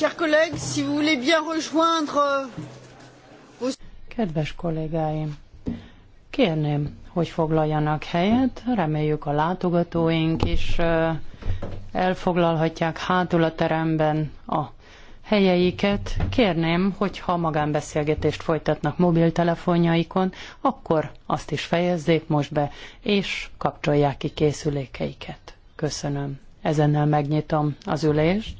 Chers collègues, si vous voulez bien rejoindre euh, Kedves kollégáim, kérném, hogy foglaljanak helyet, reméljük a látogatóink is elfoglalhatják hátul a teremben a helyeiket. Kérném, hogy ha magánbeszélgetést folytatnak mobiltelefonjaikon, akkor azt is fejezzék most be, és kapcsolják ki készülékeiket. Köszönöm. Ezennel megnyitom az ülést.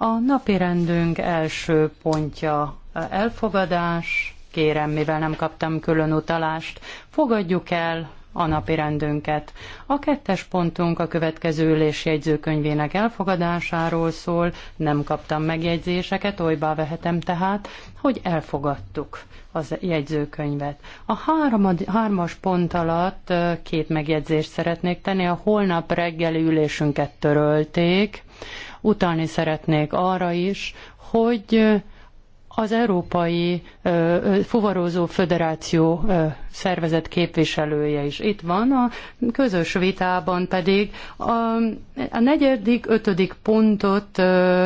A napirendünk első pontja elfogadás. Kérem, mivel nem kaptam külön utalást, fogadjuk el a napirendünket. A kettes pontunk a következő ülés jegyzőkönyvének elfogadásáról szól, nem kaptam megjegyzéseket, olybá vehetem tehát, hogy elfogadtuk az jegyzőkönyvet. A háromad, hármas pont alatt két megjegyzést szeretnék tenni. A holnap reggeli ülésünket törölték, utalni szeretnék arra is, hogy az Európai Fuvarozó Föderáció szervezet képviselője is itt van, a közös vitában pedig a, a negyedik, ötödik pontot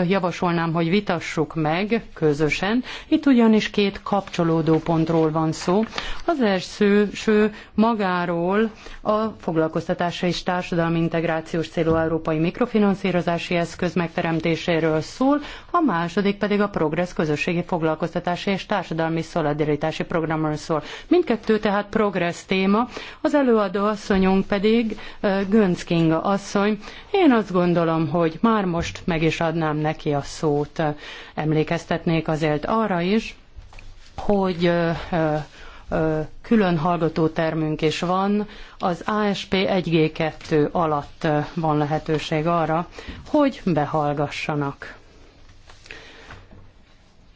javasolnám, hogy vitassuk meg közösen. Itt ugyanis két kapcsolódó pontról van szó. Az első magáról a foglalkoztatása és társadalmi integrációs célú európai mikrofinanszírozási eszköz megteremtéséről szól, a második pedig a progressz közösségi foglalkoztatási és társadalmi szolidaritási programról szól. Mindkettő tehát tehát progressz téma. Az előadó asszonyunk pedig Gönc Kinga asszony. Én azt gondolom, hogy már most meg is adnám neki a szót. Emlékeztetnék azért arra is, hogy külön hallgatótermünk is van, az ASP 1G2 alatt van lehetőség arra, hogy behallgassanak.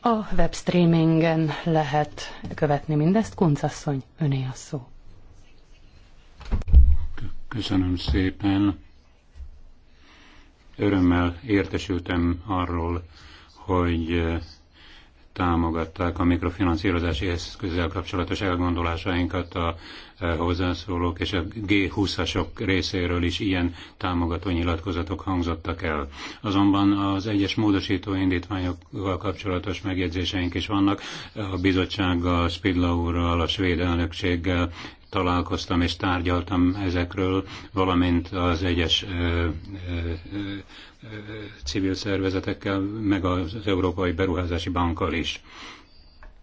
A webstreamingen lehet követni mindezt. Kuncasszony, öné a szó. Köszönöm szépen. Örömmel értesültem arról, hogy eh, támogatták a mikrofinanszírozási eszközzel kapcsolatos elgondolásainkat a hozzászólók és a G20-asok részéről is ilyen támogató nyilatkozatok hangzottak el. Azonban az egyes módosító indítványokkal kapcsolatos megjegyzéseink is vannak. A bizottsággal, a úrral, a svéd elnökséggel találkoztam és tárgyaltam ezekről, valamint az egyes ö, ö, ö, civil szervezetekkel, meg az Európai Beruházási Bankkal is.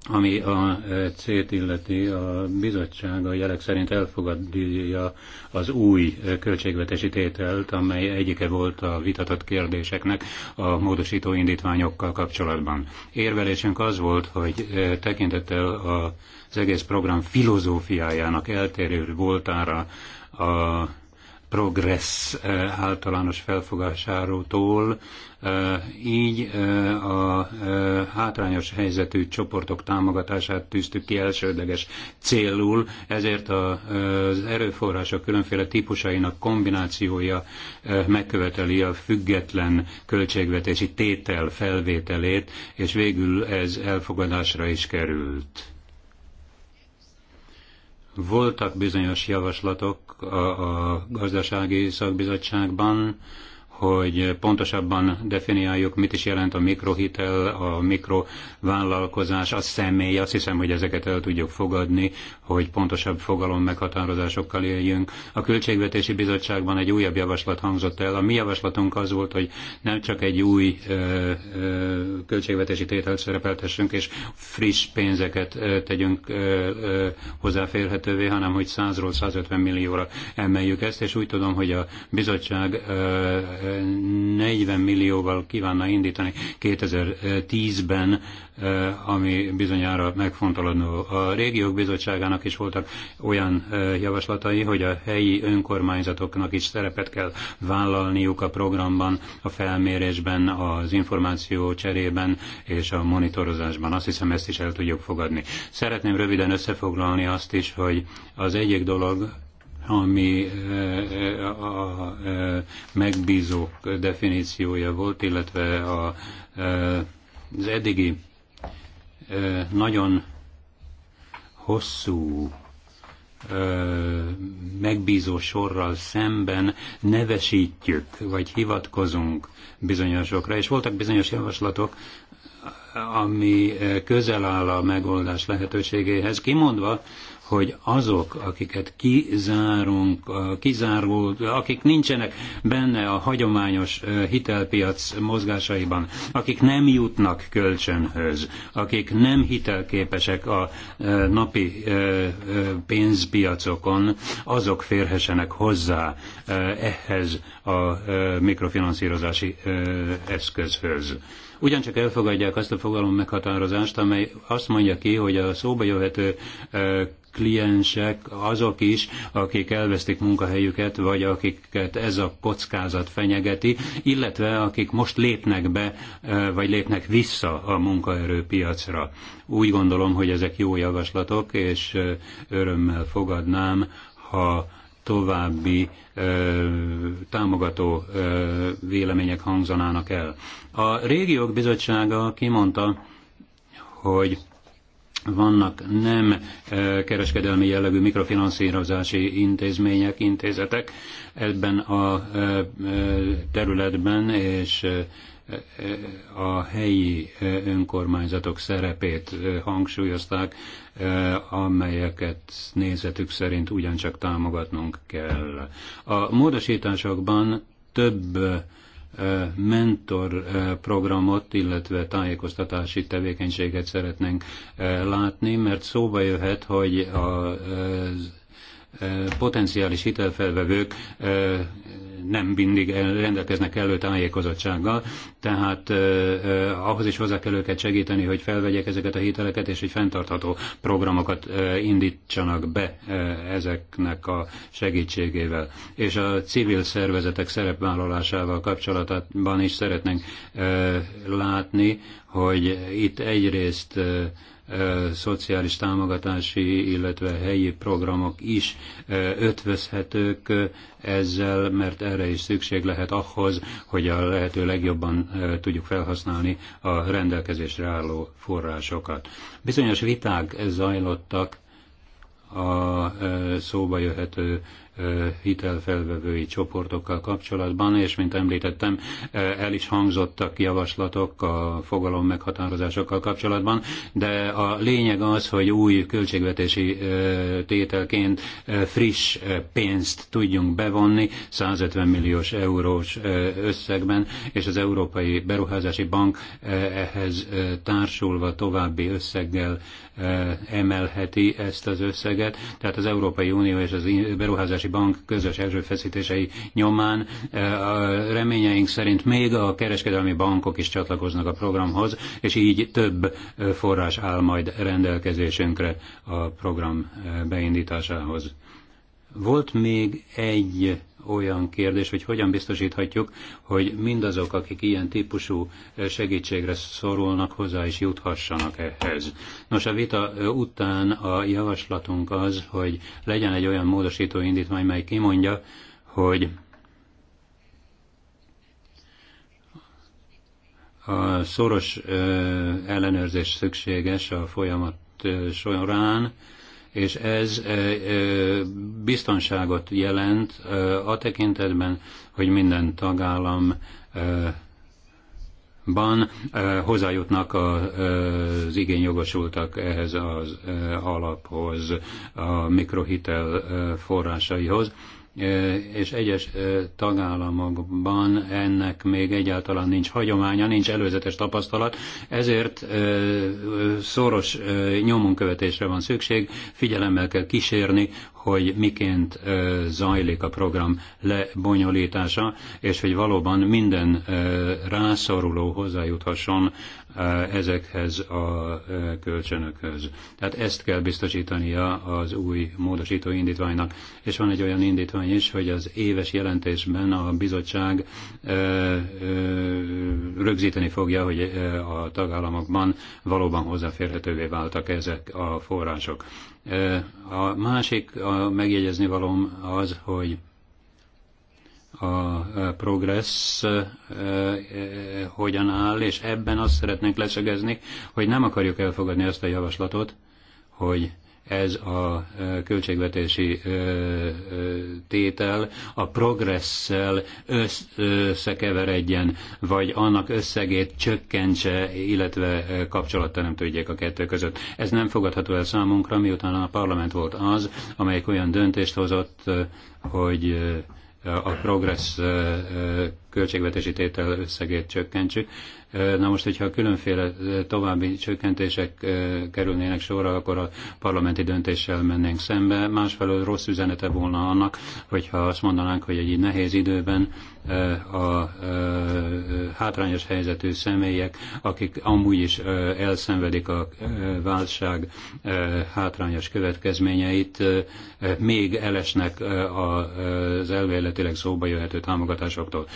Ami a célt illeti, a bizottság a jelek szerint elfogadja az új költségvetési tételt, amely egyike volt a vitatott kérdéseknek a módosító indítványokkal kapcsolatban. Érvelésünk az volt, hogy tekintettel az egész program filozófiájának eltérő voltára a progress eh, általános felfogásáról, eh, így eh, a hátrányos helyzetű csoportok támogatását tűztük ki elsődleges célul, ezért az erőforrások különféle típusainak kombinációja megköveteli a független költségvetési tétel felvételét, és végül ez elfogadásra is került. Voltak bizonyos javaslatok, a, a gazdasági szakbizottságban, hogy pontosabban definiáljuk, mit is jelent a mikrohitel, a mikrovállalkozás, a személy. Azt hiszem, hogy ezeket el tudjuk fogadni, hogy pontosabb fogalom meghatározásokkal éljünk. A Költségvetési Bizottságban egy újabb javaslat hangzott el. A mi javaslatunk az volt, hogy nem csak egy új ö, ö, költségvetési tételt szerepeltessünk, és friss pénzeket ö, tegyünk ö, ö, hozzáférhetővé, hanem hogy 100-ról 150 millióra emeljük ezt, és úgy tudom, hogy a bizottság ö, 40 millióval kívánna indítani 2010-ben, ami bizonyára megfontolandó. A régiók bizottságának is voltak olyan javaslatai, hogy a helyi önkormányzatoknak is szerepet kell vállalniuk a programban, a felmérésben, az információ cserében és a monitorozásban. Azt hiszem, ezt is el tudjuk fogadni. Szeretném röviden összefoglalni azt is, hogy az egyik dolog, ami a megbízók definíciója volt, illetve a, az eddigi nagyon hosszú megbízó sorral szemben nevesítjük, vagy hivatkozunk bizonyosokra, és voltak bizonyos javaslatok, ami közel áll a megoldás lehetőségéhez, kimondva, hogy azok, akiket kizárunk, kizáró, akik nincsenek benne a hagyományos hitelpiac mozgásaiban, akik nem jutnak kölcsönhöz, akik nem hitelképesek a napi pénzpiacokon, azok férhessenek hozzá ehhez a mikrofinanszírozási eszközhöz ugyancsak elfogadják azt a fogalom meghatározást, amely azt mondja ki, hogy a szóba jöhető kliensek azok is, akik elvesztik munkahelyüket, vagy akiket ez a kockázat fenyegeti, illetve akik most lépnek be, vagy lépnek vissza a munkaerőpiacra. Úgy gondolom, hogy ezek jó javaslatok, és örömmel fogadnám, ha további ö, támogató ö, vélemények hangzanának el. A régiók bizottsága kimondta, hogy vannak nem kereskedelmi jellegű mikrofinanszírozási intézmények, intézetek ebben a területben, és a helyi önkormányzatok szerepét hangsúlyozták, amelyeket nézetük szerint ugyancsak támogatnunk kell. A módosításokban több mentor programot, illetve tájékoztatási tevékenységet szeretnénk látni, mert szóba jöhet, hogy a potenciális hitelfelvevők nem mindig rendelkeznek elő tájékozottsággal, tehát ahhoz is hozzá kell őket segíteni, hogy felvegyek ezeket a hiteleket, és hogy fenntartható programokat indítsanak be ezeknek a segítségével. És a civil szervezetek szerepvállalásával kapcsolatban is szeretnénk látni, hogy itt egyrészt szociális támogatási, illetve helyi programok is ötvözhetők ezzel, mert erre is szükség lehet ahhoz, hogy a lehető legjobban tudjuk felhasználni a rendelkezésre álló forrásokat. Bizonyos viták zajlottak a szóba jöhető hitelfelvevői csoportokkal kapcsolatban, és mint említettem, el is hangzottak javaslatok a fogalom meghatározásokkal kapcsolatban, de a lényeg az, hogy új költségvetési tételként friss pénzt tudjunk bevonni, 150 milliós eurós összegben, és az Európai Beruházási Bank ehhez társulva további összeggel emelheti ezt az összeget. Tehát az Európai Unió és az Beruházási Bank közös erőfeszítései nyomán reményeink szerint még a kereskedelmi bankok is csatlakoznak a programhoz, és így több forrás áll majd rendelkezésünkre a program beindításához. Volt még egy olyan kérdés, hogy hogyan biztosíthatjuk, hogy mindazok, akik ilyen típusú segítségre szorulnak, hozzá is juthassanak ehhez. Nos, a vita után a javaslatunk az, hogy legyen egy olyan módosító indítvány, mely kimondja, hogy a szoros ellenőrzés szükséges a folyamat során, és ez biztonságot jelent a tekintetben, hogy minden tagállam ban hozzájutnak az igényjogosultak ehhez az alaphoz, a mikrohitel forrásaihoz és egyes tagállamokban ennek még egyáltalán nincs hagyománya, nincs előzetes tapasztalat, ezért szoros nyomonkövetésre van szükség, figyelemmel kell kísérni, hogy miként zajlik a program lebonyolítása, és hogy valóban minden rászoruló hozzájuthasson ezekhez a kölcsönökhöz. Tehát ezt kell biztosítania az új módosító indítványnak. És van egy olyan indítvány is, hogy az éves jelentésben a bizottság rögzíteni fogja, hogy a tagállamokban valóban hozzáférhetővé váltak ezek a források. A másik a megjegyezni valóm az, hogy a progress e, e, e, hogyan áll, és ebben azt szeretnénk leszögezni, hogy nem akarjuk elfogadni azt a javaslatot, hogy ez a költségvetési tétel a progresszel összekeveredjen, vagy annak összegét csökkentse, illetve kapcsolatteremtődjék a kettő között. Ez nem fogadható el számunkra, miután a parlament volt az, amelyik olyan döntést hozott, hogy a progress költségvetési tétel összegét csökkentsük, Na most, hogyha különféle további csökkentések kerülnének sorra, akkor a parlamenti döntéssel mennénk szembe. Másfelől rossz üzenete volna annak, hogyha azt mondanánk, hogy egy így nehéz időben a hátrányos helyzetű személyek, akik amúgy is elszenvedik a válság hátrányos következményeit, még elesnek az elvéletileg szóba jöhető támogatásoktól.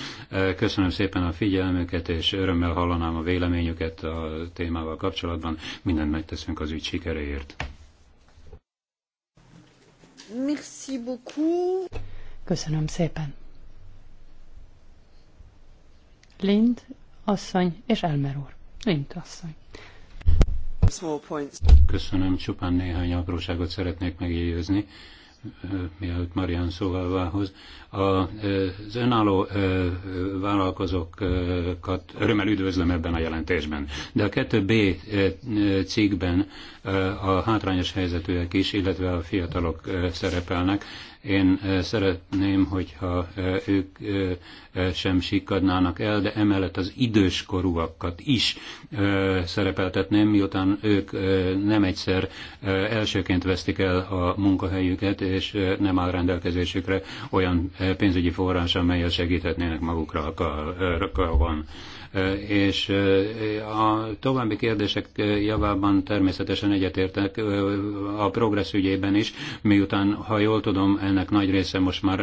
Köszönöm szépen a figyelmüket, és örömmel hallom hallanám a véleményüket a témával kapcsolatban. Mindent megteszünk az ügy sikeréért. Merci beaucoup. Köszönöm szépen. Lind, asszony és Elmer úr. Lind asszony. Köszönöm, csupán néhány apróságot szeretnék megjegyezni mielőtt Marian szóvalvához. Az önálló vállalkozókat örömmel üdvözlöm ebben a jelentésben. De a 2B cikkben a hátrányos helyzetűek is, illetve a fiatalok szerepelnek. Én szeretném, hogyha ők sem sikadnának el, de emellett az időskorúakat is szerepeltetném, miután ők nem egyszer elsőként vesztik el a munkahelyüket, és nem áll rendelkezésükre olyan pénzügyi forrás, amelyel segíthetnének magukra, a van és a további kérdések javában természetesen egyetértek a progressz ügyében is, miután, ha jól tudom, ennek nagy része most már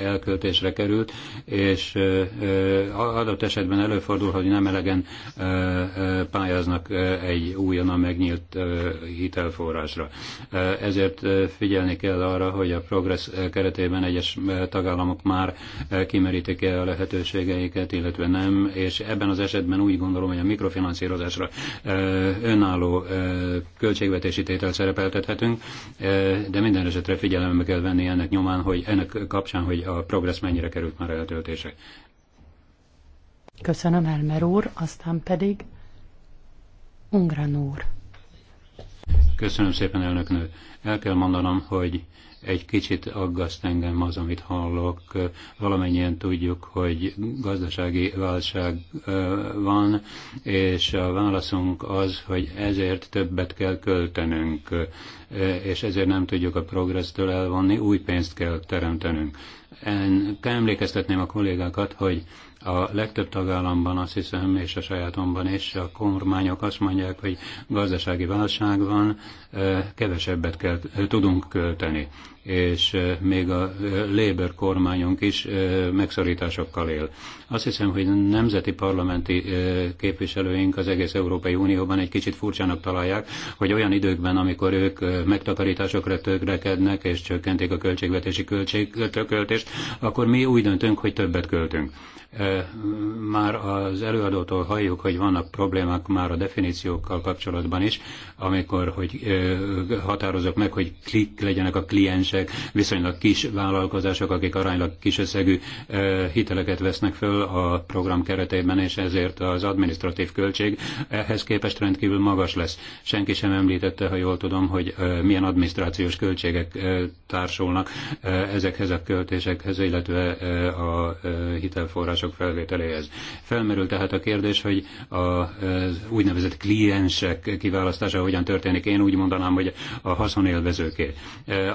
elköltésre került, és adott esetben előfordul, hogy nem elegen pályáznak egy újonnan megnyílt hitelforrásra. Ezért figyelni kell arra, hogy a progressz keretében egyes tagállamok már kimerítik-e a lehetőségeiket, illetve nem, és és ebben az esetben úgy gondolom, hogy a mikrofinanszírozásra önálló költségvetési tételt szerepeltethetünk, de minden esetre figyelembe kell venni ennek nyomán, hogy ennek kapcsán, hogy a progress mennyire került már eltöltése. Köszönöm, Elmer úr, aztán pedig Ungran úr. Köszönöm szépen, elnök nő. El kell mondanom, hogy egy kicsit aggaszt engem az, amit hallok. Valamennyien tudjuk, hogy gazdasági válság van, és a válaszunk az, hogy ezért többet kell költenünk, és ezért nem tudjuk a progressztől elvonni, új pénzt kell teremtenünk. Én emlékeztetném a kollégákat, hogy a legtöbb tagállamban azt hiszem, és a sajátomban is a kormányok azt mondják, hogy gazdasági válság van, kevesebbet kell, tudunk költeni és még a Labour kormányunk is megszorításokkal él. Azt hiszem, hogy nemzeti parlamenti képviselőink az egész Európai Unióban egy kicsit furcsának találják, hogy olyan időkben, amikor ők megtakarításokra tökrekednek és csökkentik a költségvetési költségköltést, akkor mi úgy döntünk, hogy többet költünk. Már az előadótól halljuk, hogy vannak problémák már a definíciókkal kapcsolatban is, amikor hogy határozok meg, hogy klik legyenek a kliensek, viszonylag kis vállalkozások, akik aránylag kis összegű hiteleket vesznek föl a program keretében, és ezért az administratív költség ehhez képest rendkívül magas lesz. Senki sem említette, ha jól tudom, hogy milyen adminisztrációs költségek társulnak ezekhez a költésekhez, illetve a hitelforrás szolgáltatások felvételéhez. Felmerül tehát a kérdés, hogy az úgynevezett kliensek kiválasztása hogyan történik. Én úgy mondanám, hogy a haszonélvezőké.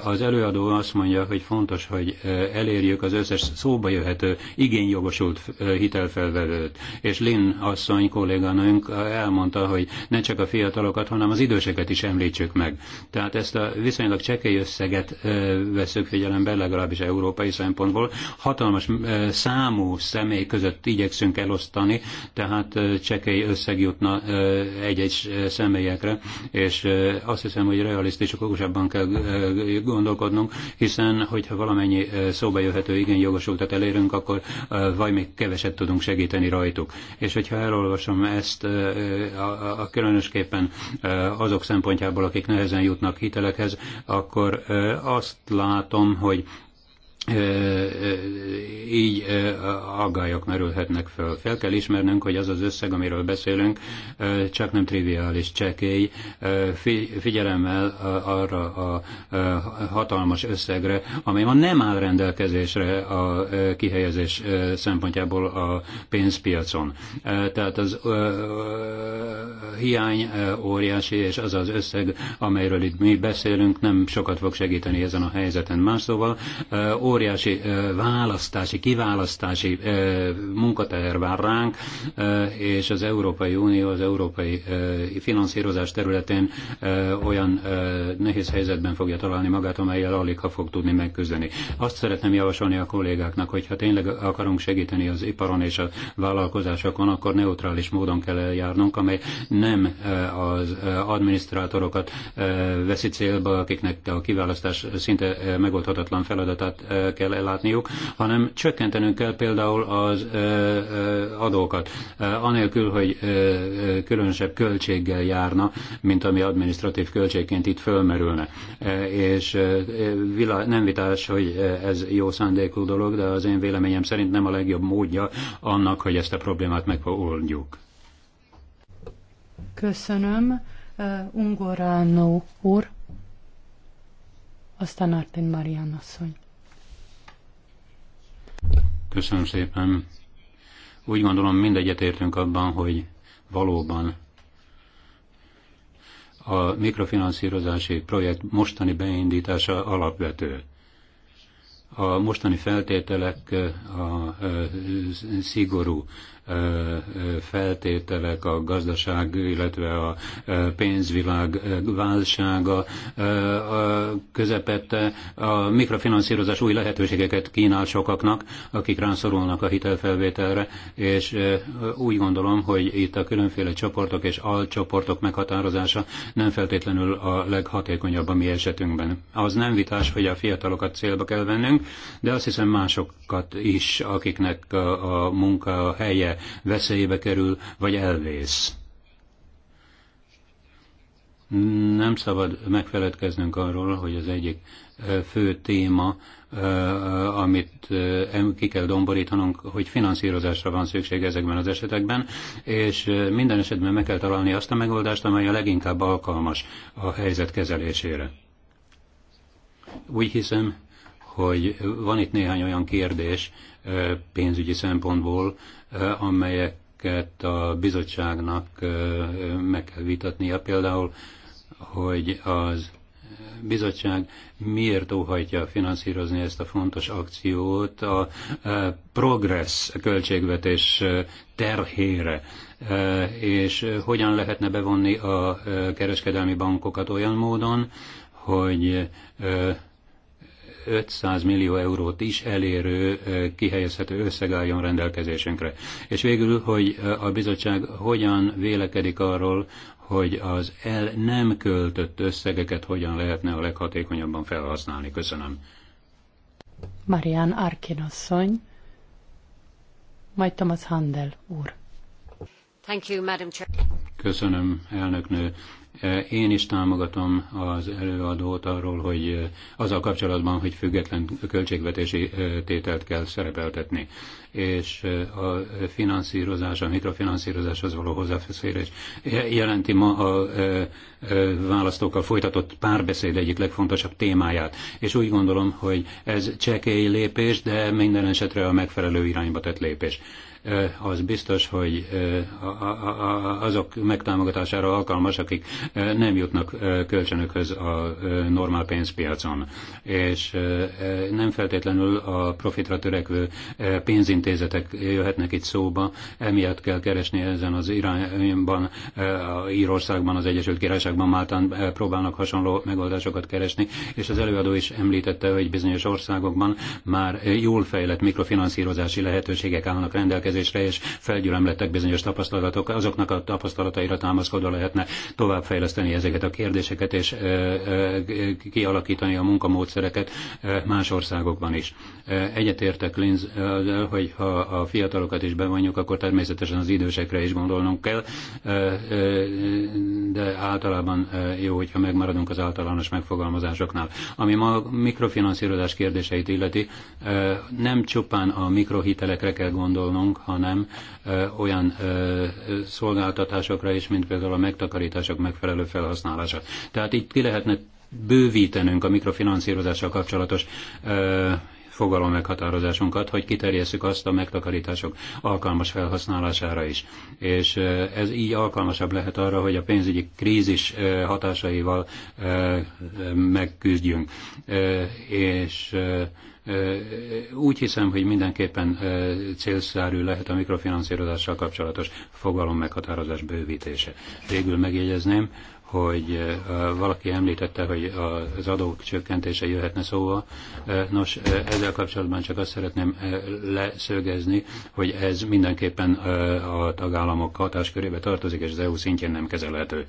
Az előadó azt mondja, hogy fontos, hogy elérjük az összes szóba jöhető igényjogosult hitelfelvevőt. És Lin asszony kolléganőnk elmondta, hogy ne csak a fiatalokat, hanem az időseket is említsük meg. Tehát ezt a viszonylag csekély összeget veszük figyelembe, legalábbis európai szempontból. Hatalmas számú személy személy között igyekszünk elosztani, tehát csekély összeg jutna egy-egy személyekre, és azt hiszem, hogy realisztikus okosabban kell gondolkodnunk, hiszen hogyha valamennyi szóba jöhető jogosultat elérünk, akkor vaj még keveset tudunk segíteni rajtuk. És hogyha elolvasom ezt, a, a, különösképpen azok szempontjából, akik nehezen jutnak hitelekhez, akkor azt látom, hogy így aggályok merülhetnek föl. Fel kell ismernünk, hogy az az összeg, amiről beszélünk, csak nem triviális csekély, figyelemmel arra a hatalmas összegre, amely ma nem áll rendelkezésre a kihelyezés szempontjából a pénzpiacon. Tehát az hiány óriási, és az az összeg, amelyről itt mi beszélünk, nem sokat fog segíteni ezen a helyzeten. Más szóval, óriási választási, kiválasztási munkateher vár ránk, és az Európai Unió az európai finanszírozás területén olyan nehéz helyzetben fogja találni magát, amelyel alig ha fog tudni megküzdeni. Azt szeretném javasolni a kollégáknak, hogy ha tényleg akarunk segíteni az iparon és a vállalkozásokon, akkor neutrális módon kell eljárnunk, amely nem az adminisztrátorokat veszi célba, akiknek a kiválasztás szinte megoldhatatlan feladatát kell ellátniuk, hanem csökkentenünk kell például az adókat, anélkül, hogy különösebb költséggel járna, mint ami administratív költségként itt fölmerülne. És nem vitás, hogy ez jó szándékú dolog, de az én véleményem szerint nem a legjobb módja annak, hogy ezt a problémát megoldjuk. Köszönöm. Uh, Ungoránó úr, aztán Artin Marian asszony. Köszönöm szépen. Úgy gondolom, mindegyet értünk abban, hogy valóban a mikrofinanszírozási projekt mostani beindítása alapvető. A mostani feltételek a szigorú feltételek, a gazdaság, illetve a pénzvilág válsága közepette a mikrofinanszírozás új lehetőségeket kínál sokaknak, akik rászorulnak a hitelfelvételre, és úgy gondolom, hogy itt a különféle csoportok és alcsoportok meghatározása nem feltétlenül a leghatékonyabb a mi esetünkben. Az nem vitás, hogy a fiatalokat célba kell vennünk, de azt hiszem másokat is, akiknek a munka helye veszélybe kerül, vagy elvész. Nem szabad megfeledkeznünk arról, hogy az egyik fő téma, amit ki kell domborítanunk, hogy finanszírozásra van szükség ezekben az esetekben, és minden esetben meg kell találni azt a megoldást, amely a leginkább alkalmas a helyzet kezelésére. Úgy hiszem, hogy van itt néhány olyan kérdés pénzügyi szempontból, amelyeket a bizottságnak meg kell vitatnia, például, hogy az bizottság miért óhajtja finanszírozni ezt a fontos akciót a progress költségvetés terhére, és hogyan lehetne bevonni a kereskedelmi bankokat olyan módon, hogy 500 millió eurót is elérő kihelyezhető összeg álljon rendelkezésünkre. És végül, hogy a bizottság hogyan vélekedik arról, hogy az el nem költött összegeket hogyan lehetne a leghatékonyabban felhasználni. Köszönöm. Marian Arkin asszony, majd Thomas Handel úr. Thank you, Madam Chair. Köszönöm, elnöknő. Én is támogatom az előadót arról, hogy az a kapcsolatban, hogy független költségvetési tételt kell szerepeltetni, és a finanszírozás, a mikrofinanszírozáshoz való hozzáfeszélés jelenti ma a választókkal folytatott párbeszéd egyik legfontosabb témáját, és úgy gondolom, hogy ez csekély lépés, de minden esetre a megfelelő irányba tett lépés az biztos, hogy azok megtámogatására alkalmas, akik nem jutnak kölcsönökhöz a normál pénzpiacon, és nem feltétlenül a profitra törekvő pénzintézetek jöhetnek itt szóba, emiatt kell keresni ezen az irányban, Írországban, az Egyesült Királyságban Máltán próbálnak hasonló megoldásokat keresni, és az előadó is említette, hogy bizonyos országokban már jól fejlett mikrofinanszírozási lehetőségek állnak rendelkezésre, rendelkezésre, és felgyülemlettek bizonyos tapasztalatok, azoknak a tapasztalataira támaszkodva lehetne továbbfejleszteni ezeket a kérdéseket, és kialakítani a munkamódszereket más országokban is. Egyetértek Linz, hogy ha a fiatalokat is bevonjuk, akkor természetesen az idősekre is gondolnunk kell, de általában jó, hogyha megmaradunk az általános megfogalmazásoknál. Ami ma a mikrofinanszírozás kérdéseit illeti, nem csupán a mikrohitelekre kell gondolnunk, hanem olyan szolgáltatásokra is, mint például a megtakarítások megfelelő felhasználása. Tehát itt ki lehetne bővítenünk a mikrofinanszírozással kapcsolatos fogalom meghatározásunkat, hogy kiterjesszük azt a megtakarítások alkalmas felhasználására is. És ez így alkalmasabb lehet arra, hogy a pénzügyi krízis hatásaival megküzdjünk. És úgy hiszem, hogy mindenképpen célszerű lehet a mikrofinanszírozással kapcsolatos fogalom meghatározás bővítése. Végül megjegyezném, hogy valaki említette, hogy az adók csökkentése jöhetne szóval. Nos, ezzel kapcsolatban csak azt szeretném leszögezni, hogy ez mindenképpen a tagállamok hatáskörébe tartozik, és az EU szintjén nem kezelhető.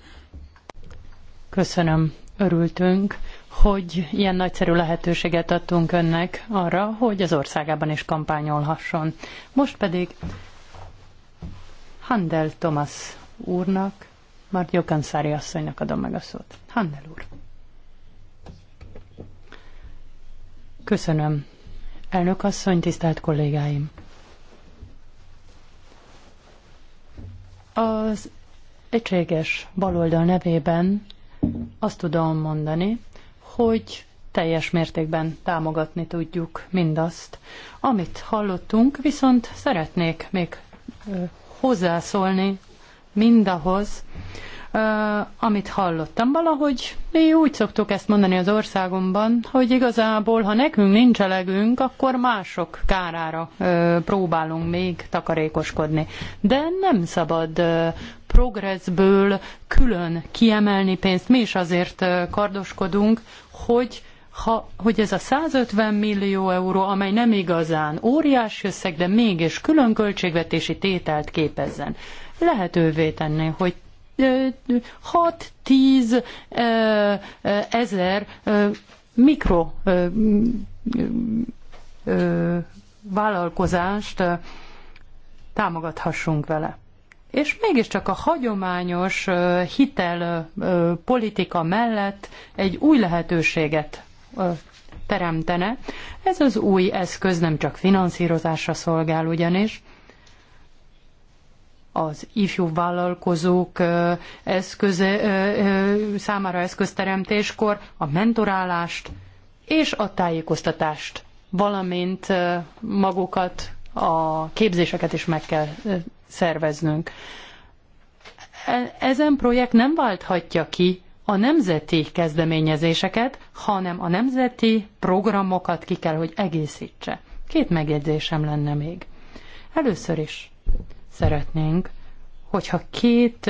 Köszönöm, örültünk hogy ilyen nagyszerű lehetőséget adtunk önnek arra, hogy az országában is kampányolhasson. Most pedig Handel Thomas úrnak, már Jokanszári asszonynak adom meg a szót. Handel úr. Köszönöm. Elnök asszony, tisztelt kollégáim. Az egységes baloldal nevében azt tudom mondani, hogy teljes mértékben támogatni tudjuk mindazt. Amit hallottunk, viszont szeretnék még hozzászólni mindahhoz, amit hallottam. Valahogy mi úgy szoktuk ezt mondani az országomban, hogy igazából, ha nekünk nincs elegünk, akkor mások kárára próbálunk még takarékoskodni. De nem szabad progresszből külön kiemelni pénzt. Mi is azért kardoskodunk, hogy ha, hogy ez a 150 millió euró, amely nem igazán óriási összeg, de mégis külön költségvetési tételt képezzen, lehetővé tenni, hogy 6-10 ezer mikro vállalkozást támogathassunk vele és mégiscsak a hagyományos hitel politika mellett egy új lehetőséget teremtene. Ez az új eszköz nem csak finanszírozásra szolgál ugyanis, az ifjú vállalkozók eszköze, számára eszközteremtéskor a mentorálást és a tájékoztatást, valamint magukat a képzéseket is meg kell szerveznünk. E-, ezen projekt nem válthatja ki a nemzeti kezdeményezéseket, hanem a nemzeti programokat ki kell, hogy egészítse. Két megjegyzésem lenne még. Először is szeretnénk, hogyha két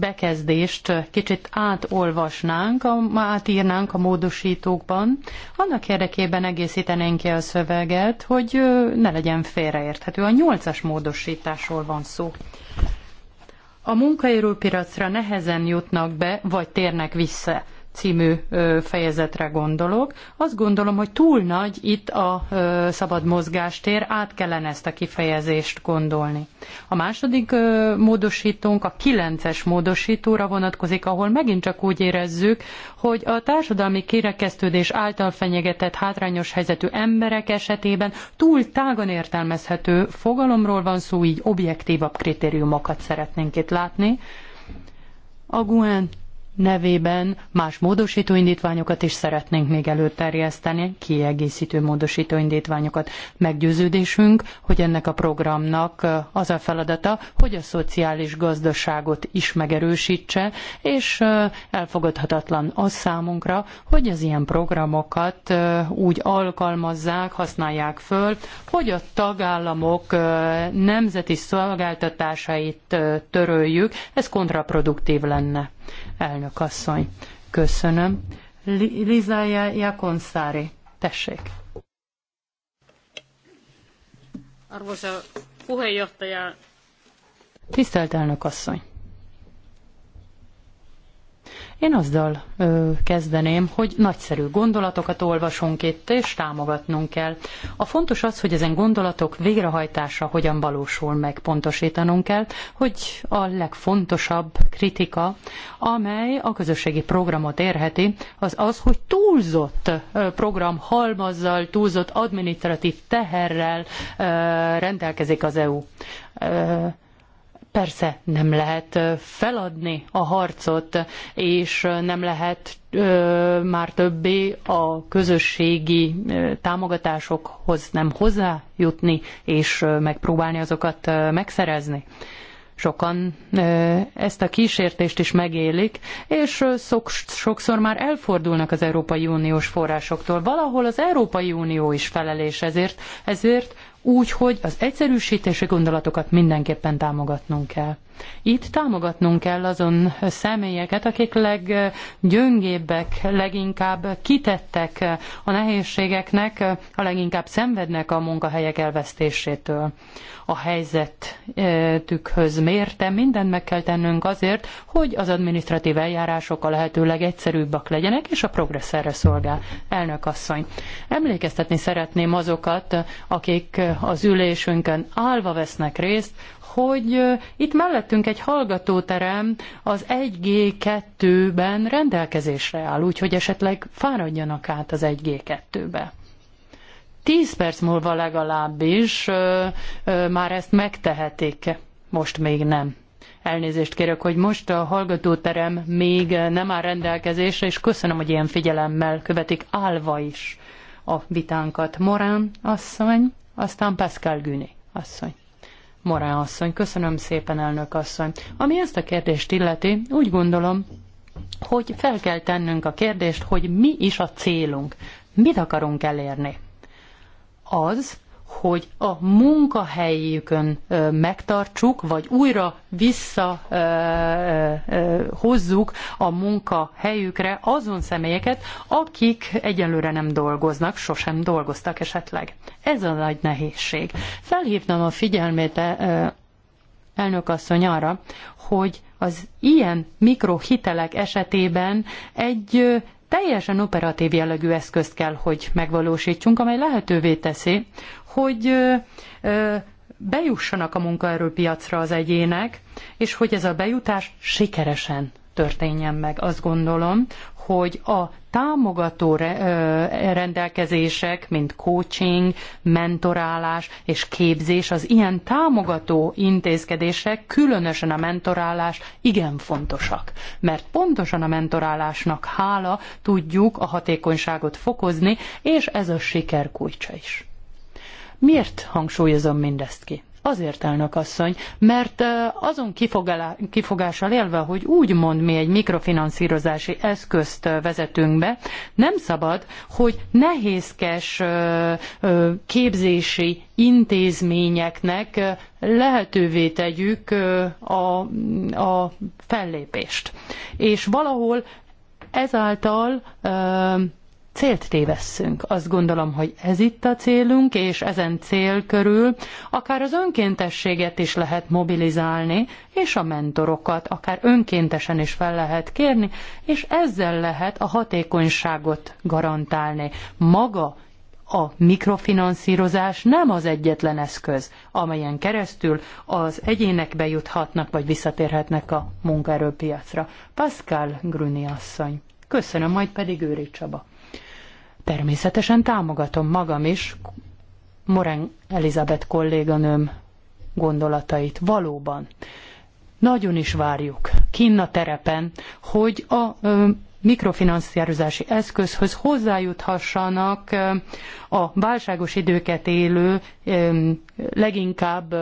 bekezdést kicsit átolvasnánk, átírnánk a módosítókban, annak érdekében egészítenénk ki a szöveget, hogy ne legyen félreérthető. A nyolcas módosításról van szó. A munkaerőpiracra nehezen jutnak be, vagy térnek vissza című fejezetre gondolok. Azt gondolom, hogy túl nagy itt a szabad mozgástér, át kellene ezt a kifejezést gondolni. A második módosítónk a kilences módosítóra vonatkozik, ahol megint csak úgy érezzük, hogy a társadalmi kirekesztődés által fenyegetett hátrányos helyzetű emberek esetében túl tágan értelmezhető fogalomról van szó, így objektívabb kritériumokat szeretnénk itt látni. A GUEN nevében más módosító indítványokat is szeretnénk még előterjeszteni, kiegészítő módosító indítványokat. Meggyőződésünk, hogy ennek a programnak az a feladata, hogy a szociális gazdaságot is megerősítse, és elfogadhatatlan az számunkra, hogy az ilyen programokat úgy alkalmazzák, használják föl, hogy a tagállamok nemzeti szolgáltatásait töröljük, ez kontraproduktív lenne. Elnök asszony, köszönöm. Lizája Jakonszári, tessék. Arvosa puheenjohtaja. Tisztelt elnök asszony. Én azzal ö, kezdeném, hogy nagyszerű gondolatokat olvasunk itt, és támogatnunk kell. A fontos az, hogy ezen gondolatok végrehajtása hogyan valósul meg, pontosítanunk kell, hogy a legfontosabb kritika, amely a közösségi programot érheti, az az, hogy túlzott program halmazzal, túlzott administratív teherrel ö, rendelkezik az EU. Ö, Persze nem lehet feladni a harcot, és nem lehet ö, már többé a közösségi ö, támogatásokhoz nem hozzájutni, és ö, megpróbálni azokat ö, megszerezni. Sokan ö, ezt a kísértést is megélik, és ö, szok, sokszor már elfordulnak az Európai Uniós forrásoktól. Valahol az Európai Unió is felelés ezért, ezért úgyhogy az egyszerűsítési gondolatokat mindenképpen támogatnunk kell. Itt támogatnunk kell azon személyeket, akik leggyöngébbek, leginkább kitettek a nehézségeknek, a leginkább szenvednek a munkahelyek elvesztésétől. A helyzetükhöz mérte mindent meg kell tennünk azért, hogy az administratív eljárások a lehető legegyszerűbbak legyenek, és a progresszerre szolgál. Elnök asszony, emlékeztetni szeretném azokat, akik az ülésünkön állva vesznek részt, hogy itt mellettünk egy hallgatóterem az 1G2-ben rendelkezésre áll, úgyhogy esetleg fáradjanak át az 1G2-be. Tíz perc múlva legalábbis ö, ö, már ezt megtehetik, most még nem. Elnézést kérek, hogy most a hallgatóterem még nem áll rendelkezésre, és köszönöm, hogy ilyen figyelemmel követik állva is a vitánkat. Morán asszony aztán Pascal Güné asszony. Morán asszony, köszönöm szépen, elnök asszony. Ami ezt a kérdést illeti, úgy gondolom, hogy fel kell tennünk a kérdést, hogy mi is a célunk, mit akarunk elérni. Az, hogy a munkahelyükön megtartsuk, vagy újra visszahozzuk a munkahelyükre azon személyeket, akik egyelőre nem dolgoznak, sosem dolgoztak esetleg. Ez a nagy nehézség. Felhívnám a figyelmét elnök asszony arra, hogy az ilyen mikrohitelek esetében egy teljesen operatív jellegű eszközt kell, hogy megvalósítsunk, amely lehetővé teszi, hogy bejussanak a munkaerőpiacra az egyének, és hogy ez a bejutás sikeresen történjen meg. Azt gondolom, hogy a támogató rendelkezések, mint coaching, mentorálás és képzés, az ilyen támogató intézkedések, különösen a mentorálás igen fontosak. Mert pontosan a mentorálásnak hála tudjuk a hatékonyságot fokozni, és ez a siker kulcsa is. Miért hangsúlyozom mindezt ki? Azért, elnök asszony, mert azon kifogással élve, hogy úgymond mi egy mikrofinanszírozási eszközt vezetünk be, nem szabad, hogy nehézkes képzési intézményeknek lehetővé tegyük a, a fellépést. És valahol ezáltal célt tévesszünk. Azt gondolom, hogy ez itt a célunk, és ezen cél körül akár az önkéntességet is lehet mobilizálni, és a mentorokat akár önkéntesen is fel lehet kérni, és ezzel lehet a hatékonyságot garantálni. Maga a mikrofinanszírozás nem az egyetlen eszköz, amelyen keresztül az egyének bejuthatnak vagy visszatérhetnek a munkaerőpiacra. Pascal Gruni asszony. Köszönöm, majd pedig Őri Csaba. Természetesen támogatom magam is Moren Elizabeth kolléganőm gondolatait. Valóban. Nagyon is várjuk kinn a terepen, hogy a mikrofinanszírozási eszközhöz hozzájuthassanak a válságos időket élő, leginkább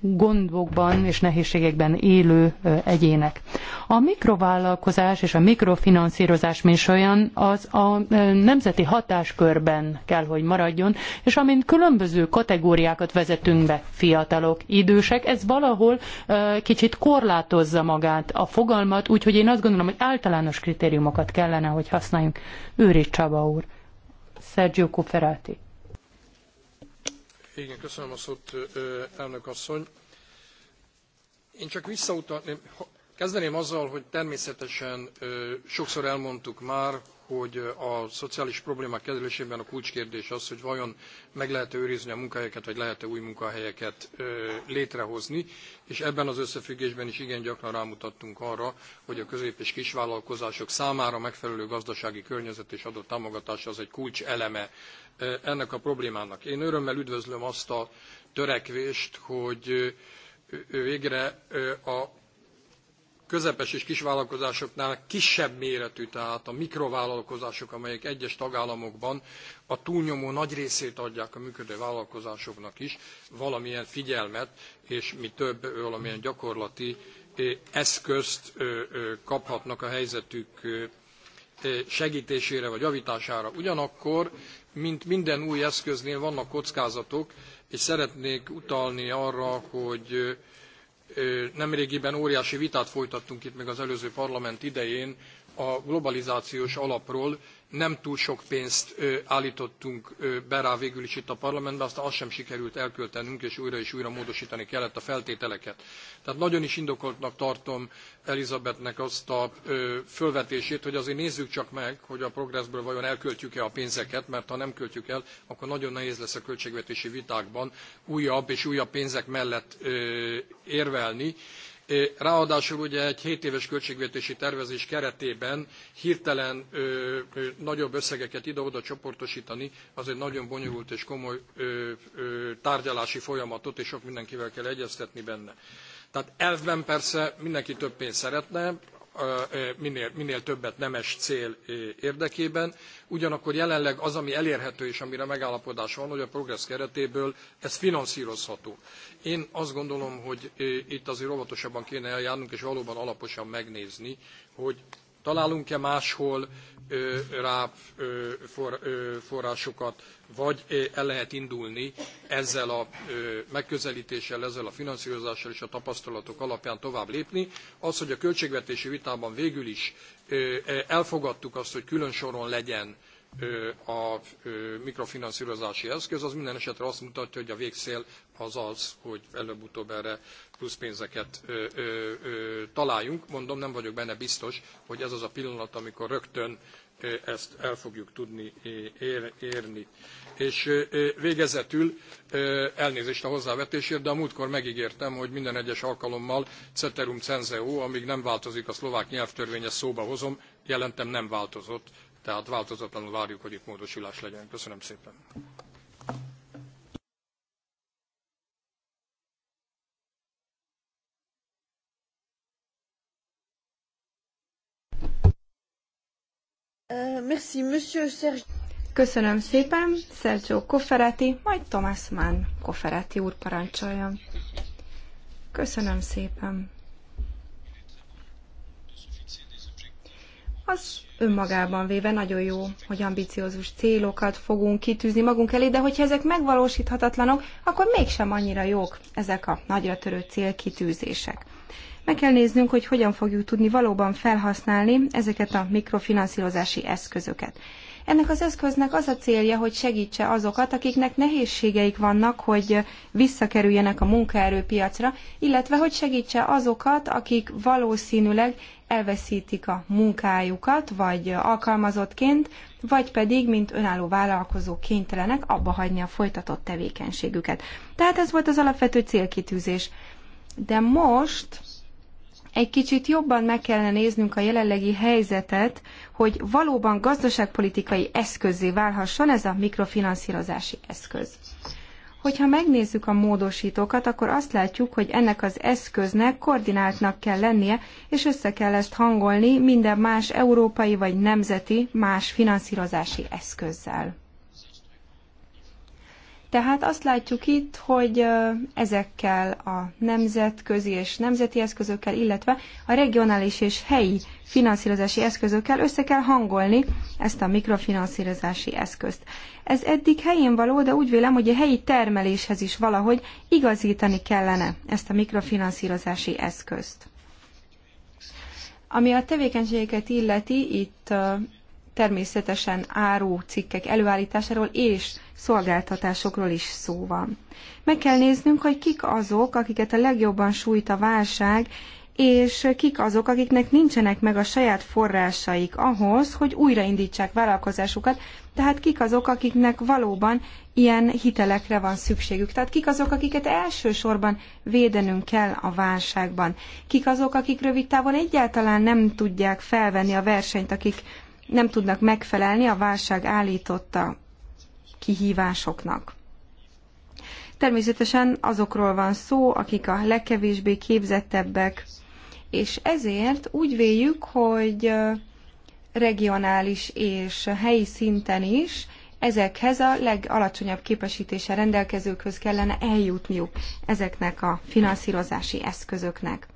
gondokban és nehézségekben élő egyének. A mikrovállalkozás és a mikrofinanszírozás mint olyan az a nemzeti hatáskörben kell, hogy maradjon, és amint különböző kategóriákat vezetünk be, fiatalok, idősek, ez valahol kicsit korlátozza magát a fogalmat, úgyhogy én azt gondolom, hogy általános kritériumokat szavakat kellene, hogy használjunk. Őri Csaba úr, Sergio Kuferati. Igen, köszönöm a szót, elnök asszony. Én csak visszautalni, kezdeném azzal, hogy természetesen sokszor elmondtuk már, hogy a szociális problémák kezelésében a kulcskérdés az, hogy vajon meg lehet -e őrizni a munkahelyeket, vagy lehet-e új munkahelyeket létrehozni, és ebben az összefüggésben is igen gyakran rámutattunk arra, hogy a közép- és kisvállalkozások számára megfelelő gazdasági környezet és adott támogatás az egy kulcs eleme ennek a problémának. Én örömmel üdvözlöm azt a törekvést, hogy végre a közepes és kisvállalkozásoknál kisebb méretű, tehát a mikrovállalkozások, amelyek egyes tagállamokban a túlnyomó nagy részét adják a működő vállalkozásoknak is, valamilyen figyelmet, és mi több, valamilyen gyakorlati eszközt kaphatnak a helyzetük segítésére vagy javítására. Ugyanakkor, mint minden új eszköznél vannak kockázatok, és szeretnék utalni arra, hogy nemrégiben óriási vitát folytattunk itt még az előző parlament idején a globalizációs alapról, nem túl sok pénzt állítottunk be rá végül is itt a parlamentben, aztán azt sem sikerült elköltenünk, és újra és újra módosítani kellett a feltételeket. Tehát nagyon is indokoltnak tartom Elizabethnek azt a fölvetését, hogy azért nézzük csak meg, hogy a progresszből vajon elköltjük-e a pénzeket, mert ha nem költjük el, akkor nagyon nehéz lesz a költségvetési vitákban újabb és újabb pénzek mellett érvelni Ráadásul ugye egy 7 éves költségvetési tervezés keretében hirtelen ö, ö, nagyobb összegeket ide-oda csoportosítani, az egy nagyon bonyolult és komoly ö, ö, tárgyalási folyamatot, és sok mindenkivel kell egyeztetni benne. Tehát elvben persze mindenki több pénzt szeretne, minél, minél többet nemes cél érdekében. Ugyanakkor jelenleg az, ami elérhető és amire megállapodás van, hogy a progress keretéből ez finanszírozható. Én azt gondolom, hogy itt azért óvatosabban kéne eljárnunk, és valóban alaposan megnézni, hogy Találunk-e máshol rá for, forrásokat, vagy el lehet indulni ezzel a megközelítéssel, ezzel a finanszírozással és a tapasztalatok alapján tovább lépni. Az, hogy a költségvetési vitában végül is elfogadtuk azt, hogy külön soron legyen a mikrofinanszírozási eszköz, az minden esetre azt mutatja, hogy a végcél az az, hogy előbb-utóbb erre plusz pénzeket találjunk. Mondom, nem vagyok benne biztos, hogy ez az a pillanat, amikor rögtön ezt el fogjuk tudni érni. És végezetül elnézést a hozzávetésért, de a múltkor megígértem, hogy minden egyes alkalommal ceterum censeo, amíg nem változik a szlovák nyelvtörvénye, szóba hozom, jelentem nem változott. Tehát változatlanul várjuk, hogy itt módosulás legyen. Köszönöm szépen. Euh, Köszönöm szépen, Sergio Kofferati, majd Tomás Mann Kofferati úr parancsoljon. Köszönöm szépen. az önmagában véve nagyon jó, hogy ambiciózus célokat fogunk kitűzni magunk elé, de hogyha ezek megvalósíthatatlanok, akkor mégsem annyira jók ezek a nagyra törő célkitűzések. Meg kell néznünk, hogy hogyan fogjuk tudni valóban felhasználni ezeket a mikrofinanszírozási eszközöket. Ennek az eszköznek az a célja, hogy segítse azokat, akiknek nehézségeik vannak, hogy visszakerüljenek a munkaerőpiacra, illetve hogy segítse azokat, akik valószínűleg elveszítik a munkájukat, vagy alkalmazottként, vagy pedig, mint önálló vállalkozók kénytelenek abba hagyni a folytatott tevékenységüket. Tehát ez volt az alapvető célkitűzés. De most egy kicsit jobban meg kellene néznünk a jelenlegi helyzetet, hogy valóban gazdaságpolitikai eszközé válhasson ez a mikrofinanszírozási eszköz. Hogyha megnézzük a módosítókat, akkor azt látjuk, hogy ennek az eszköznek koordináltnak kell lennie, és össze kell ezt hangolni minden más európai vagy nemzeti más finanszírozási eszközzel. Tehát azt látjuk itt, hogy ezekkel a nemzetközi és nemzeti eszközökkel, illetve a regionális és helyi finanszírozási eszközökkel össze kell hangolni ezt a mikrofinanszírozási eszközt. Ez eddig helyén való, de úgy vélem, hogy a helyi termeléshez is valahogy igazítani kellene ezt a mikrofinanszírozási eszközt. Ami a tevékenységeket illeti, itt természetesen áru cikkek előállításáról és szolgáltatásokról is szó van. Meg kell néznünk, hogy kik azok, akiket a legjobban sújt a válság, és kik azok, akiknek nincsenek meg a saját forrásaik ahhoz, hogy újraindítsák vállalkozásukat, tehát kik azok, akiknek valóban ilyen hitelekre van szükségük. Tehát kik azok, akiket elsősorban védenünk kell a válságban. Kik azok, akik rövid távon egyáltalán nem tudják felvenni a versenyt, akik nem tudnak megfelelni a válság állította kihívásoknak. Természetesen azokról van szó, akik a legkevésbé képzettebbek, és ezért úgy véljük, hogy regionális és helyi szinten is ezekhez a legalacsonyabb képesítése rendelkezőkhöz kellene eljutniuk ezeknek a finanszírozási eszközöknek.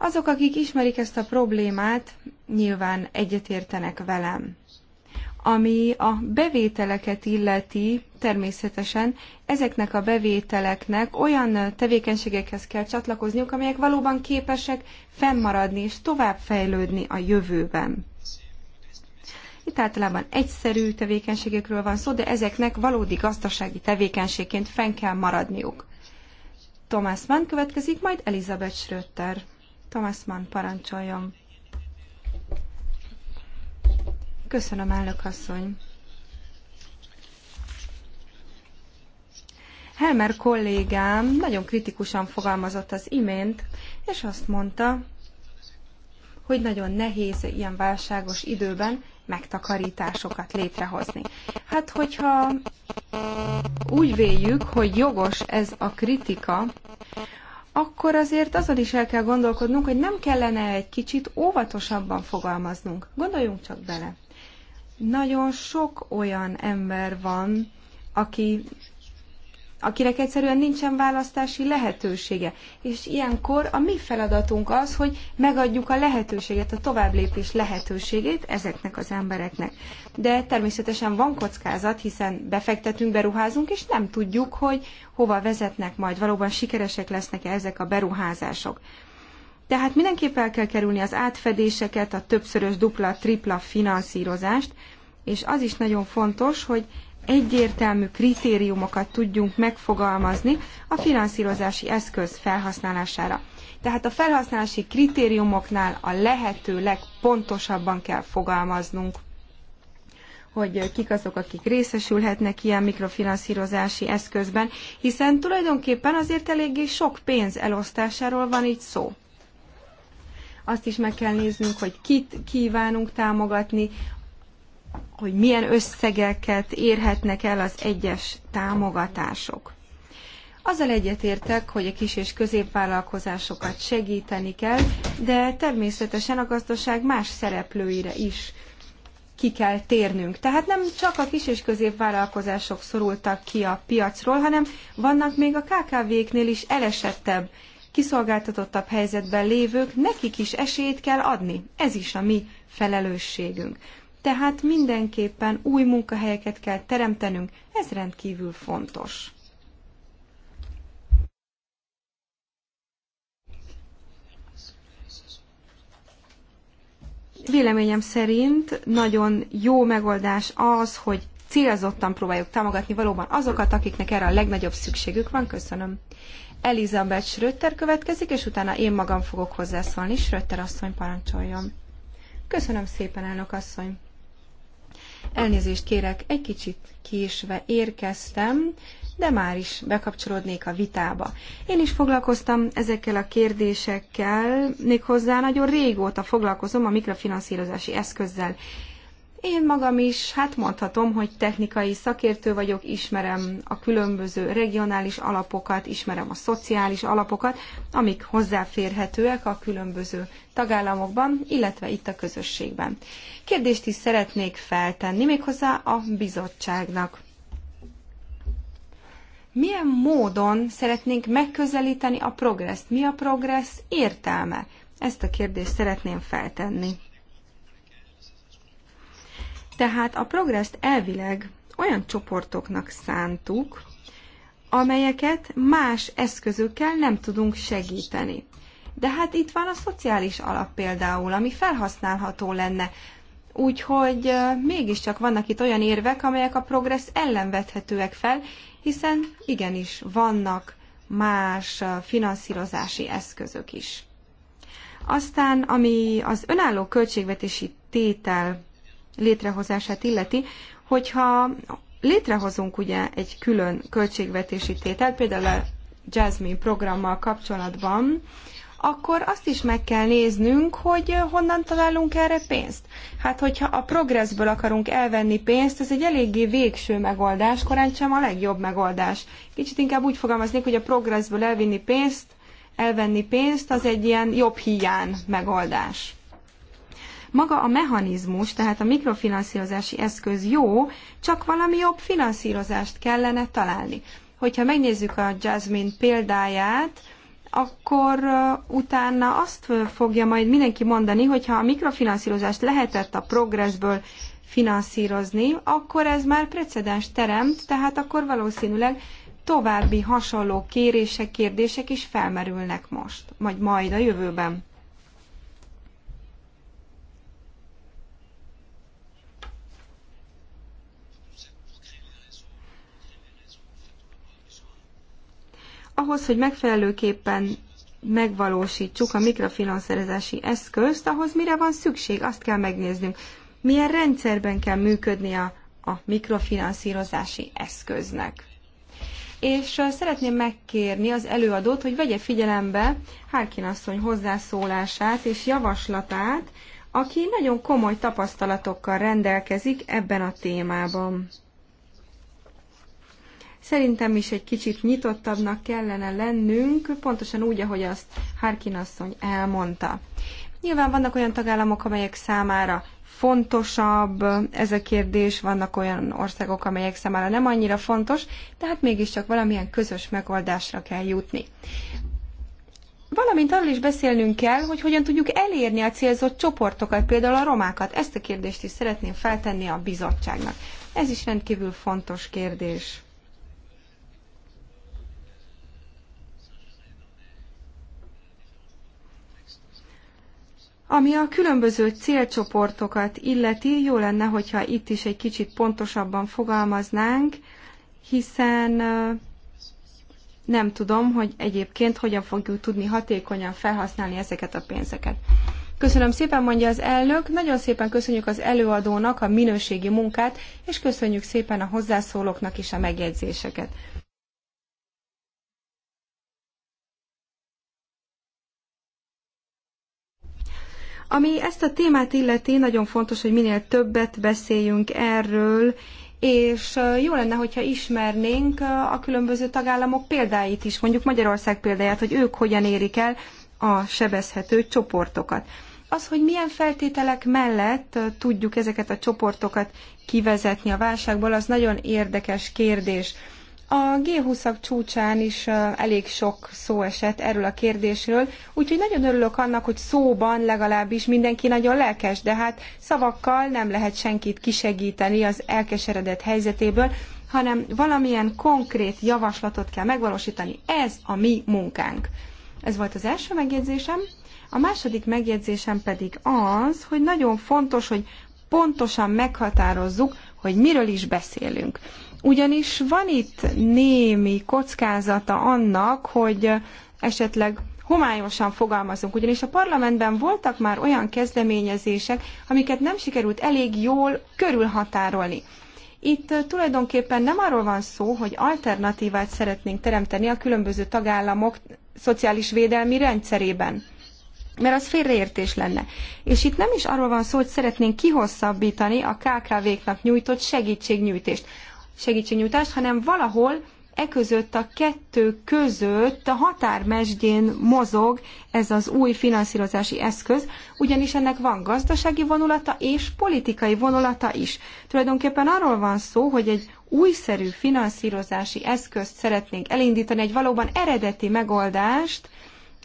Azok, akik ismerik ezt a problémát, nyilván egyetértenek velem. Ami a bevételeket illeti, természetesen ezeknek a bevételeknek olyan tevékenységekhez kell csatlakozniuk, amelyek valóban képesek fennmaradni és továbbfejlődni a jövőben. Itt általában egyszerű tevékenységekről van szó, de ezeknek valódi gazdasági tevékenységként fenn kell maradniuk. Thomas Mann következik, majd Elizabeth Schröter. Thomas Mann parancsoljon. Köszönöm, elnök asszony. Helmer kollégám nagyon kritikusan fogalmazott az imént, és azt mondta, hogy nagyon nehéz ilyen válságos időben megtakarításokat létrehozni. Hát, hogyha úgy véljük, hogy jogos ez a kritika, akkor azért azon is el kell gondolkodnunk, hogy nem kellene egy kicsit óvatosabban fogalmaznunk. Gondoljunk csak bele. Nagyon sok olyan ember van, aki akinek egyszerűen nincsen választási lehetősége. És ilyenkor a mi feladatunk az, hogy megadjuk a lehetőséget, a továbblépés lehetőségét ezeknek az embereknek. De természetesen van kockázat, hiszen befektetünk, beruházunk, és nem tudjuk, hogy hova vezetnek majd, valóban sikeresek lesznek -e ezek a beruházások. Tehát mindenképp el kell kerülni az átfedéseket, a többszörös dupla, tripla finanszírozást, és az is nagyon fontos, hogy egyértelmű kritériumokat tudjunk megfogalmazni a finanszírozási eszköz felhasználására. Tehát a felhasználási kritériumoknál a lehető legpontosabban kell fogalmaznunk hogy kik azok, akik részesülhetnek ilyen mikrofinanszírozási eszközben, hiszen tulajdonképpen azért eléggé sok pénz elosztásáról van itt szó. Azt is meg kell néznünk, hogy kit kívánunk támogatni, hogy milyen összegeket érhetnek el az egyes támogatások. Azzal egyetértek, hogy a kis és középvállalkozásokat segíteni kell, de természetesen a gazdaság más szereplőire is ki kell térnünk. Tehát nem csak a kis és középvállalkozások szorultak ki a piacról, hanem vannak még a KKV-knél is elesettebb, kiszolgáltatottabb helyzetben lévők, nekik is esélyt kell adni. Ez is a mi felelősségünk. Tehát mindenképpen új munkahelyeket kell teremtenünk, ez rendkívül fontos. Véleményem szerint nagyon jó megoldás az, hogy célzottan próbáljuk támogatni valóban azokat, akiknek erre a legnagyobb szükségük van. Köszönöm. Elizabeth Schröter következik, és utána én magam fogok hozzászólni. Schröter asszony parancsoljon. Köszönöm szépen, elnök asszony. Elnézést kérek, egy kicsit késve érkeztem, de már is bekapcsolódnék a vitába. Én is foglalkoztam ezekkel a kérdésekkel, méghozzá nagyon régóta foglalkozom a mikrofinanszírozási eszközzel. Én magam is, hát mondhatom, hogy technikai szakértő vagyok, ismerem a különböző regionális alapokat, ismerem a szociális alapokat, amik hozzáférhetőek a különböző tagállamokban, illetve itt a közösségben. Kérdést is szeretnék feltenni, méghozzá a bizottságnak. Milyen módon szeretnénk megközelíteni a progresszt? Mi a progressz értelme? Ezt a kérdést szeretném feltenni. Tehát a progresszt elvileg olyan csoportoknak szántuk, amelyeket más eszközökkel nem tudunk segíteni. De hát itt van a szociális alap például, ami felhasználható lenne. Úgyhogy mégiscsak vannak itt olyan érvek, amelyek a progressz ellen vethetőek fel, hiszen igenis vannak más finanszírozási eszközök is. Aztán, ami az önálló költségvetési tétel létrehozását illeti, hogyha létrehozunk ugye egy külön költségvetési tételt, például a Jasmine programmal kapcsolatban, akkor azt is meg kell néznünk, hogy honnan találunk erre pénzt. Hát, hogyha a progresszből akarunk elvenni pénzt, ez egy eléggé végső megoldás, korán sem a legjobb megoldás. Kicsit inkább úgy fogalmaznék, hogy a progresszből elvinni pénzt, elvenni pénzt, az egy ilyen jobb hiány megoldás. Maga a mechanizmus, tehát a mikrofinanszírozási eszköz jó, csak valami jobb finanszírozást kellene találni. Hogyha megnézzük a Jasmine példáját, akkor utána azt fogja majd mindenki mondani, hogyha a mikrofinanszírozást lehetett a progressből finanszírozni, akkor ez már precedens teremt, tehát akkor valószínűleg további hasonló kérések, kérdések is felmerülnek most, vagy majd a jövőben. ahhoz, hogy megfelelőképpen megvalósítsuk a mikrofinanszírozási eszközt, ahhoz mire van szükség, azt kell megnéznünk. Milyen rendszerben kell működni a, a mikrofinanszírozási eszköznek. És szeretném megkérni az előadót, hogy vegye figyelembe Harkin asszony hozzászólását és javaslatát, aki nagyon komoly tapasztalatokkal rendelkezik ebben a témában. Szerintem is egy kicsit nyitottabbnak kellene lennünk, pontosan úgy, ahogy azt Harkin asszony elmondta. Nyilván vannak olyan tagállamok, amelyek számára fontosabb ez a kérdés, vannak olyan országok, amelyek számára nem annyira fontos, tehát mégiscsak valamilyen közös megoldásra kell jutni. Valamint arról is beszélnünk kell, hogy hogyan tudjuk elérni a célzott csoportokat, például a romákat. Ezt a kérdést is szeretném feltenni a bizottságnak. Ez is rendkívül fontos kérdés. Ami a különböző célcsoportokat illeti, jó lenne, hogyha itt is egy kicsit pontosabban fogalmaznánk, hiszen nem tudom, hogy egyébként hogyan fogjuk tudni hatékonyan felhasználni ezeket a pénzeket. Köszönöm szépen, mondja az elnök, nagyon szépen köszönjük az előadónak a minőségi munkát, és köszönjük szépen a hozzászólóknak is a megjegyzéseket. Ami ezt a témát illeti, nagyon fontos, hogy minél többet beszéljünk erről, és jó lenne, hogyha ismernénk a különböző tagállamok példáit is, mondjuk Magyarország példáját, hogy ők hogyan érik el a sebezhető csoportokat. Az, hogy milyen feltételek mellett tudjuk ezeket a csoportokat kivezetni a válságból, az nagyon érdekes kérdés. A G20-ak csúcsán is elég sok szó esett erről a kérdésről, úgyhogy nagyon örülök annak, hogy szóban legalábbis mindenki nagyon lelkes, de hát szavakkal nem lehet senkit kisegíteni az elkeseredett helyzetéből, hanem valamilyen konkrét javaslatot kell megvalósítani. Ez a mi munkánk. Ez volt az első megjegyzésem. A második megjegyzésem pedig az, hogy nagyon fontos, hogy pontosan meghatározzuk, hogy miről is beszélünk. Ugyanis van itt némi kockázata annak, hogy esetleg homályosan fogalmazunk, ugyanis a parlamentben voltak már olyan kezdeményezések, amiket nem sikerült elég jól körülhatárolni. Itt tulajdonképpen nem arról van szó, hogy alternatívát szeretnénk teremteni a különböző tagállamok szociális védelmi rendszerében mert az félreértés lenne. És itt nem is arról van szó, hogy szeretnénk kihosszabbítani a KKV-knak nyújtott segítségnyújtést segítségnyújtást, hanem valahol e között a kettő között a határmesdjén mozog ez az új finanszírozási eszköz, ugyanis ennek van gazdasági vonulata és politikai vonulata is. Tulajdonképpen arról van szó, hogy egy újszerű finanszírozási eszközt szeretnénk elindítani, egy valóban eredeti megoldást,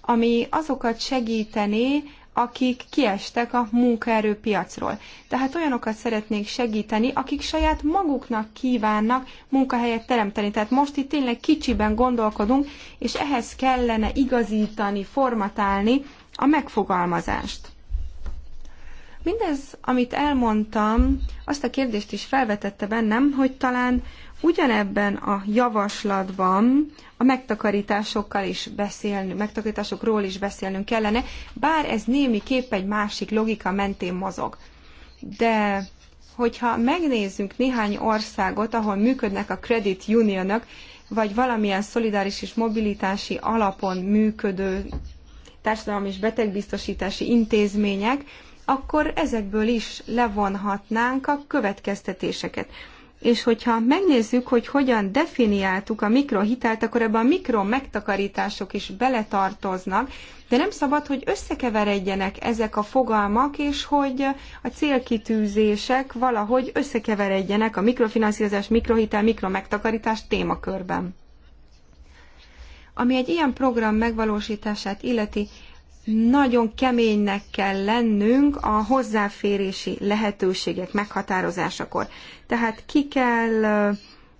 ami azokat segítené, akik kiestek a munkaerőpiacról. Tehát olyanokat szeretnék segíteni, akik saját maguknak kívánnak munkahelyet teremteni. Tehát most itt tényleg kicsiben gondolkodunk, és ehhez kellene igazítani, formatálni a megfogalmazást. Mindez, amit elmondtam, azt a kérdést is felvetette bennem, hogy talán Ugyanebben a javaslatban a megtakarításokkal is beszélnünk, megtakarításokról is beszélnünk kellene, bár ez némi kép egy másik logika mentén mozog. De hogyha megnézzünk néhány országot, ahol működnek a credit unionok, vagy valamilyen szolidáris és mobilitási alapon működő társadalmi és betegbiztosítási intézmények, akkor ezekből is levonhatnánk a következtetéseket és hogyha megnézzük, hogy hogyan definiáltuk a mikrohitelt, akkor ebben a mikro megtakarítások is beletartoznak, de nem szabad, hogy összekeveredjenek ezek a fogalmak, és hogy a célkitűzések valahogy összekeveredjenek a mikrofinanszírozás, mikrohitel, mikromegtakarítás témakörben. Ami egy ilyen program megvalósítását illeti, nagyon keménynek kell lennünk a hozzáférési lehetőségek meghatározásakor. Tehát ki kell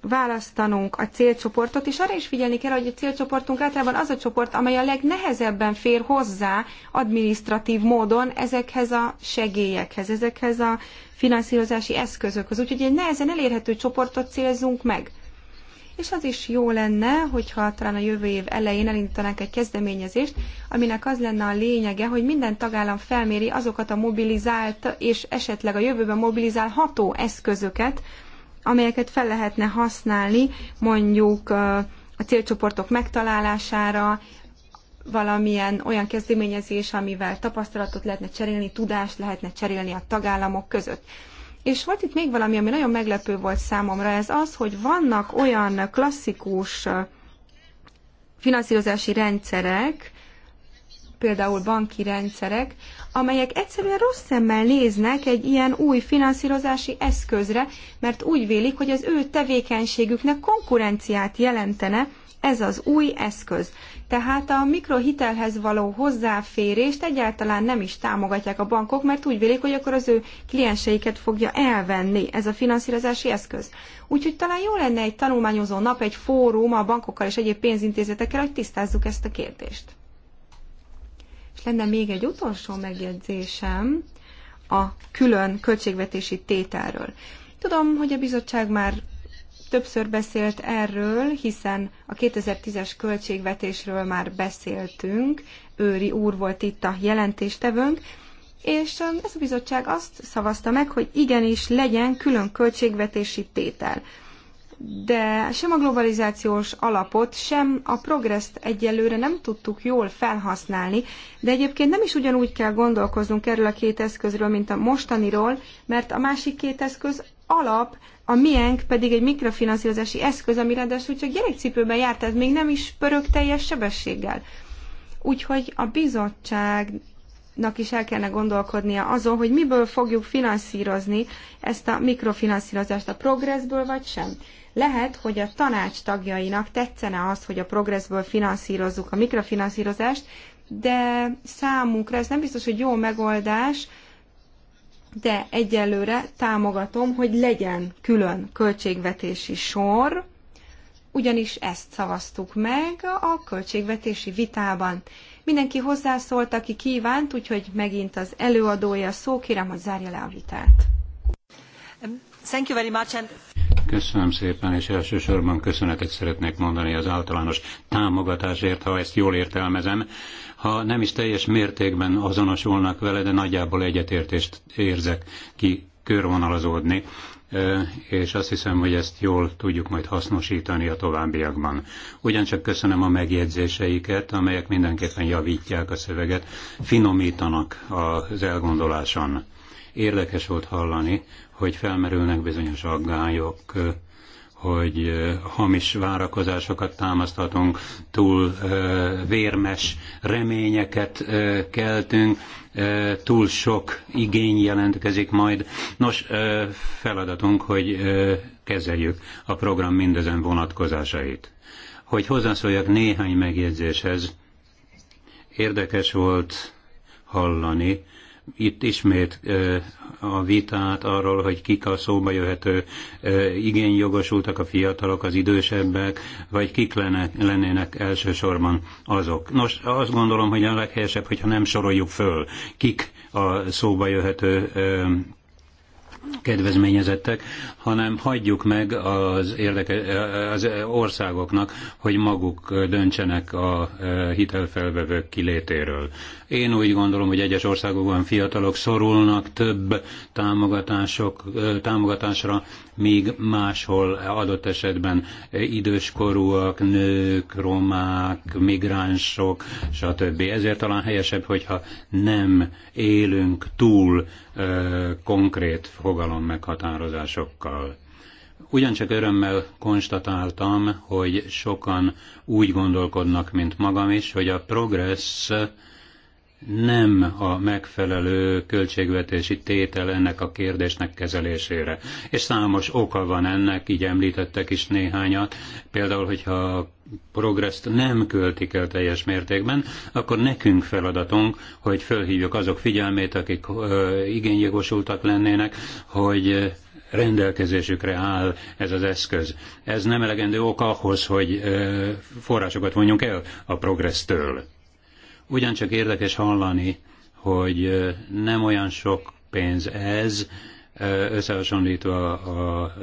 választanunk a célcsoportot, és arra is figyelni kell, hogy a célcsoportunk általában az a csoport, amely a legnehezebben fér hozzá administratív módon ezekhez a segélyekhez, ezekhez a finanszírozási eszközökhöz. Úgyhogy egy nehezen elérhető csoportot célzunk meg és az is jó lenne, hogyha talán a jövő év elején elindítanánk egy kezdeményezést, aminek az lenne a lényege, hogy minden tagállam felméri azokat a mobilizált és esetleg a jövőben mobilizálható eszközöket, amelyeket fel lehetne használni mondjuk a célcsoportok megtalálására, valamilyen olyan kezdeményezés, amivel tapasztalatot lehetne cserélni, tudást lehetne cserélni a tagállamok között. És volt itt még valami, ami nagyon meglepő volt számomra, ez az, hogy vannak olyan klasszikus finanszírozási rendszerek, például banki rendszerek, amelyek egyszerűen rossz szemmel néznek egy ilyen új finanszírozási eszközre, mert úgy vélik, hogy az ő tevékenységüknek konkurenciát jelentene ez az új eszköz. Tehát a mikrohitelhez való hozzáférést egyáltalán nem is támogatják a bankok, mert úgy vélik, hogy akkor az ő klienseiket fogja elvenni ez a finanszírozási eszköz. Úgyhogy talán jó lenne egy tanulmányozó nap, egy fórum a bankokkal és egyéb pénzintézetekkel, hogy tisztázzuk ezt a kérdést. És lenne még egy utolsó megjegyzésem a külön költségvetési tételről. Tudom, hogy a bizottság már többször beszélt erről, hiszen a 2010-es költségvetésről már beszéltünk, Őri úr volt itt a jelentéstevőnk, és um, ez a bizottság azt szavazta meg, hogy igenis legyen külön költségvetési tétel. De sem a globalizációs alapot, sem a progresszt egyelőre nem tudtuk jól felhasználni, de egyébként nem is ugyanúgy kell gondolkoznunk erről a két eszközről, mint a mostaniról, mert a másik két eszköz alap, a miénk pedig egy mikrofinanszírozási eszköz, ami ráadásul csak gyerekcipőben járt, tehát még nem is pörög teljes sebességgel. Úgyhogy a bizottságnak is el kellene gondolkodnia azon, hogy miből fogjuk finanszírozni ezt a mikrofinanszírozást, a progresszből vagy sem. Lehet, hogy a tanács tagjainak tetszene az, hogy a progresszből finanszírozzuk a mikrofinanszírozást, de számunkra ez nem biztos, hogy jó megoldás, de egyelőre támogatom, hogy legyen külön költségvetési sor, ugyanis ezt szavaztuk meg a költségvetési vitában. Mindenki hozzászólt, aki kívánt, úgyhogy megint az előadója szó, kérem, hogy zárja le a vitát. Um, thank you very much and Köszönöm szépen, és elsősorban köszönetet szeretnék mondani az általános támogatásért, ha ezt jól értelmezem. Ha nem is teljes mértékben azonosulnak vele, de nagyjából egyetértést érzek ki körvonalazódni és azt hiszem, hogy ezt jól tudjuk majd hasznosítani a továbbiakban. Ugyancsak köszönöm a megjegyzéseiket, amelyek mindenképpen javítják a szöveget, finomítanak az elgondoláson. Érdekes volt hallani, hogy felmerülnek bizonyos aggályok, hogy hamis várakozásokat támasztatunk, túl vérmes reményeket keltünk, túl sok igény jelentkezik majd. Nos, feladatunk, hogy kezeljük a program mindezen vonatkozásait. Hogy hozzászóljak néhány megjegyzéshez, érdekes volt hallani itt ismét a vitát arról, hogy kik a szóba jöhető igényjogosultak, a fiatalok, az idősebbek, vagy kik lennének elsősorban azok. Nos, azt gondolom, hogy a leghelyesebb, hogyha nem soroljuk föl, kik a szóba jöhető kedvezményezettek, hanem hagyjuk meg az, érdeke, az országoknak, hogy maguk döntsenek a hitelfelvevők kilétéről. Én úgy gondolom, hogy egyes országokban fiatalok szorulnak több támogatások, támogatásra, míg máshol adott esetben időskorúak, nők, romák, migránsok, stb. Ezért talán helyesebb, hogyha nem élünk túl ö, konkrét fogalom meghatározásokkal. Ugyancsak örömmel konstatáltam, hogy sokan úgy gondolkodnak, mint magam is, hogy a progress nem a megfelelő költségvetési tétel ennek a kérdésnek kezelésére. És számos oka van ennek, így említettek is néhányat. Például, hogyha a progresszt nem költik el teljes mértékben, akkor nekünk feladatunk, hogy fölhívjuk azok figyelmét, akik igényjogosultak lennének, hogy rendelkezésükre áll ez az eszköz. Ez nem elegendő ok ahhoz, hogy forrásokat vonjunk el a progressztől. Ugyancsak érdekes hallani, hogy nem olyan sok pénz ez, összehasonlítva a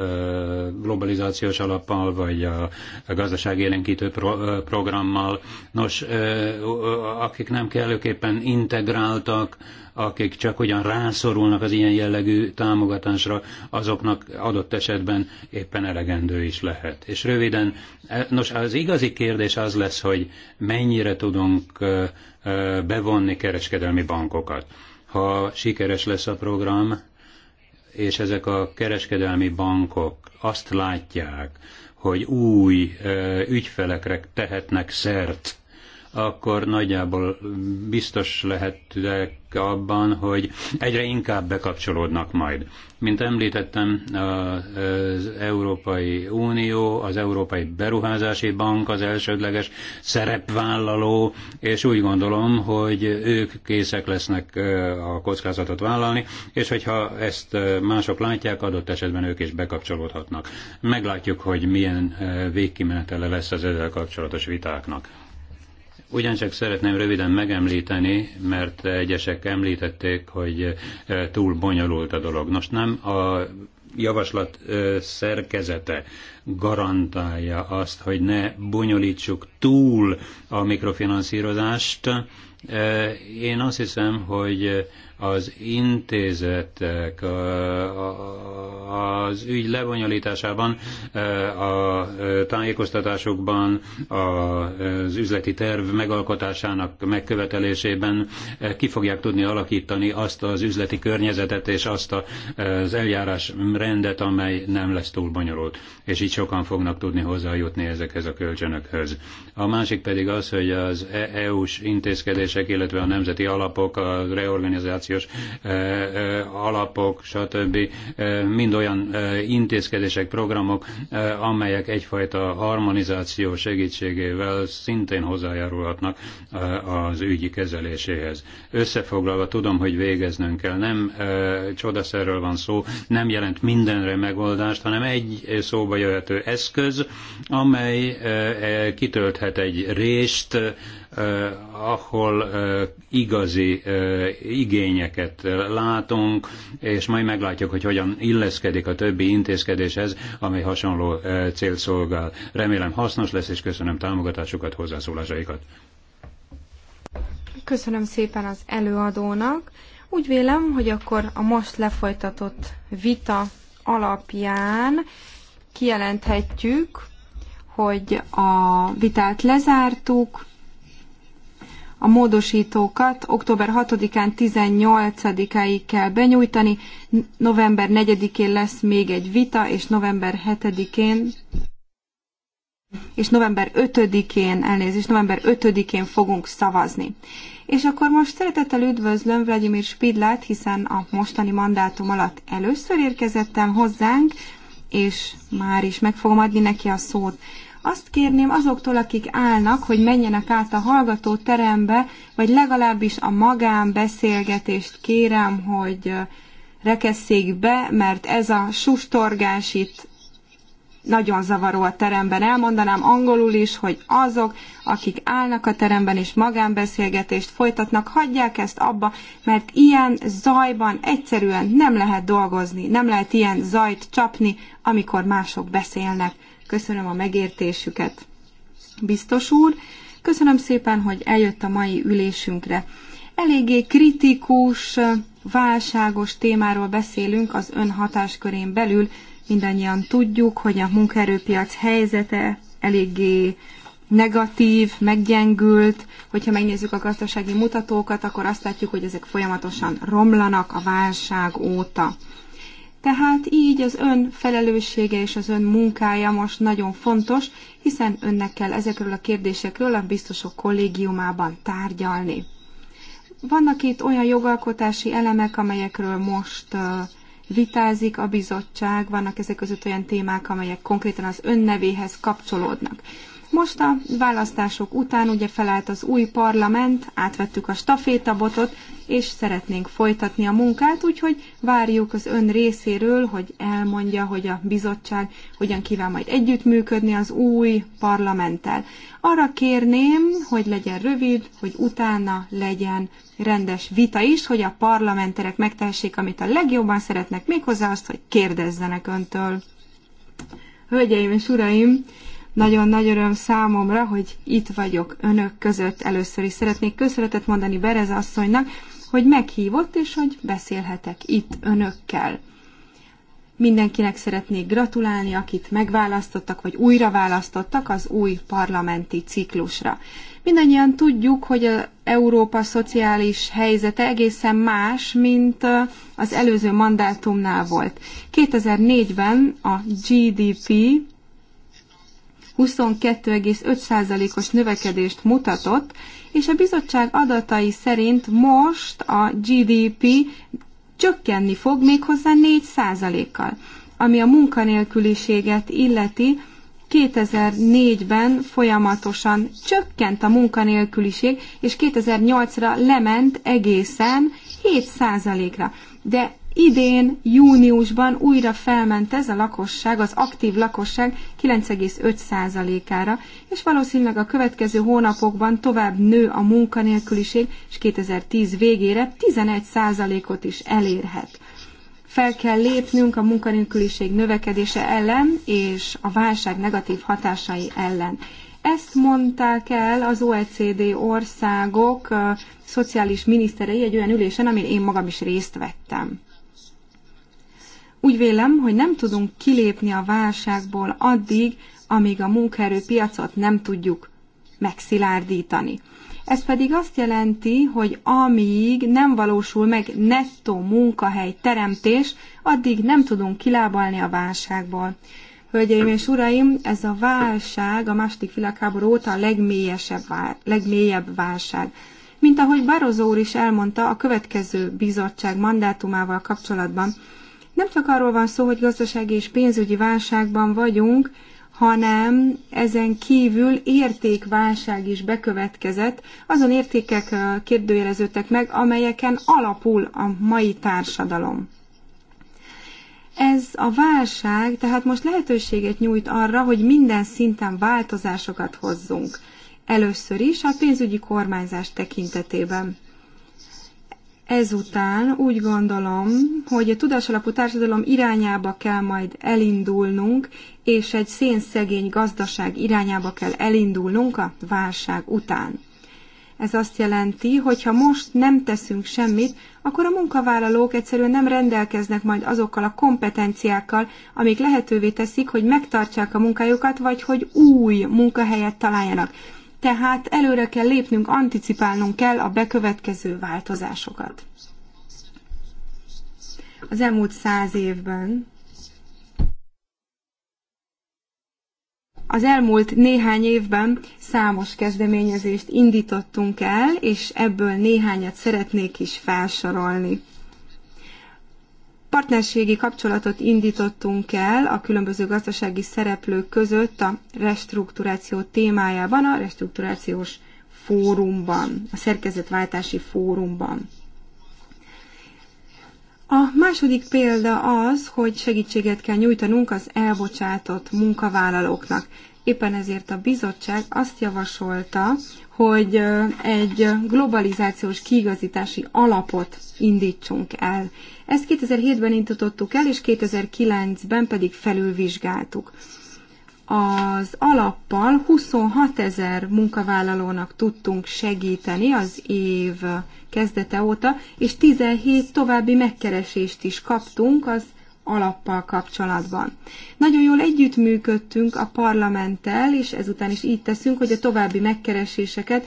globalizációs alappal, vagy a gazdaságélénkítő programmal. Nos, akik nem kellőképpen integráltak, akik csak ugyan rászorulnak az ilyen jellegű támogatásra, azoknak adott esetben éppen elegendő is lehet. És röviden, e, nos, az igazi kérdés az lesz, hogy mennyire tudunk bevonni kereskedelmi bankokat. Ha sikeres lesz a program, és ezek a kereskedelmi bankok azt látják, hogy új ügyfelekre tehetnek szert akkor nagyjából biztos lehetnek abban, hogy egyre inkább bekapcsolódnak majd. Mint említettem, az Európai Unió, az Európai Beruházási Bank az elsődleges szerepvállaló, és úgy gondolom, hogy ők készek lesznek a kockázatot vállalni, és hogyha ezt mások látják, adott esetben ők is bekapcsolódhatnak. Meglátjuk, hogy milyen végkimenetele lesz az ezzel kapcsolatos vitáknak. Ugyancsak szeretném röviden megemlíteni, mert egyesek említették, hogy eh, túl bonyolult a dolog. Nos, nem a javaslat eh, szerkezete garantálja azt, hogy ne bonyolítsuk túl a mikrofinanszírozást. Eh, én azt hiszem, hogy az intézetek az ügy lebonyolításában, a tájékoztatásokban, az üzleti terv megalkotásának megkövetelésében ki fogják tudni alakítani azt az üzleti környezetet és azt az eljárás rendet, amely nem lesz túl bonyolult. És így sokan fognak tudni hozzájutni ezekhez a kölcsönökhöz. A másik pedig az, hogy az e-, EU-s intézkedések, illetve a nemzeti alapok a reorganizáció kohéziós eh, eh, alapok, stb. Eh, mind olyan intézkedések, programok, amelyek egyfajta harmonizáció segítségével szintén hozzájárulhatnak az ügyi kezeléséhez. Összefoglalva tudom, hogy végeznünk kell. Nem csodaszerről van szó, nem jelent mindenre megoldást, hanem egy szóba jöhető eszköz, amely kitölthet egy részt. Eh, ahol eh, igazi eh, igényeket látunk, és majd meglátjuk, hogy hogyan illeszkedik a többi intézkedéshez, ami hasonló cél szolgál. Remélem hasznos lesz, és köszönöm támogatásukat, hozzászólásaikat. Köszönöm szépen az előadónak. Úgy vélem, hogy akkor a most lefolytatott vita alapján kijelenthetjük, hogy a vitát lezártuk, a módosítókat október 6-án 18-áig kell benyújtani, november 4-én lesz még egy vita, és november 7-én és november 5-én, elnézést, november 5-én fogunk szavazni. És akkor most szeretettel üdvözlöm Vladimir Spidlát, hiszen a mostani mandátum alatt először érkezettem hozzánk, és már is meg fogom adni neki a szót. Azt kérném azoktól, akik állnak, hogy menjenek át a hallgató terembe, vagy legalábbis a magán beszélgetést kérem, hogy rekesszék be, mert ez a sustorgás itt nagyon zavaró a teremben. Elmondanám angolul is, hogy azok, akik állnak a teremben és magánbeszélgetést folytatnak, hagyják ezt abba, mert ilyen zajban egyszerűen nem lehet dolgozni, nem lehet ilyen zajt csapni, amikor mások beszélnek. Köszönöm a megértésüket, biztos úr. Köszönöm szépen, hogy eljött a mai ülésünkre. Eléggé kritikus, válságos témáról beszélünk az ön hatáskörén belül. Mindannyian tudjuk, hogy a munkaerőpiac helyzete eléggé negatív, meggyengült, hogyha megnézzük a gazdasági mutatókat, akkor azt látjuk, hogy ezek folyamatosan romlanak a válság óta. Tehát így az ön felelőssége és az ön munkája most nagyon fontos, hiszen önnek kell ezekről a kérdésekről a biztosok kollégiumában tárgyalni. Vannak itt olyan jogalkotási elemek, amelyekről most vitázik a bizottság, vannak ezek között olyan témák, amelyek konkrétan az ön nevéhez kapcsolódnak. Most a választások után ugye felállt az új parlament, átvettük a stafétabotot, és szeretnénk folytatni a munkát, úgyhogy várjuk az ön részéről, hogy elmondja, hogy a bizottság hogyan kíván majd együttműködni az új parlamenttel. Arra kérném, hogy legyen rövid, hogy utána legyen rendes vita is, hogy a parlamenterek megtehessék, amit a legjobban szeretnek, méghozzá azt, hogy kérdezzenek öntől. Hölgyeim és uraim, nagyon nagy öröm számomra, hogy itt vagyok önök között. Először is szeretnék köszönetet mondani Berez asszonynak, hogy meghívott, és hogy beszélhetek itt önökkel. Mindenkinek szeretnék gratulálni, akit megválasztottak, vagy újra választottak az új parlamenti ciklusra. Mindannyian tudjuk, hogy a Európa szociális helyzete egészen más, mint az előző mandátumnál volt. 2004-ben a GDP 22,5%-os növekedést mutatott, és a bizottság adatai szerint most a GDP csökkenni fog méghozzá 4%-kal. Ami a munkanélküliséget illeti, 2004-ben folyamatosan csökkent a munkanélküliség, és 2008-ra lement egészen 7%-ra. De idén júniusban újra felment ez a lakosság, az aktív lakosság 9,5%-ára, és valószínűleg a következő hónapokban tovább nő a munkanélküliség, és 2010 végére 11%-ot is elérhet. Fel kell lépnünk a munkanélküliség növekedése ellen és a válság negatív hatásai ellen. Ezt mondták el az OECD országok szociális miniszterei egy olyan ülésen, amin én magam is részt vettem. Úgy vélem, hogy nem tudunk kilépni a válságból addig, amíg a munkaerőpiacot nem tudjuk megszilárdítani. Ez pedig azt jelenti, hogy amíg nem valósul meg nettó munkahely teremtés, addig nem tudunk kilábalni a válságból. Hölgyeim és uraim, ez a válság a második világháború óta a legmélyesebb, legmélyebb válság. Mint ahogy Barozó úr is elmondta a következő bizottság mandátumával kapcsolatban, nem csak arról van szó, hogy gazdasági és pénzügyi válságban vagyunk, hanem ezen kívül értékválság is bekövetkezett. Azon értékek kérdőjeleződtek meg, amelyeken alapul a mai társadalom. Ez a válság tehát most lehetőséget nyújt arra, hogy minden szinten változásokat hozzunk. Először is a pénzügyi kormányzás tekintetében. Ezután úgy gondolom, hogy a tudásalapú társadalom irányába kell majd elindulnunk, és egy szénszegény gazdaság irányába kell elindulnunk a válság után. Ez azt jelenti, hogy ha most nem teszünk semmit, akkor a munkavállalók egyszerűen nem rendelkeznek majd azokkal a kompetenciákkal, amik lehetővé teszik, hogy megtartsák a munkájukat, vagy hogy új munkahelyet találjanak tehát előre kell lépnünk, anticipálnunk kell a bekövetkező változásokat. Az elmúlt száz évben Az elmúlt néhány évben számos kezdeményezést indítottunk el, és ebből néhányat szeretnék is felsorolni. Partnerségi kapcsolatot indítottunk el a különböző gazdasági szereplők között a restrukturáció témájában, a restrukturációs fórumban, a szerkezetváltási fórumban. A második példa az, hogy segítséget kell nyújtanunk az elbocsátott munkavállalóknak. Éppen ezért a bizottság azt javasolta, hogy egy globalizációs kiigazítási alapot indítsunk el. Ezt 2007-ben indítottuk el, és 2009-ben pedig felülvizsgáltuk. Az alappal 26 ezer munkavállalónak tudtunk segíteni az év kezdete óta, és 17 további megkeresést is kaptunk az alappal kapcsolatban. Nagyon jól együttműködtünk a parlamenttel, és ezután is így teszünk, hogy a további megkereséseket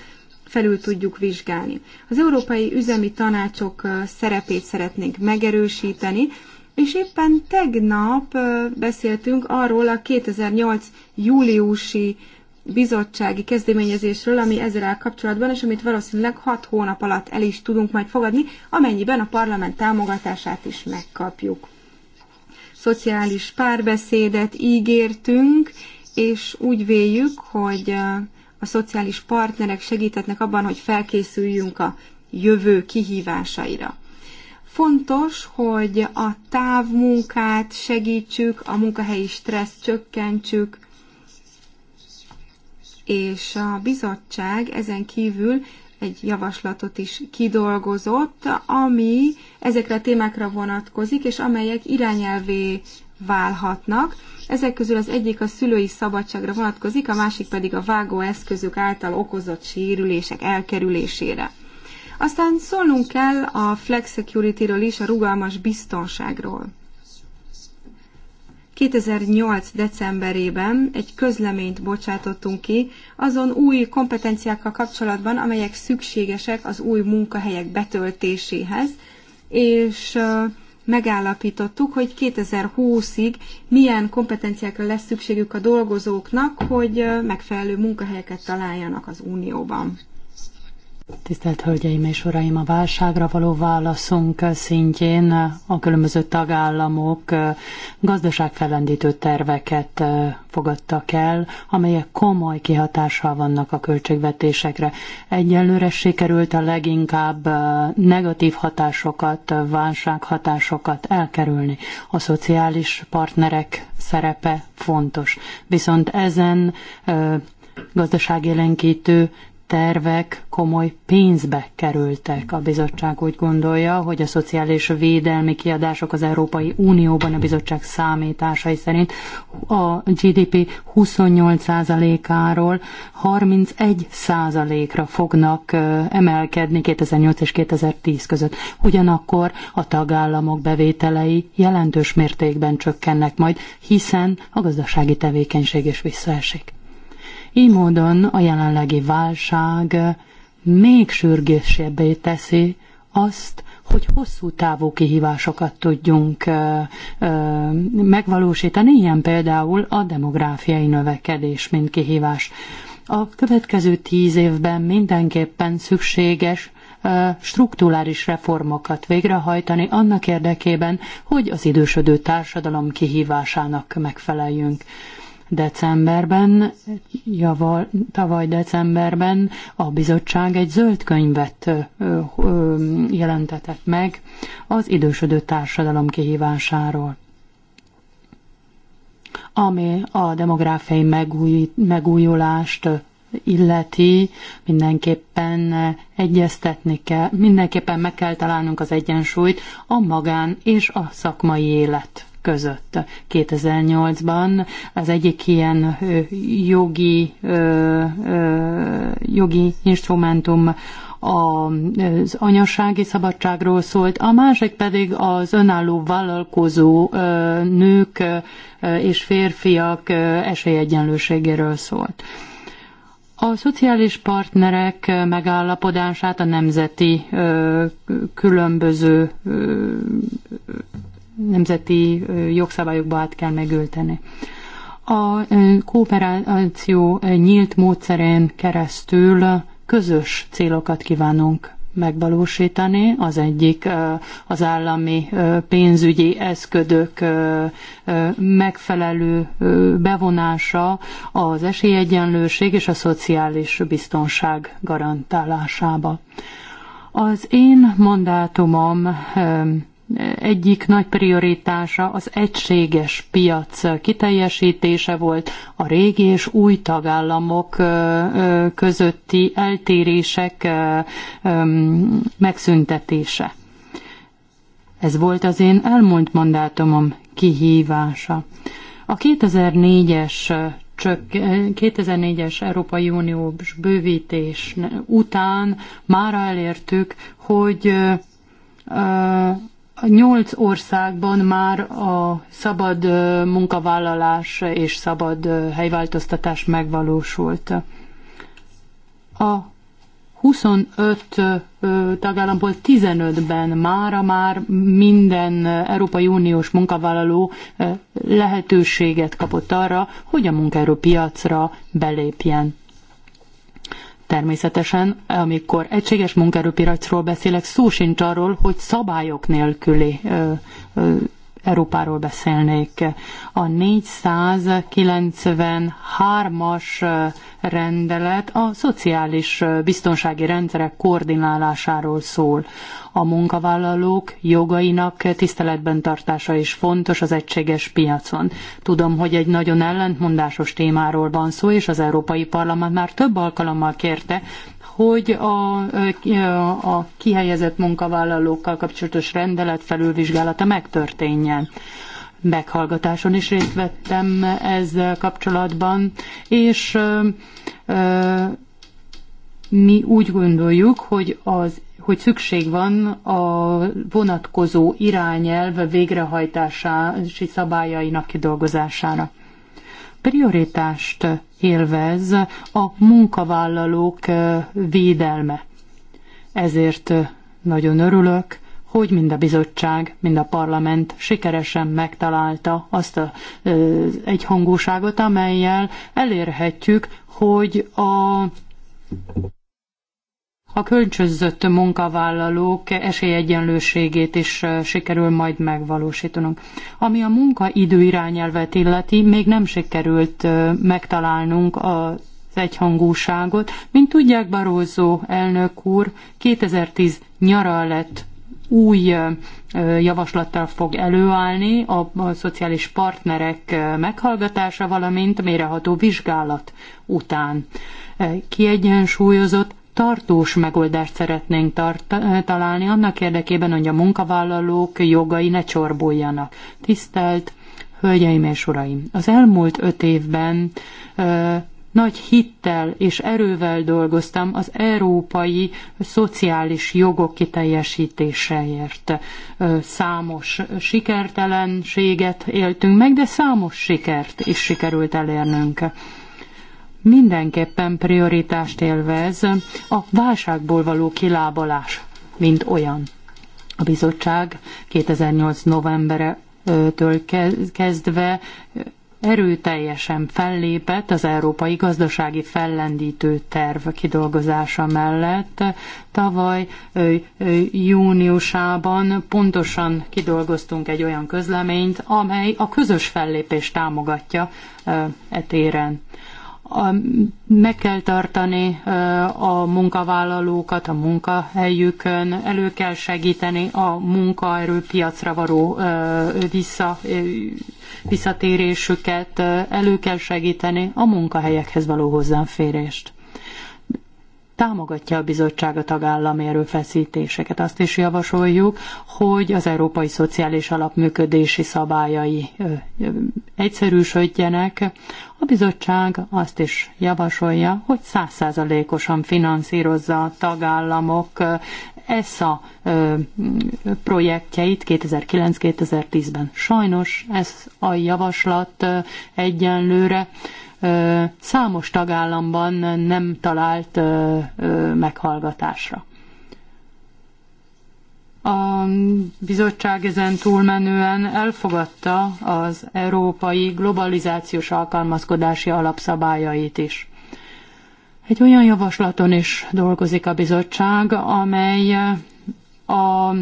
felül tudjuk vizsgálni. Az Európai Üzemi Tanácsok szerepét szeretnénk megerősíteni, és éppen tegnap beszéltünk arról a 2008. júliusi bizottsági kezdeményezésről, ami ezzel áll kapcsolatban, és amit valószínűleg hat hónap alatt el is tudunk majd fogadni, amennyiben a parlament támogatását is megkapjuk. Szociális párbeszédet ígértünk, és úgy véljük, hogy a szociális partnerek segítetnek abban, hogy felkészüljünk a jövő kihívásaira. Fontos, hogy a távmunkát segítsük, a munkahelyi stressz csökkentsük, és a bizottság ezen kívül egy javaslatot is kidolgozott, ami ezekre a témákra vonatkozik, és amelyek irányelvé válhatnak. Ezek közül az egyik a szülői szabadságra vonatkozik, a másik pedig a vágóeszközök által okozott sérülések elkerülésére. Aztán szólnunk kell a flex security-ről is, a rugalmas biztonságról. 2008. decemberében egy közleményt bocsátottunk ki azon új kompetenciákkal kapcsolatban, amelyek szükségesek az új munkahelyek betöltéséhez, és megállapítottuk, hogy 2020-ig milyen kompetenciákra lesz szükségük a dolgozóknak, hogy megfelelő munkahelyeket találjanak az Unióban. Tisztelt Hölgyeim és Uraim, a válságra való válaszunk szintjén a különböző tagállamok gazdaságfelendítő terveket fogadtak el, amelyek komoly kihatással vannak a költségvetésekre. Egyelőre sikerült a leginkább negatív hatásokat, válsághatásokat elkerülni. A szociális partnerek szerepe fontos. Viszont ezen gazdaságélenkítő tervek komoly pénzbe kerültek. A bizottság úgy gondolja, hogy a szociális védelmi kiadások az Európai Unióban a bizottság számításai szerint a GDP 28%-áról 31%-ra fognak emelkedni 2008 és 2010 között. Ugyanakkor a tagállamok bevételei jelentős mértékben csökkennek majd, hiszen a gazdasági tevékenység is visszaesik. Így módon a jelenlegi válság még sürgősebbé teszi azt, hogy hosszú távú kihívásokat tudjunk ö, ö, megvalósítani, ilyen például a demográfiai növekedés, mint kihívás. A következő tíz évben mindenképpen szükséges struktúrális reformokat végrehajtani annak érdekében, hogy az idősödő társadalom kihívásának megfeleljünk decemberben, javal, tavaly decemberben a bizottság egy zöld könyvet ö, ö, jelentetett meg az idősödő társadalom kihívásáról ami a demográfiai megúj, megújulást illeti, mindenképpen egyeztetni kell, mindenképpen meg kell találnunk az egyensúlyt a magán és a szakmai élet között. 2008-ban az egyik ilyen jogi, jogi instrumentum az anyasági szabadságról szólt, a másik pedig az önálló vállalkozó nők és férfiak esélyegyenlőségéről szólt. A szociális partnerek megállapodását a nemzeti különböző nemzeti jogszabályokba át kell megölteni. A kooperáció nyílt módszeren keresztül közös célokat kívánunk megvalósítani. Az egyik az állami pénzügyi eszködök megfelelő bevonása az esélyegyenlőség és a szociális biztonság garantálásába. Az én mandátumom egyik nagy prioritása az egységes piac kiteljesítése volt, a régi és új tagállamok közötti eltérések megszüntetése. Ez volt az én elmúlt mandátumom kihívása. A 2004-es 2004-es Európai Uniós bővítés után már elértük, hogy a nyolc országban már a szabad munkavállalás és szabad helyváltoztatás megvalósult. A 25 tagállamból 15-ben mára már minden Európai Uniós munkavállaló lehetőséget kapott arra, hogy a munkaerőpiacra belépjen. Természetesen, amikor egységes munkaerőpiracról beszélek, szó sincs arról, hogy szabályok nélküli ö, ö, Európáról beszélnék. A 493-as rendelet a szociális biztonsági rendszerek koordinálásáról szól. A munkavállalók jogainak tiszteletben tartása is fontos az egységes piacon. Tudom, hogy egy nagyon ellentmondásos témáról van szó, és az Európai Parlament már több alkalommal kérte, hogy a, a kihelyezett munkavállalókkal kapcsolatos rendelet felülvizsgálata megtörténjen meghallgatáson is részt vettem ezzel kapcsolatban, és ö, ö, mi úgy gondoljuk, hogy az hogy szükség van a vonatkozó irányelv végrehajtási szabályainak kidolgozására. Prioritást élvez a munkavállalók védelme. Ezért nagyon örülök, hogy mind a bizottság, mind a parlament sikeresen megtalálta azt a, egyhangúságot, amelyel elérhetjük, hogy a a kölcsönzött munkavállalók esélyegyenlőségét is sikerül majd megvalósítanunk. Ami a munkaidő irányelvet illeti, még nem sikerült megtalálnunk a az egyhangúságot. Mint tudják, Barózó elnök úr 2010 nyara lett új javaslattal fog előállni a, a szociális partnerek meghallgatása, valamint méreható vizsgálat után. Kiegyensúlyozott, tartós megoldást szeretnénk tart- találni annak érdekében, hogy a munkavállalók jogai ne csorbuljanak. Tisztelt Hölgyeim és Uraim! Az elmúlt öt évben ö, nagy hittel és erővel dolgoztam az európai szociális jogok kiteljesítéseért. Ö, számos sikertelenséget éltünk meg, de számos sikert is sikerült elérnünk mindenképpen prioritást élvez a válságból való kilábalás, mint olyan. A bizottság 2008. től kezdve erőteljesen fellépett az európai gazdasági fellendítő terv kidolgozása mellett. Tavaly júniusában pontosan kidolgoztunk egy olyan közleményt, amely a közös fellépést támogatja e téren meg kell tartani a munkavállalókat a munkahelyükön, elő kell segíteni a munkaerőpiacra való vissza, visszatérésüket, elő kell segíteni a munkahelyekhez való hozzáférést támogatja a bizottság a tagállami erőfeszítéseket. Azt is javasoljuk, hogy az Európai Szociális Alap működési szabályai egyszerűsödjenek. A bizottság azt is javasolja, hogy százszázalékosan finanszírozza a tagállamok ESSA projektjeit 2009-2010-ben. Sajnos ez a javaslat egyenlőre számos tagállamban nem talált meghallgatásra. A bizottság ezen túlmenően elfogadta az európai globalizációs alkalmazkodási alapszabályait is. Egy olyan javaslaton is dolgozik a bizottság, amely a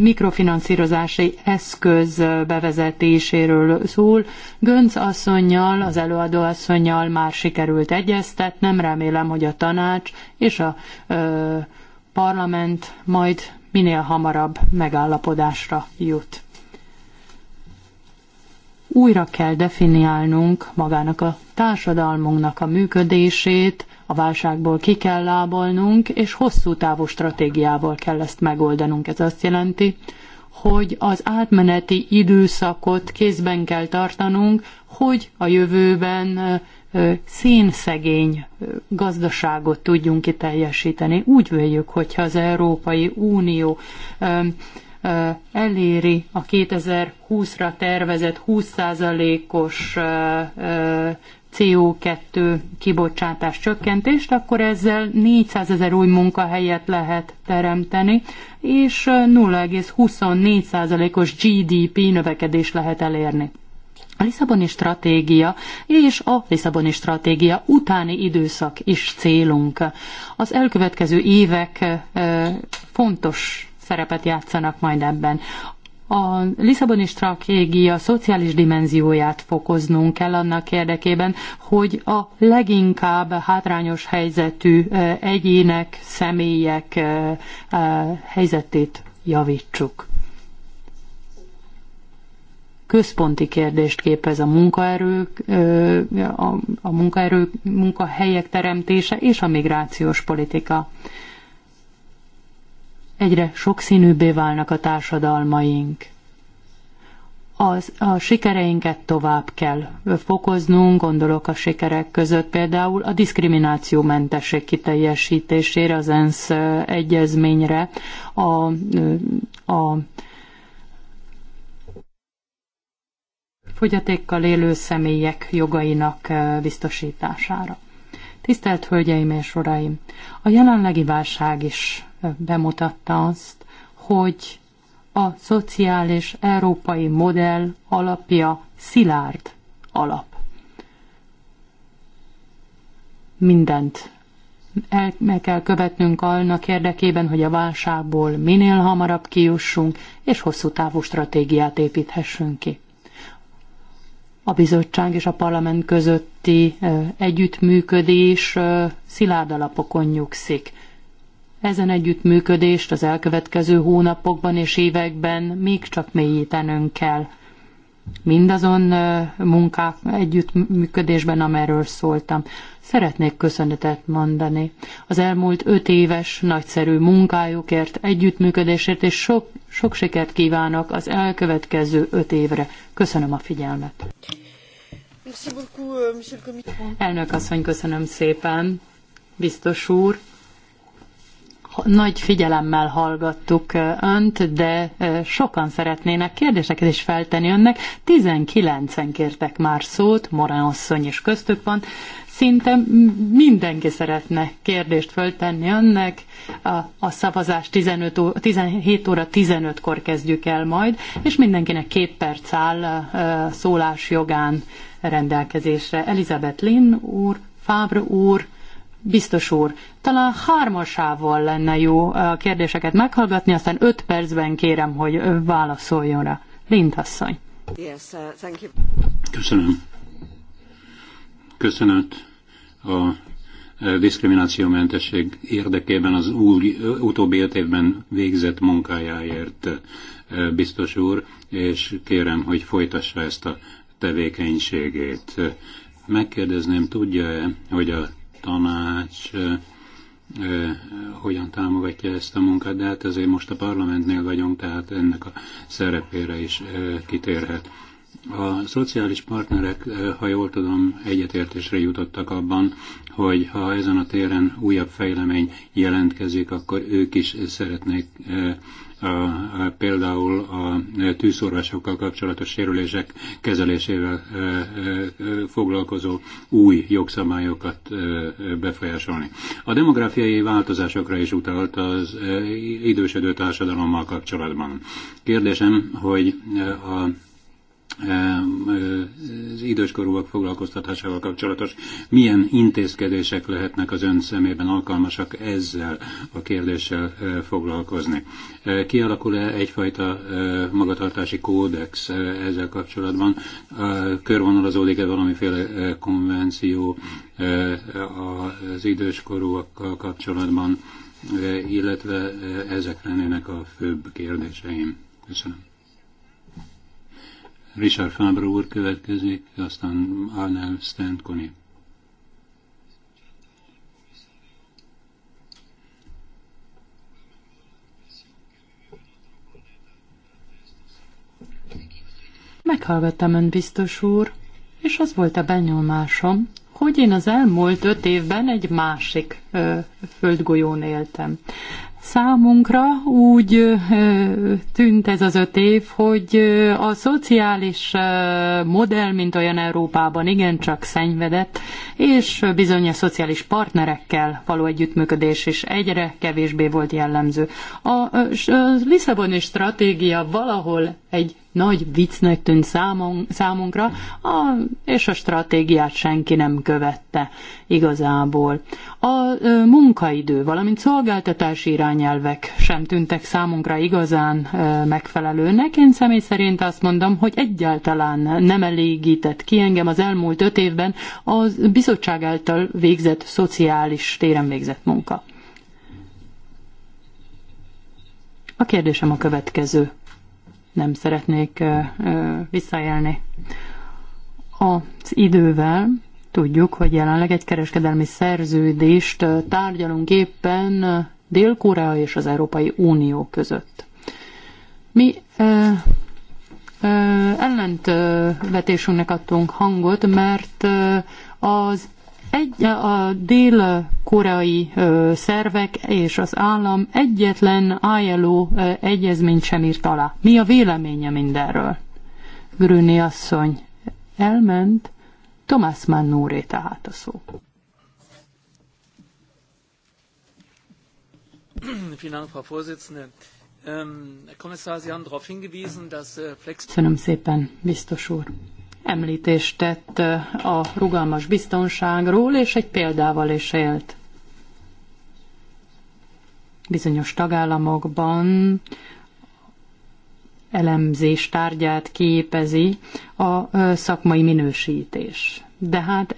mikrofinanszírozási eszköz bevezetéséről szól. Gönc asszonynal, az előadó asszonynal már sikerült egyeztetnem, remélem, hogy a tanács és a ö, parlament majd minél hamarabb megállapodásra jut újra kell definiálnunk magának a társadalmunknak a működését, a válságból ki kell lábolnunk, és hosszú távú stratégiával kell ezt megoldanunk. Ez azt jelenti, hogy az átmeneti időszakot kézben kell tartanunk, hogy a jövőben szénszegény gazdaságot tudjunk kiteljesíteni. Úgy véljük, hogyha az Európai Unió eléri a 2020-ra tervezett 20%-os CO2 kibocsátás csökkentést, akkor ezzel 400 ezer új munkahelyet lehet teremteni, és 0,24%-os GDP növekedés lehet elérni. A Lisszaboni stratégia és a Lisszaboni stratégia utáni időszak is célunk. Az elkövetkező évek fontos szerepet játszanak majd ebben. A Lisszaboni stratégia szociális dimenzióját fokoznunk kell annak érdekében, hogy a leginkább hátrányos helyzetű egyének, személyek helyzetét javítsuk. Központi kérdést képez a munkaerő, a munkaerő, munkahelyek teremtése és a migrációs politika egyre sokszínűbbé válnak a társadalmaink. Az, a sikereinket tovább kell fokoznunk, gondolok a sikerek között például a diszkriminációmentesség kiteljesítésére, az ENSZ egyezményre, a, a fogyatékkal élő személyek jogainak biztosítására. Tisztelt Hölgyeim és Uraim! A jelenlegi válság is bemutatta azt, hogy a szociális európai modell alapja szilárd alap. Mindent el, meg kell követnünk annak érdekében, hogy a válságból minél hamarabb kijussunk, és hosszú távú stratégiát építhessünk ki. A bizottság és a parlament közötti együttműködés szilárd alapokon nyugszik ezen együttműködést az elkövetkező hónapokban és években még csak mélyítenünk kell. Mindazon munkák együttműködésben, amerről szóltam. Szeretnék köszönetet mondani. Az elmúlt öt éves nagyszerű munkájukért, együttműködésért, és sok, sok sikert kívánok az elkövetkező öt évre. Köszönöm a figyelmet. Euh, Elnök asszony, köszönöm szépen. Biztos úr nagy figyelemmel hallgattuk önt, de sokan szeretnének kérdéseket is feltenni önnek. 19-en kértek már szót, Morán asszony is köztük van. Szinte mindenki szeretne kérdést föltenni önnek. A, a szavazást 15 ó, 17 óra 15-kor kezdjük el majd, és mindenkinek két perc áll a szólás jogán rendelkezésre. Elizabeth Lynn úr, Fábr úr, Biztos úr, talán hármasával lenne jó a kérdéseket meghallgatni, aztán öt percben kérem, hogy válaszoljon rá. Lind asszony. Yes, uh, thank you. Köszönöm. Köszönet a diszkriminációmentesség érdekében az új, utóbbi öt évben végzett munkájáért, biztos úr, és kérem, hogy folytassa ezt a tevékenységét. Megkérdezném, tudja-e, hogy a tanács hogyan támogatja ezt a munkát, de hát azért most a parlamentnél vagyunk, tehát ennek a szerepére is kitérhet. A szociális partnerek, ha jól tudom, egyetértésre jutottak abban, hogy ha ezen a téren újabb fejlemény jelentkezik, akkor ők is szeretnék például a tűzorvásokkal kapcsolatos sérülések kezelésével e, e, foglalkozó új jogszabályokat e, befolyásolni. A demográfiai változásokra is utalt az idősödő társadalommal kapcsolatban. Kérdésem, hogy a az időskorúak foglalkoztatásával kapcsolatos milyen intézkedések lehetnek az ön szemében alkalmasak ezzel a kérdéssel foglalkozni. Kialakul-e egyfajta magatartási kódex ezzel kapcsolatban? Körvonalazódik-e valamiféle konvenció az időskorúakkal kapcsolatban, illetve ezek lennének a főbb kérdéseim. Köszönöm. Richard Fábra úr következik, aztán Arnel Stanconi. Meghallgattam ön, biztos úr, és az volt a benyomásom, hogy én az elmúlt öt évben egy másik ö, földgolyón éltem. Számunkra úgy tűnt ez az öt év, hogy a szociális modell, mint olyan Európában igencsak szenvedett, és bizony a szociális partnerekkel való együttműködés is egyre kevésbé volt jellemző. A, a Lisszaboni stratégia valahol egy nagy viccnek tűnt számunkra, a, és a stratégiát senki nem követte igazából. A ö, munkaidő, valamint szolgáltatási irányelvek sem tűntek számunkra igazán ö, megfelelőnek. Én személy szerint azt mondom, hogy egyáltalán nem elégített ki engem az elmúlt öt évben a bizottság által végzett szociális téren végzett munka. A kérdésem a következő nem szeretnék visszaélni. Az idővel tudjuk, hogy jelenleg egy kereskedelmi szerződést tárgyalunk éppen Dél-Korea és az Európai Unió között. Mi ellentvetésünknek adtunk hangot, mert az egy, a dél-koreai szervek és az állam egyetlen ILO egyezményt sem írt alá. Mi a véleménye mindenről? Grüni asszony elment, Thomas Mann tehát a szó. Ähm, äh, Köszönöm szépen, biztos úr említést tett a rugalmas biztonságról, és egy példával is élt. Bizonyos tagállamokban elemzés tárgyát képezi a szakmai minősítés. De hát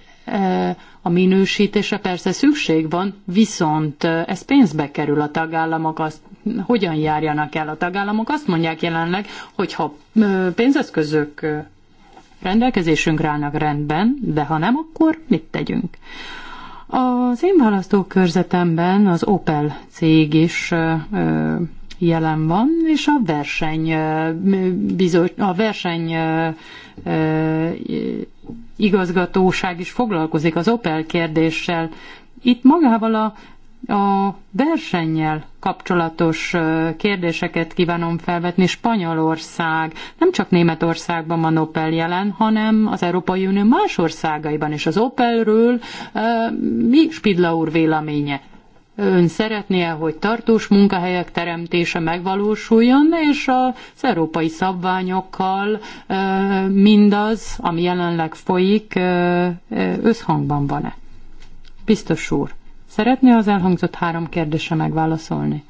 a minősítése persze szükség van, viszont ez pénzbe kerül a tagállamok, azt hogyan járjanak el a tagállamok. Azt mondják jelenleg, hogy ha pénzeszközök rendelkezésünkre állnak rendben, de ha nem, akkor mit tegyünk? Az én választókörzetemben az Opel cég is jelen van, és a verseny, bizony, a verseny igazgatóság is foglalkozik az Opel kérdéssel. Itt magával a a versennyel kapcsolatos kérdéseket kívánom felvetni. Spanyolország nem csak Németországban van Opel jelen, hanem az Európai Unió más országaiban is. Az Opelről mi Spidla úr véleménye? Ön szeretné, hogy tartós munkahelyek teremtése megvalósuljon, és az európai szabványokkal mindaz, ami jelenleg folyik, összhangban van-e? Biztos úr. Szeretné az elhangzott három kérdésre megválaszolni?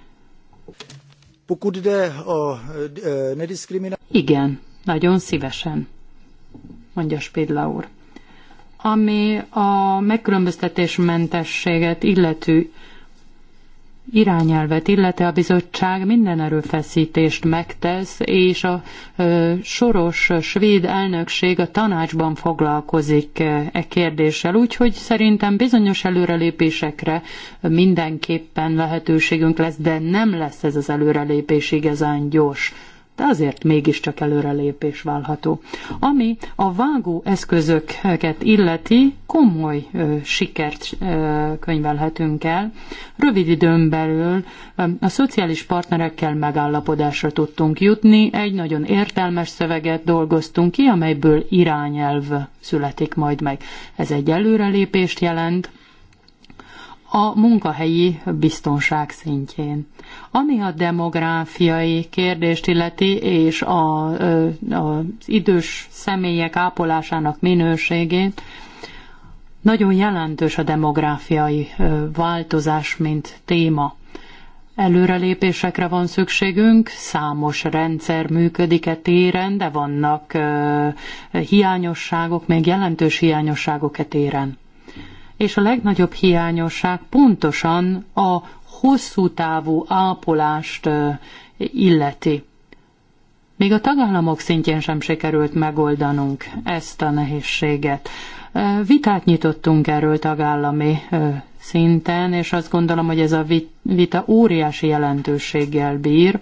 E, Igen, nagyon szívesen, mondja Spidla úr. Ami a megkülönböztetésmentességet illető irányelvet illetve a bizottság minden erőfeszítést megtesz, és a ö, soros svéd elnökség a tanácsban foglalkozik e kérdéssel, úgyhogy szerintem bizonyos előrelépésekre mindenképpen lehetőségünk lesz, de nem lesz ez az előrelépés igazán gyors de azért mégiscsak előrelépés válható. Ami a vágó eszközöket illeti, komoly ö, sikert ö, könyvelhetünk el. Rövid időn belül ö, a szociális partnerekkel megállapodásra tudtunk jutni, egy nagyon értelmes szöveget dolgoztunk ki, amelyből irányelv születik majd meg. Ez egy előrelépést jelent, a munkahelyi biztonság szintjén. Ami a demográfiai kérdést illeti, és a, az idős személyek ápolásának minőségét, nagyon jelentős a demográfiai változás, mint téma. Előrelépésekre van szükségünk, számos rendszer működik e téren, de vannak hiányosságok, még jelentős hiányosságok e téren és a legnagyobb hiányosság pontosan a hosszú távú ápolást illeti. Még a tagállamok szintjén sem sikerült megoldanunk ezt a nehézséget. Vitát nyitottunk erről tagállami szinten, és azt gondolom, hogy ez a vita óriási jelentőséggel bír.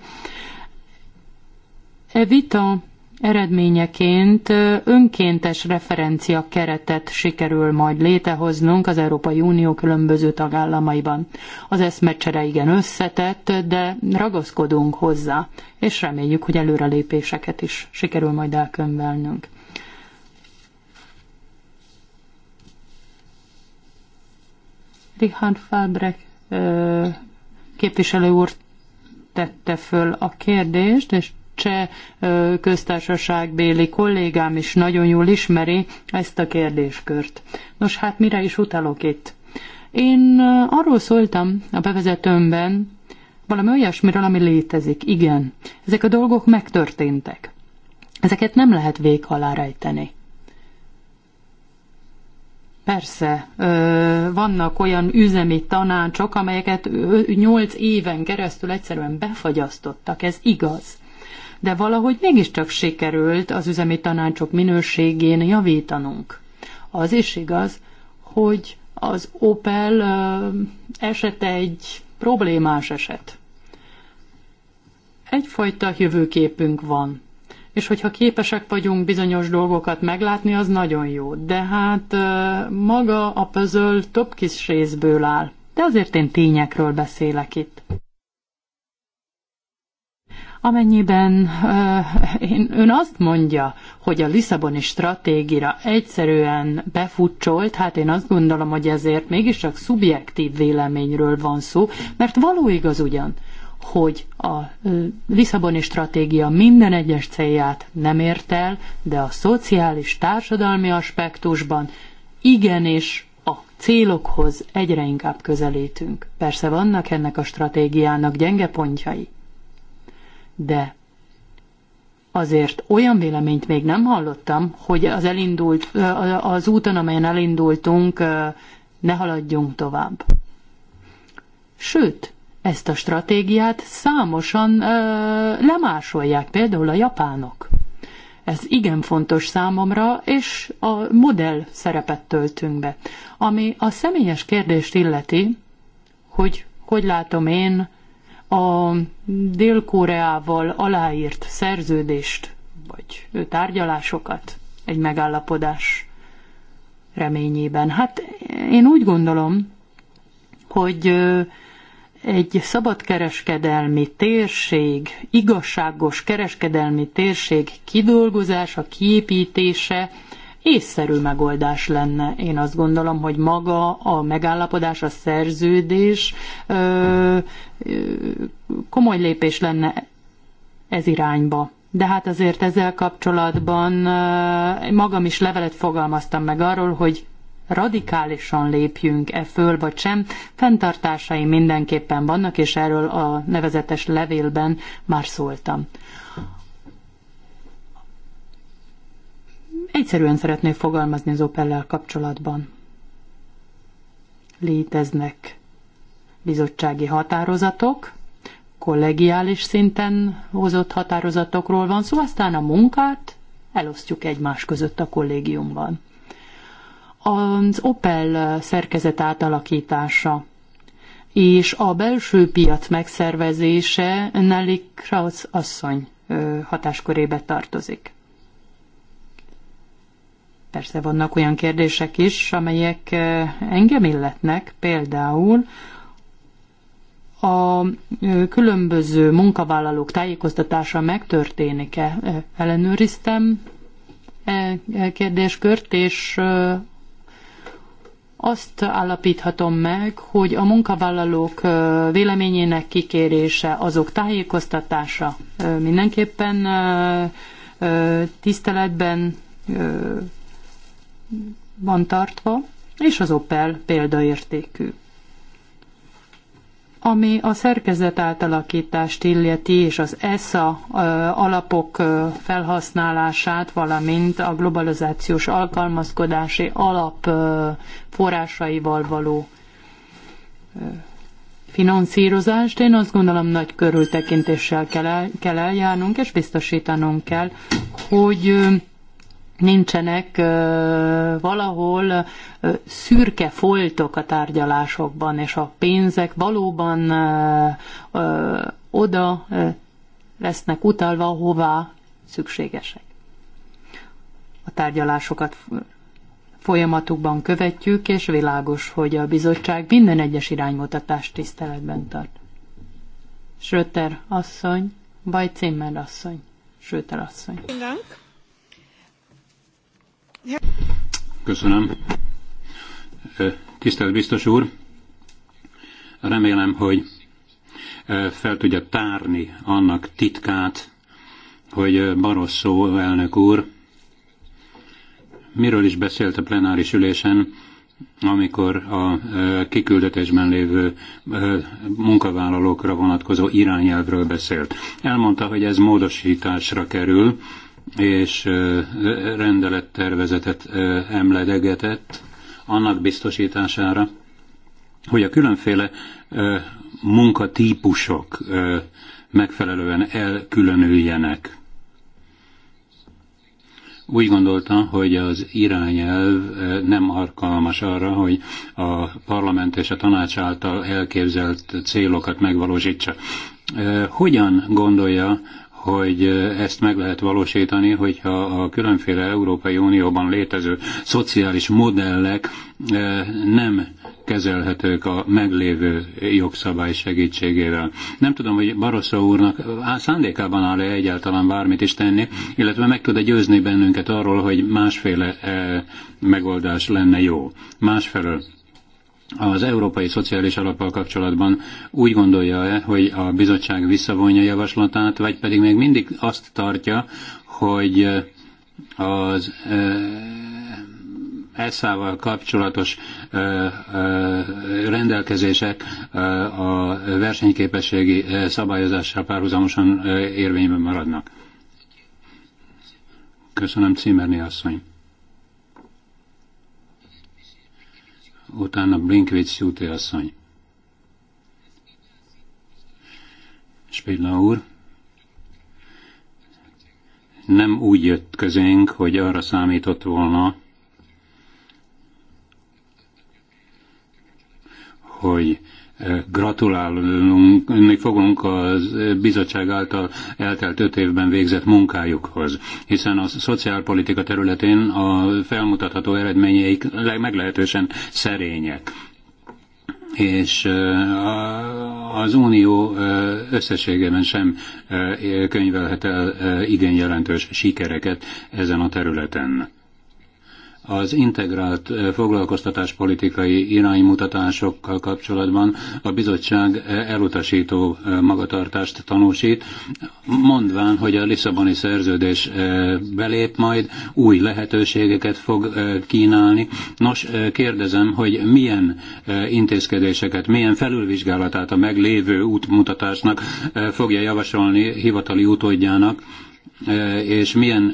E vita Eredményeként önkéntes referencia keretet sikerül majd létehoznunk az Európai Unió különböző tagállamaiban. Az eszmecsere igen összetett, de ragaszkodunk hozzá, és reméljük, hogy előrelépéseket is sikerül majd elkönyvelnünk. Richard Falbrek képviselő úr tette föl a kérdést, és cseh köztársaságbéli kollégám is nagyon jól ismeri ezt a kérdéskört. Nos, hát mire is utalok itt? Én arról szóltam a bevezetőmben, valami olyasmiről, ami létezik. Igen, ezek a dolgok megtörténtek. Ezeket nem lehet vég alá rejteni. Persze, vannak olyan üzemi tanácsok, amelyeket 8 éven keresztül egyszerűen befagyasztottak, ez igaz de valahogy mégiscsak sikerült az üzemi tanácsok minőségén javítanunk. Az is igaz, hogy az Opel esete egy problémás eset. Egyfajta jövőképünk van, és hogyha képesek vagyunk bizonyos dolgokat meglátni, az nagyon jó. De hát maga a puzzle több kis részből áll. De azért én tényekről beszélek itt amennyiben én, ön azt mondja, hogy a Lisszaboni stratégia egyszerűen befutcsolt, hát én azt gondolom, hogy ezért mégiscsak szubjektív véleményről van szó, mert való igaz ugyan, hogy a Lisszaboni stratégia minden egyes célját nem ért el, de a szociális társadalmi aspektusban igenis a célokhoz egyre inkább közelítünk. Persze vannak ennek a stratégiának gyenge pontjai de azért olyan véleményt még nem hallottam, hogy az, elindult, az úton, amelyen elindultunk, ne haladjunk tovább. Sőt, ezt a stratégiát számosan ö, lemásolják, például a japánok. Ez igen fontos számomra, és a modell szerepet töltünk be. Ami a személyes kérdést illeti, hogy hogy látom én a Dél-Koreával aláírt szerződést, vagy tárgyalásokat egy megállapodás reményében. Hát én úgy gondolom, hogy egy szabadkereskedelmi térség, igazságos kereskedelmi térség kidolgozása, kiépítése észszerű megoldás lenne. Én azt gondolom, hogy maga a megállapodás, a szerződés ö, ö, komoly lépés lenne ez irányba. De hát azért ezzel kapcsolatban magam is levelet fogalmaztam meg arról, hogy radikálisan lépjünk-e föl, vagy sem. Fenntartásai mindenképpen vannak, és erről a nevezetes levélben már szóltam. Egyszerűen szeretnék fogalmazni az Opellel kapcsolatban. Léteznek bizottsági határozatok, kollegiális szinten hozott határozatokról van szó, aztán a munkát elosztjuk egymás között a kollégiumban. Az Opel szerkezet átalakítása és a belső piac megszervezése Nelly Krausz asszony hatáskörébe tartozik. Persze vannak olyan kérdések is, amelyek eh, engem illetnek, például a eh, különböző munkavállalók tájékoztatása megtörténik-e? Eh, ellenőriztem e kérdéskört, és azt állapíthatom meg, hogy a munkavállalók véleményének kikérése, azok tájékoztatása mindenképpen tiszteletben van tartva, és az Opel példaértékű. Ami a szerkezet átalakítást illeti, és az ESA alapok felhasználását, valamint a globalizációs alkalmazkodási alap forrásaival való finanszírozást, én azt gondolom nagy körültekintéssel kell, el, kell eljárnunk, és biztosítanunk kell, hogy nincsenek valahol szürke foltok a tárgyalásokban, és a pénzek valóban oda lesznek utalva, hová szükségesek. A tárgyalásokat folyamatukban követjük, és világos, hogy a bizottság minden egyes iránymutatást tiszteletben tart. Schröter asszony, vagy Zimmer asszony, Schröter asszony. Köszönöm. Köszönöm. Tisztelt biztos úr, remélem, hogy fel tudja tárni annak titkát, hogy Barosszó elnök úr miről is beszélt a plenáris ülésen, amikor a kiküldetésben lévő munkavállalókra vonatkozó irányelvről beszélt. Elmondta, hogy ez módosításra kerül, és rendelettervezetet emledegetett annak biztosítására, hogy a különféle munkatípusok megfelelően elkülönüljenek. Úgy gondolta, hogy az irányelv nem alkalmas arra, hogy a parlament és a tanács által elképzelt célokat megvalósítsa. Hogyan gondolja hogy ezt meg lehet valósítani, hogyha a különféle Európai Unióban létező szociális modellek nem kezelhetők a meglévő jogszabály segítségével. Nem tudom, hogy Barossa úrnak szándékában áll-e egyáltalán bármit is tenni, illetve meg tud-e győzni bennünket arról, hogy másféle megoldás lenne jó. Másfelől az Európai Szociális Alappal kapcsolatban úgy gondolja-e, hogy a bizottság visszavonja javaslatát, vagy pedig még mindig azt tartja, hogy az ESZÁ-val kapcsolatos rendelkezések a versenyképességi szabályozással párhuzamosan érvényben maradnak. Köszönöm, Cimerni asszony. utána Blinkvics Júti asszony. Spilla úr, nem úgy jött közénk, hogy arra számított volna, hogy Gratulálni fogunk az bizottság által eltelt öt évben végzett munkájukhoz, hiszen a szociálpolitika területén a felmutatható eredményeik meglehetősen szerények és eh, az Unió eh, összességében sem eh, könyvelhet el igen jelentős sikereket ezen a területen az integrált eh, foglalkoztatáspolitikai iránymutatásokkal kapcsolatban a bizottság eh, elutasító eh, magatartást tanúsít, mondván, hogy a Lisszaboni szerződés belép majd, új lehetőségeket fog kínálni. Nos, kérdezem, hogy milyen intézkedéseket, milyen felülvizsgálatát a meglévő útmutatásnak fogja javasolni hivatali utódjának, és milyen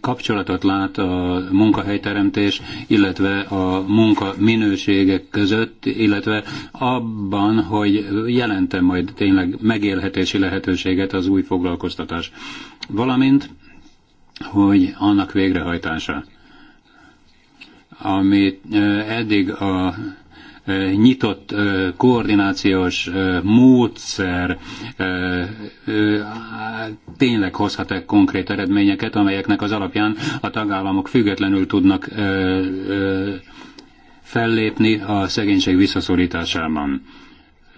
kapcsolatot lát a munkahelyteremtés, illetve a munka minőségek között, illetve abban, hogy jelente majd tényleg megélhetési lehetőséget az új foglalkoztatás, valamint, hogy annak végrehajtása, amit eddig a nyitott koordinációs módszer tényleg hozhat-e konkrét eredményeket, amelyeknek az alapján a tagállamok függetlenül tudnak fellépni a szegénység visszaszorításában.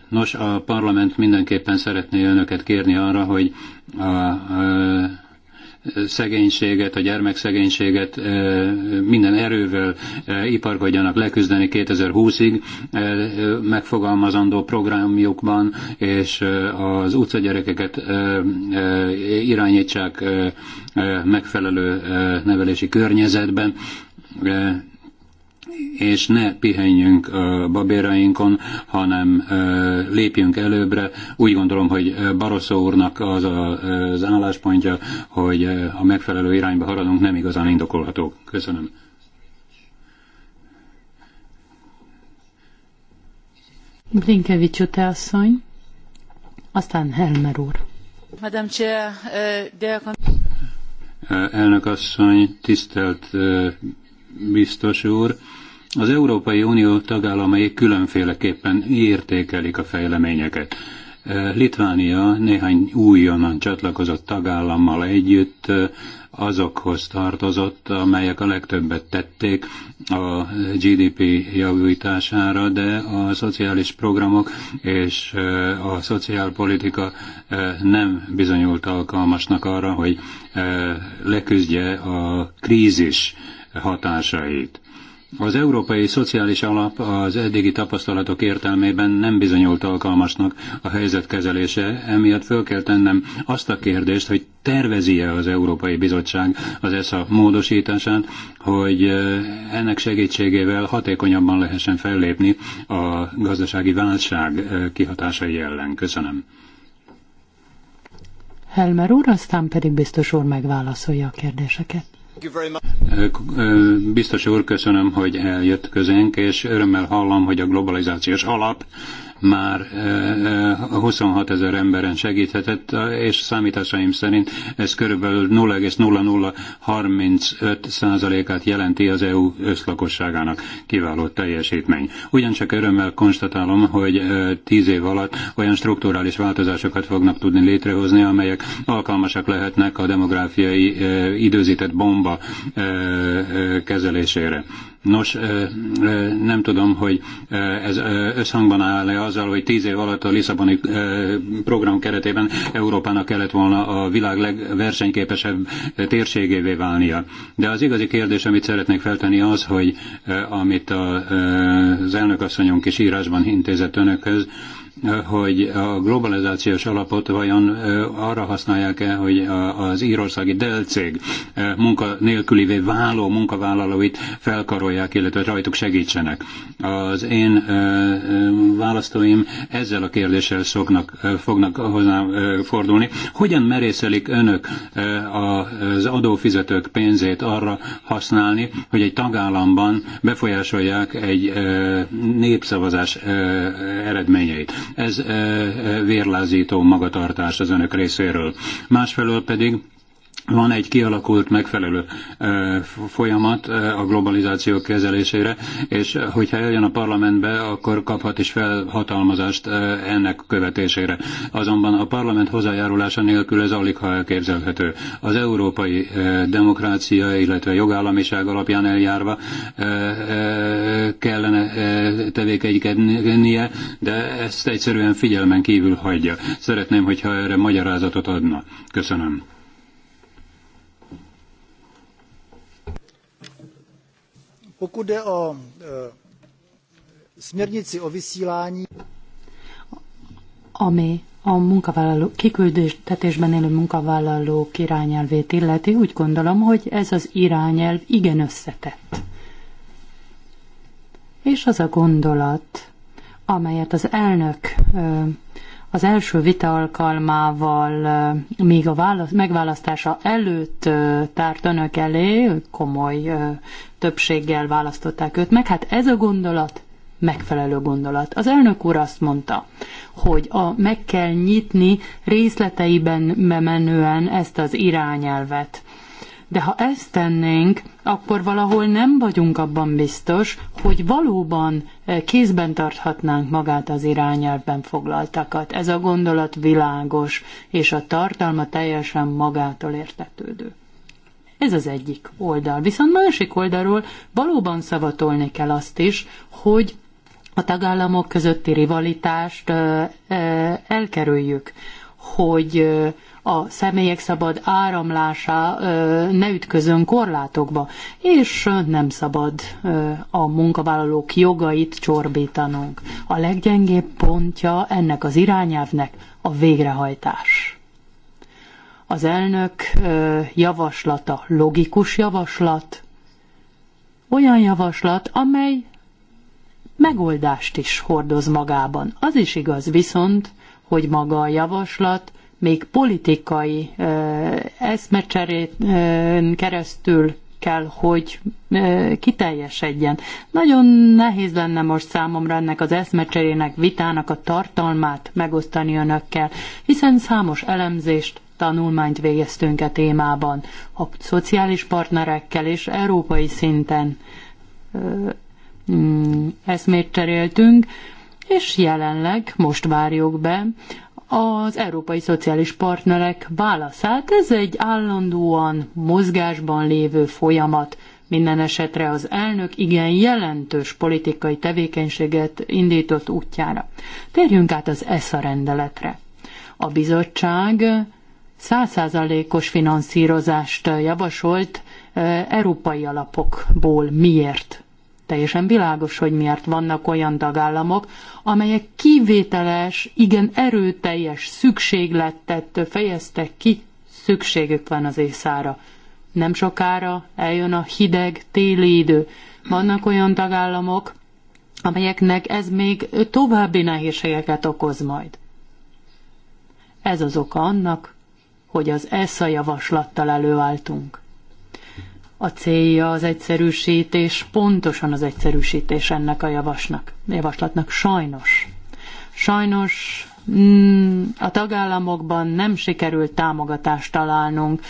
Nos, a parlament mindenképpen szeretné önöket kérni arra, hogy a, a szegénységet, a gyermekszegénységet minden erővel iparkodjanak leküzdeni 2020-ig megfogalmazandó programjukban, és az utcagyerekeket irányítsák megfelelő nevelési környezetben és ne pihenjünk babérainkon, hanem lépjünk előbbre. Úgy gondolom, hogy Barosszó úrnak az az álláspontja, hogy a megfelelő irányba haladunk, nem igazán indokolható. Köszönöm. Blinkevics asszony, aztán Helmer úr. Madame Chair, de... Elnök asszony, tisztelt biztos úr, az Európai Unió tagállamai különféleképpen értékelik a fejleményeket. Eh, Litvánia néhány újonnan csatlakozott tagállammal együtt eh, azokhoz tartozott, amelyek a legtöbbet tették a GDP javítására, de a szociális programok és eh, a szociálpolitika nem bizonyult alkalmasnak arra, hogy leküzdje a krízis hatásait az európai szociális alap az eddigi tapasztalatok értelmében nem bizonyult alkalmasnak a helyzet kezelése, emiatt föl kell tennem azt a kérdést, hogy tervezi-e az Európai Bizottság az ESZA módosítását, hogy ennek segítségével hatékonyabban lehessen fellépni a gazdasági válság kihatásai ellen. Köszönöm. Helmer úr, aztán pedig biztos úr megválaszolja a kérdéseket. Biztos úr, köszönöm, hogy eljött közénk, és örömmel hallom, hogy a globalizációs alap már 26 eh, eh, ezer emberen segíthetett, eh, és számításaim szerint ez körülbelül 0,0035 százalékát jelenti az EU összlakosságának kiváló teljesítmény. Ugyancsak örömmel konstatálom, hogy 10 év alatt olyan strukturális változásokat fognak tudni létrehozni, amelyek alkalmasak lehetnek a demográfiai időzített bomba kezelésére. Nos, nem tudom, hogy ez összhangban áll-e azzal, hogy tíz év alatt a Lisszaboni program keretében Európának kellett volna a világ legversenyképesebb térségévé válnia. De az igazi kérdés, amit szeretnék feltenni az, hogy amit az elnökasszonyunk is írásban intézett önökhöz, hogy a globalizációs alapot vajon arra használják-e, hogy az írországi delcég munkanélkülivé váló munkavállalóit felkarolják, illetve rajtuk segítsenek. Az én választóim ezzel a kérdéssel szoknak, fognak hozzám fordulni. Hogyan merészelik önök az adófizetők pénzét arra használni, hogy egy tagállamban befolyásolják egy népszavazás eredményeit? Ez vérlázító magatartás az önök részéről. Másfelől pedig van egy kialakult megfelelő folyamat a globalizáció kezelésére, és hogyha eljön a parlamentbe, akkor kaphat is felhatalmazást ennek követésére. Azonban a parlament hozzájárulása nélkül ez alig ha elképzelhető. Az európai demokrácia, illetve jogállamiság alapján eljárva kellene tevékenykednie, de ezt egyszerűen figyelmen kívül hagyja. Szeretném, hogyha erre magyarázatot adna. Köszönöm. Pokud jde o e, směrnici o vysílání, ami a munkavállaló, kiküldetésben élő munkavállalók irányelvét illeti, úgy gondolom, hogy ez az irányelv igen összetett. És az a gondolat, amelyet az elnök ö, e, az első vita alkalmával, még a válasz, megválasztása előtt tárt önök elé, komoly többséggel választották őt meg. Hát ez a gondolat megfelelő gondolat. Az elnök úr azt mondta, hogy a, meg kell nyitni részleteiben bemenően ezt az irányelvet. De ha ezt tennénk, akkor valahol nem vagyunk abban biztos, hogy valóban e, kézben tarthatnánk magát az irányelvben foglaltakat. Ez a gondolat világos, és a tartalma teljesen magától értetődő. Ez az egyik oldal. Viszont másik oldalról valóban szavatolni kell azt is, hogy a tagállamok közötti rivalitást e, e, elkerüljük, hogy a személyek szabad áramlása ne ütközön korlátokba, és nem szabad a munkavállalók jogait csorbítanunk. A leggyengébb pontja ennek az irányelvnek a végrehajtás az elnök javaslata logikus javaslat, olyan javaslat, amely megoldást is hordoz magában. Az is igaz viszont, hogy maga a javaslat még politikai eszmecserén keresztül kell, hogy kiteljesedjen. Nagyon nehéz lenne most számomra ennek az eszmecserének, vitának a tartalmát megosztani önökkel, hiszen számos elemzést, tanulmányt végeztünk a e témában, a szociális partnerekkel és európai szinten mm, eszmét cseréltünk, és jelenleg most várjuk be az európai szociális partnerek válaszát. Ez egy állandóan mozgásban lévő folyamat. Minden esetre az elnök igen jelentős politikai tevékenységet indított útjára. Térjünk át az ESZA rendeletre. A bizottság százszázalékos finanszírozást javasolt eh, európai alapokból. Miért? Teljesen világos, hogy miért vannak olyan tagállamok, amelyek kivételes, igen erőteljes szükségletet fejeztek ki, szükségük van az éjszára, Nem sokára eljön a hideg téli idő. Vannak olyan tagállamok, amelyeknek ez még további nehézségeket okoz majd. Ez az oka annak, hogy az ESZA javaslattal előálltunk. A célja az egyszerűsítés, pontosan az egyszerűsítés ennek a javasnak, javaslatnak. Sajnos. Sajnos mm, a tagállamokban nem sikerült támogatást találnunk.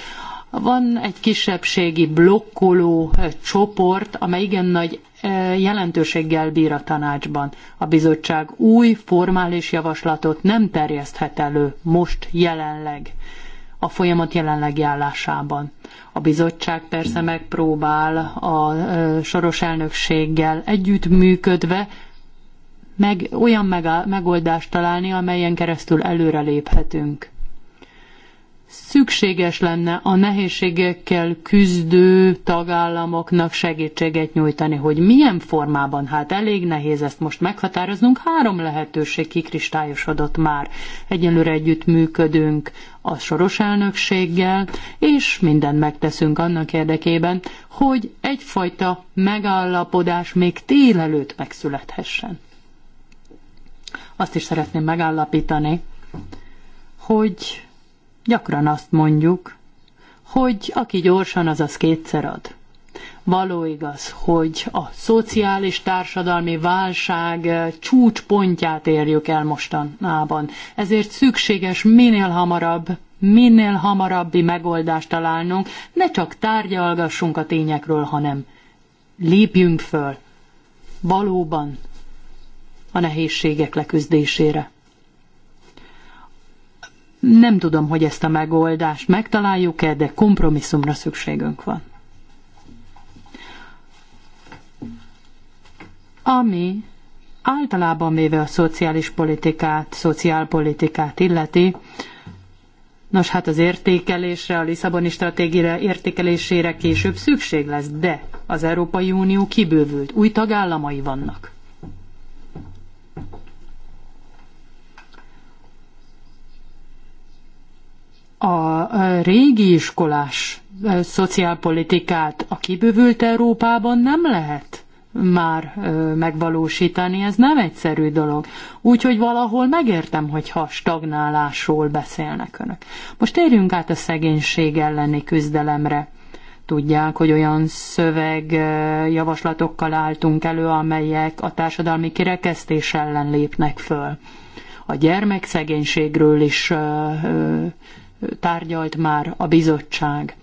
Van egy kisebbségi blokkoló eh, csoport, amely igen nagy eh, jelentőséggel bír a tanácsban. A bizottság új formális javaslatot nem terjeszthet elő most jelenleg a folyamat jelenlegi állásában. A bizottság persze megpróbál a soros elnökséggel együttműködve meg olyan megoldást találni, amelyen keresztül előreléphetünk szükséges lenne a nehézségekkel küzdő tagállamoknak segítséget nyújtani, hogy milyen formában, hát elég nehéz ezt most meghatároznunk, három lehetőség kikristályosodott már. Egyelőre együtt működünk a soros elnökséggel, és mindent megteszünk annak érdekében, hogy egyfajta megállapodás még tél előtt megszülethessen. Azt is szeretném megállapítani, hogy Gyakran azt mondjuk, hogy aki gyorsan, az az kétszer ad. Való igaz, hogy a szociális társadalmi válság eh, csúcspontját érjük el mostanában. Ezért szükséges minél hamarabb, minél hamarabbi megoldást találnunk, ne csak tárgyalgassunk a tényekről, hanem lépjünk föl valóban a nehézségek leküzdésére. Nem tudom, hogy ezt a megoldást megtaláljuk-e, de kompromisszumra szükségünk van. Ami általában véve a szociális politikát, szociálpolitikát illeti, Nos, hát az értékelésre, a Lisszaboni stratégia értékelésére később szükség lesz, de az Európai Unió kibővült, új tagállamai vannak. a régi iskolás szociálpolitikát a kibővült Európában nem lehet már megvalósítani, ez nem egyszerű dolog. Úgyhogy valahol megértem, hogyha stagnálásról beszélnek önök. Most térjünk át a szegénység elleni küzdelemre. Tudják, hogy olyan szöveg, javaslatokkal álltunk elő, amelyek a társadalmi kirekesztés ellen lépnek föl. A gyermekszegénységről is tárgyalt már a bizottság.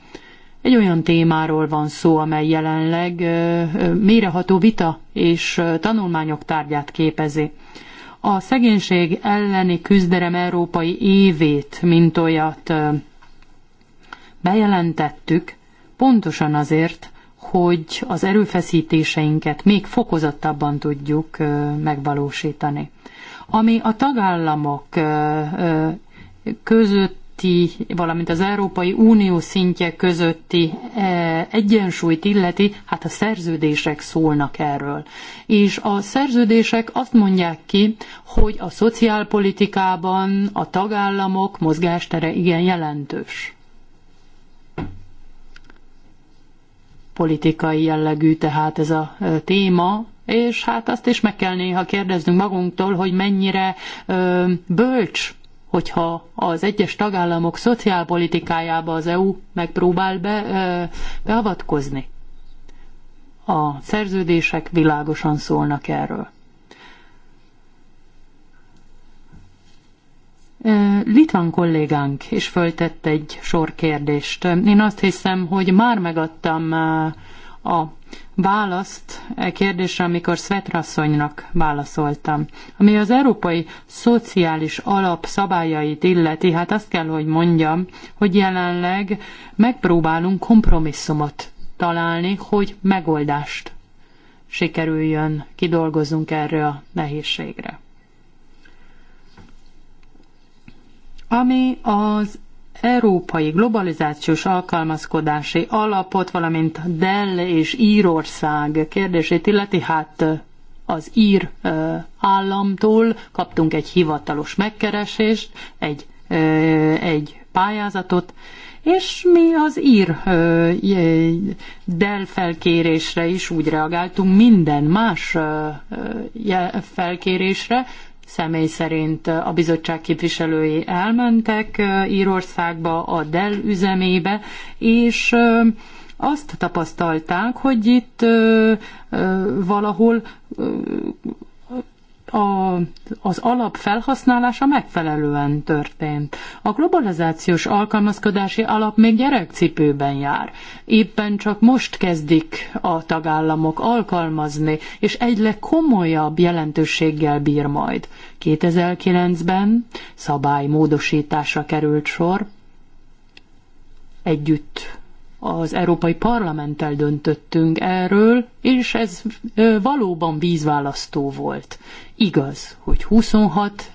Egy olyan témáról van szó, amely jelenleg méreható vita és tanulmányok tárgyát képezi. A szegénység elleni küzdelem európai évét, mint olyat bejelentettük, pontosan azért, hogy az erőfeszítéseinket még fokozottabban tudjuk megvalósítani. Ami a tagállamok között szintjei, valamint az Európai Unió szintje közötti e, egyensúlyt illeti, hát a szerződések szólnak erről. És a szerződések azt mondják ki, hogy a szociálpolitikában a tagállamok mozgástere igen jelentős. Politikai jellegű tehát ez a e, téma, és hát azt is meg kell néha kérdeznünk magunktól, hogy mennyire ö, e, bölcs hogyha az egyes tagállamok szociálpolitikájába az EU megpróbál be, beavatkozni. A szerződések világosan szólnak erről. Litván kollégánk is föltett egy sor kérdést. Én azt hiszem, hogy már megadtam a választ e kérdésre, amikor Svetrasszonynak válaszoltam. Ami az európai szociális alap szabályait illeti, hát azt kell, hogy mondjam, hogy jelenleg megpróbálunk kompromisszumot találni, hogy megoldást sikerüljön, kidolgozunk erre a nehézségre. Ami az európai globalizációs alkalmazkodási alapot, valamint Dell és Írország kérdését illeti, hát az ír államtól kaptunk egy hivatalos megkeresést, egy, egy pályázatot, és mi az ír Dell felkérésre is úgy reagáltunk minden más felkérésre, személy szerint a bizottság képviselői elmentek Írországba, a Dell üzemébe, és azt tapasztalták, hogy itt valahol a, az alap felhasználása megfelelően történt. A globalizációs alkalmazkodási alap még gyerekcipőben jár. Éppen csak most kezdik a tagállamok alkalmazni, és egyre komolyabb jelentőséggel bír majd. 2009-ben szabálymódosításra került sor, együtt az Európai Parlamenttel döntöttünk erről, és ez valóban vízválasztó volt. Igaz, hogy 26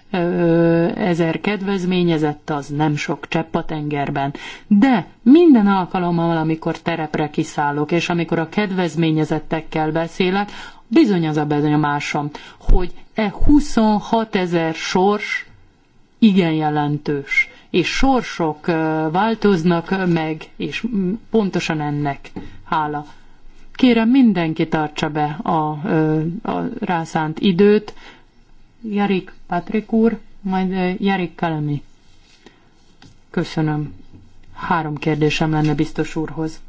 ezer kedvezményezett az nem sok csepp a tengerben, de minden alkalommal, amikor terepre kiszállok, és amikor a kedvezményezettekkel beszélek, bizony az a benyomásom, hogy e 26 ezer sors igen jelentős és sorsok változnak meg, és pontosan ennek hála. Kérem mindenki tartsa be a, a rászánt időt. Jarik Patrik úr, majd Jarik Kalemi. Köszönöm. Három kérdésem lenne biztos úrhoz.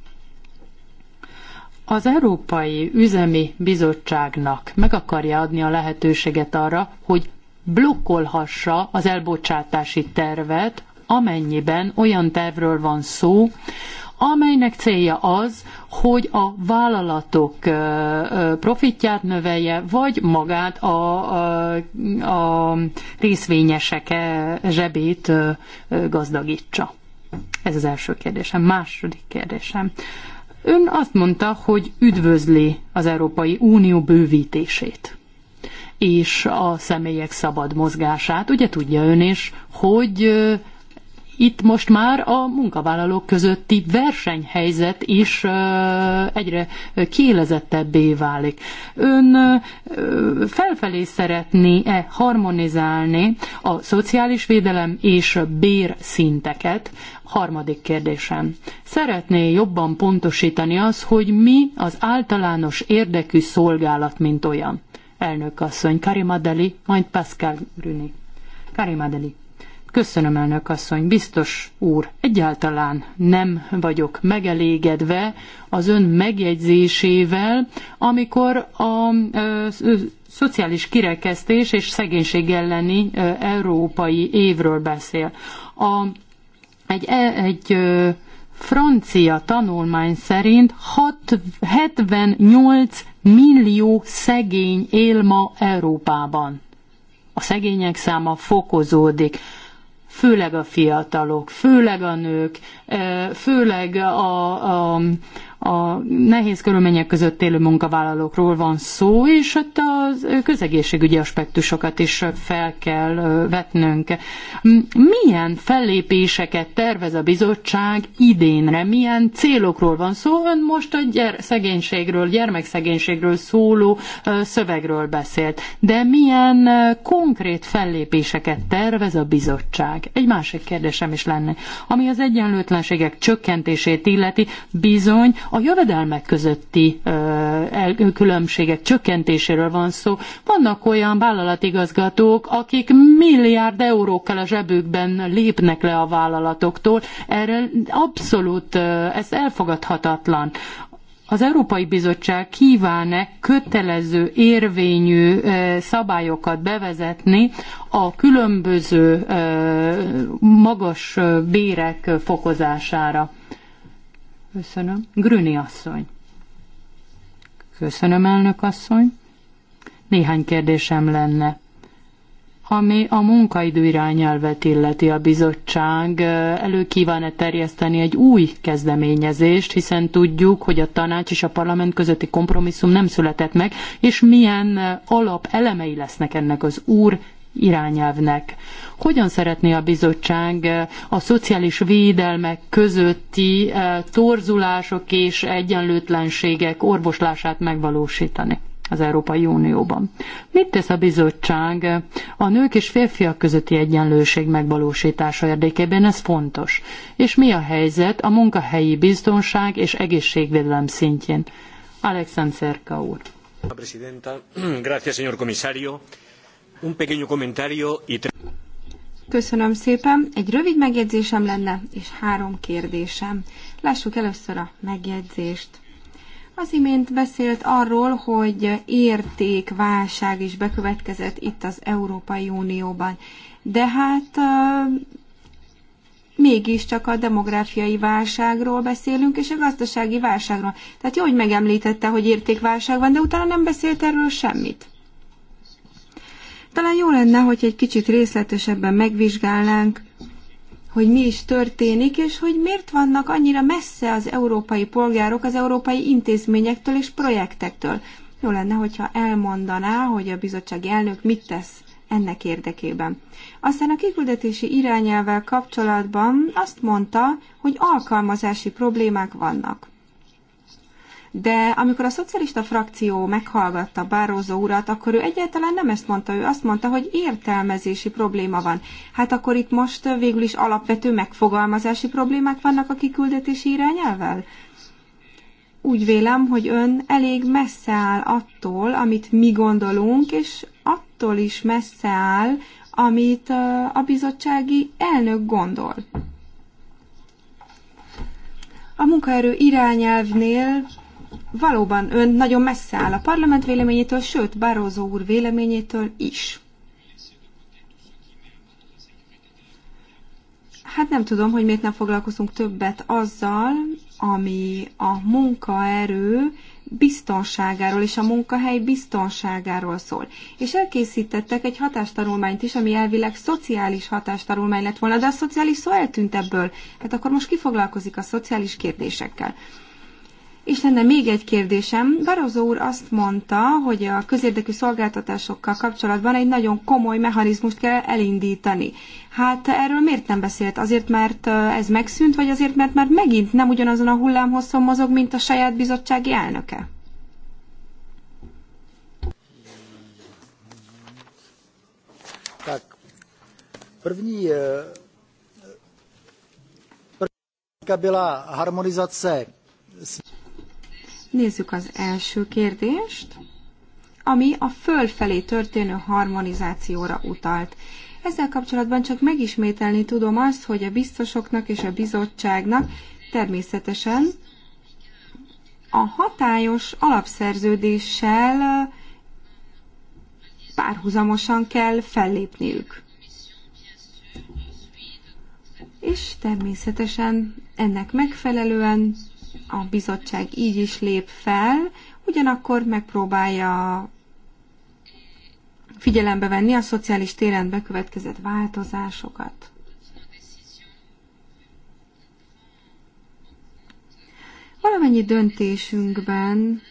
Az Európai Üzemi Bizottságnak meg akarja adni a lehetőséget arra, hogy blokkolhassa az elbocsátási tervet amennyiben olyan tervről van szó, amelynek célja az, hogy a vállalatok profitját növelje, vagy magát a, a, a részvényesek zsebét gazdagítsa. Ez az első kérdésem. Második kérdésem. Ön azt mondta, hogy üdvözli az Európai Unió bővítését és a személyek szabad mozgását. Ugye tudja ön is, hogy itt most már a munkavállalók közötti versenyhelyzet is egyre kiélezettebbé válik. Ön felfelé szeretné-e harmonizálni a szociális védelem és bérszinteket? Harmadik kérdésem. Szeretné jobban pontosítani az, hogy mi az általános érdekű szolgálat, mint olyan? Elnök asszony, Karimadeli, majd Pascal Grüni. Karimadeli. Köszönöm, elnök asszony, biztos úr, egyáltalán nem vagyok megelégedve az ön megjegyzésével, amikor a ö, ö, szociális kirekesztés és szegénység elleni ö, európai évről beszél. A, egy e, egy ö, francia tanulmány szerint 6, 78 millió szegény él ma Európában. A szegények száma fokozódik főleg a fiatalok, főleg a nők, eh, főleg a, a, a nehéz körülmények között élő munkavállalókról van szó, és ott a közegészségügyi aspektusokat is fel kell vetnünk. Milyen fellépéseket tervez a bizottság idénre? Milyen célokról van szó? Ön most a gyer- szegénységről, gyermekszegénységről szóló szövegről beszélt. De milyen konkrét fellépéseket tervez a bizottság? Egy másik kérdésem is lenne. Ami az egyenlőtlenségek csökkentését illeti, bizony a jövedelmek közötti különbségek csökkentéséről van szó. Vannak olyan vállalatigazgatók, akik milliárd eurókkal a zsebükben lépnek le a vállalatoktól. Erről abszolút ez elfogadhatatlan. Az Európai Bizottság kíván-e kötelező érvényű szabályokat bevezetni a különböző magas bérek fokozására? Köszönöm. Grüni asszony. Köszönöm, elnök asszony. Néhány kérdésem lenne. Ami a munkaidő irányelvet illeti a bizottság, elő kíván-e terjeszteni egy új kezdeményezést, hiszen tudjuk, hogy a tanács és a parlament közötti kompromisszum nem született meg, és milyen alap elemei lesznek ennek az úr irányelvnek. Hogyan szeretné a bizottság eh, a szociális védelmek közötti eh, torzulások és egyenlőtlenségek orvoslását megvalósítani? az Európai Unióban. Mit tesz a bizottság eh, a nők és férfiak közötti egyenlőség megvalósítása érdekében? Ez fontos. És mi a helyzet a munkahelyi biztonság és egészségvédelem szintjén? Alexander Szerka úr. Presidenta, gracias, señor comisario. Un pequeño comentario y Köszönöm szépen. Egy rövid megjegyzésem lenne, és három kérdésem. Lássuk először a megjegyzést. Az imént beszélt arról, hogy értékválság is bekövetkezett itt az Európai Unióban. De hát mégiscsak a demográfiai válságról beszélünk, és a gazdasági válságról. Tehát jó, hogy megemlítette, hogy értékválság van, de utána nem beszélt erről semmit. Talán jó lenne, hogy egy kicsit részletesebben megvizsgálnánk, hogy mi is történik, és hogy miért vannak annyira messze az európai polgárok az európai intézményektől és projektektől. Jó lenne, hogyha elmondaná, hogy a bizottsági elnök mit tesz ennek érdekében. Aztán a kiküldetési irányelvvel kapcsolatban azt mondta, hogy alkalmazási problémák vannak de amikor a szocialista frakció meghallgatta Bározó urat, akkor ő egyáltalán nem ezt mondta, ő azt mondta, hogy értelmezési probléma van. Hát akkor itt most végül is alapvető megfogalmazási problémák vannak a kiküldetési irányelvel? Úgy vélem, hogy ön elég messze áll attól, amit mi gondolunk, és attól is messze áll, amit a bizottsági elnök gondol. A munkaerő irányelvnél valóban ön nagyon messze áll a parlament véleményétől, sőt, Barózó úr véleményétől is. Hát nem tudom, hogy miért nem foglalkozunk többet azzal, ami a munkaerő biztonságáról és a munkahely biztonságáról szól. És elkészítettek egy hatástanulmányt is, ami elvileg szociális hatástanulmány lett volna, de a szociális szó eltűnt ebből. Hát akkor most ki foglalkozik a szociális kérdésekkel? És lenne még egy kérdésem. Barozó úr azt mondta, hogy a közérdekű szolgáltatásokkal kapcsolatban egy nagyon komoly mechanizmust kell elindítani. Hát erről miért nem beszélt? Azért, mert ez megszűnt, vagy azért, mert már megint nem ugyanazon a hullámhosszon mozog, mint a saját bizottsági elnöke? Tak. První, eh, první byla harmonizace Nézzük az első kérdést, ami a fölfelé történő harmonizációra utalt. Ezzel kapcsolatban csak megismételni tudom azt, hogy a biztosoknak és a bizottságnak természetesen a hatályos alapszerződéssel párhuzamosan kell fellépniük. És természetesen ennek megfelelően a bizottság így is lép fel, ugyanakkor megpróbálja figyelembe venni a szociális téren bekövetkezett változásokat. Valamennyi döntésünkben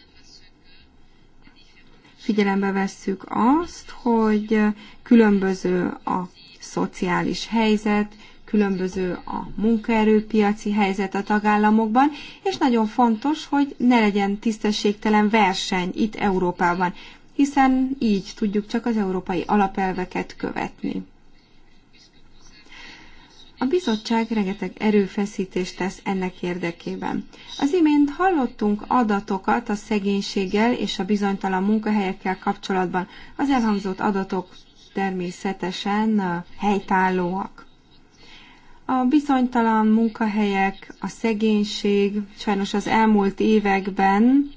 figyelembe vesszük azt, hogy különböző a szociális helyzet, különböző a munkaerőpiaci helyzet a tagállamokban, és nagyon fontos, hogy ne legyen tisztességtelen verseny itt Európában, hiszen így tudjuk csak az európai alapelveket követni. A bizottság rengeteg erőfeszítést tesz ennek érdekében. Az imént hallottunk adatokat a szegénységgel és a bizonytalan munkahelyekkel kapcsolatban. Az elhangzott adatok természetesen helytállóak. A bizonytalan munkahelyek, a szegénység sajnos az elmúlt években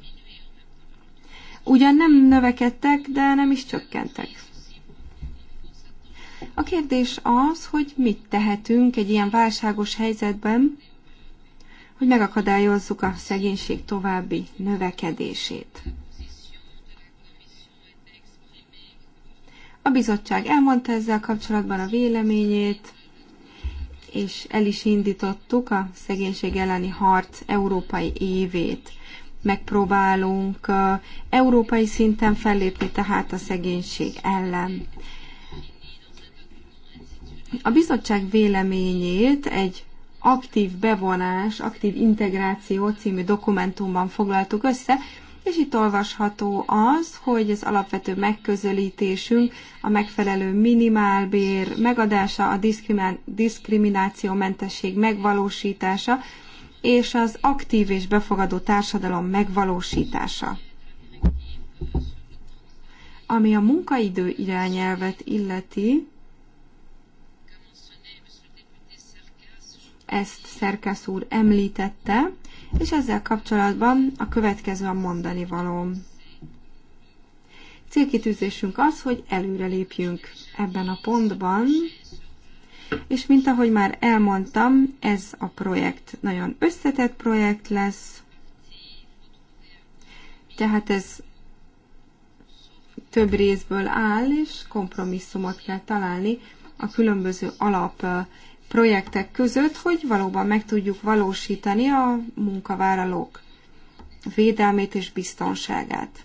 ugyan nem növekedtek, de nem is csökkentek. A kérdés az, hogy mit tehetünk egy ilyen válságos helyzetben, hogy megakadályozzuk a szegénység további növekedését. A bizottság elmondta ezzel kapcsolatban a véleményét, és el is indítottuk a szegénység elleni harc európai évét. Megpróbálunk európai szinten fellépni tehát a szegénység ellen. A bizottság véleményét egy aktív bevonás, aktív integráció című dokumentumban foglaltuk össze, és itt olvasható az, hogy az alapvető megközelítésünk a megfelelő minimálbér megadása, a diszkriminációmentesség megvalósítása, és az aktív és befogadó társadalom megvalósítása. Ami a munkaidő irányelvet illeti, ezt Szerkesz úr említette, és ezzel kapcsolatban a következő a mondani valóm. Célkitűzésünk az, hogy előrelépjünk ebben a pontban, és mint ahogy már elmondtam, ez a projekt nagyon összetett projekt lesz, tehát ez több részből áll, és kompromisszumot kell találni a különböző alap projektek között, hogy valóban meg tudjuk valósítani a munkavállalók védelmét és biztonságát.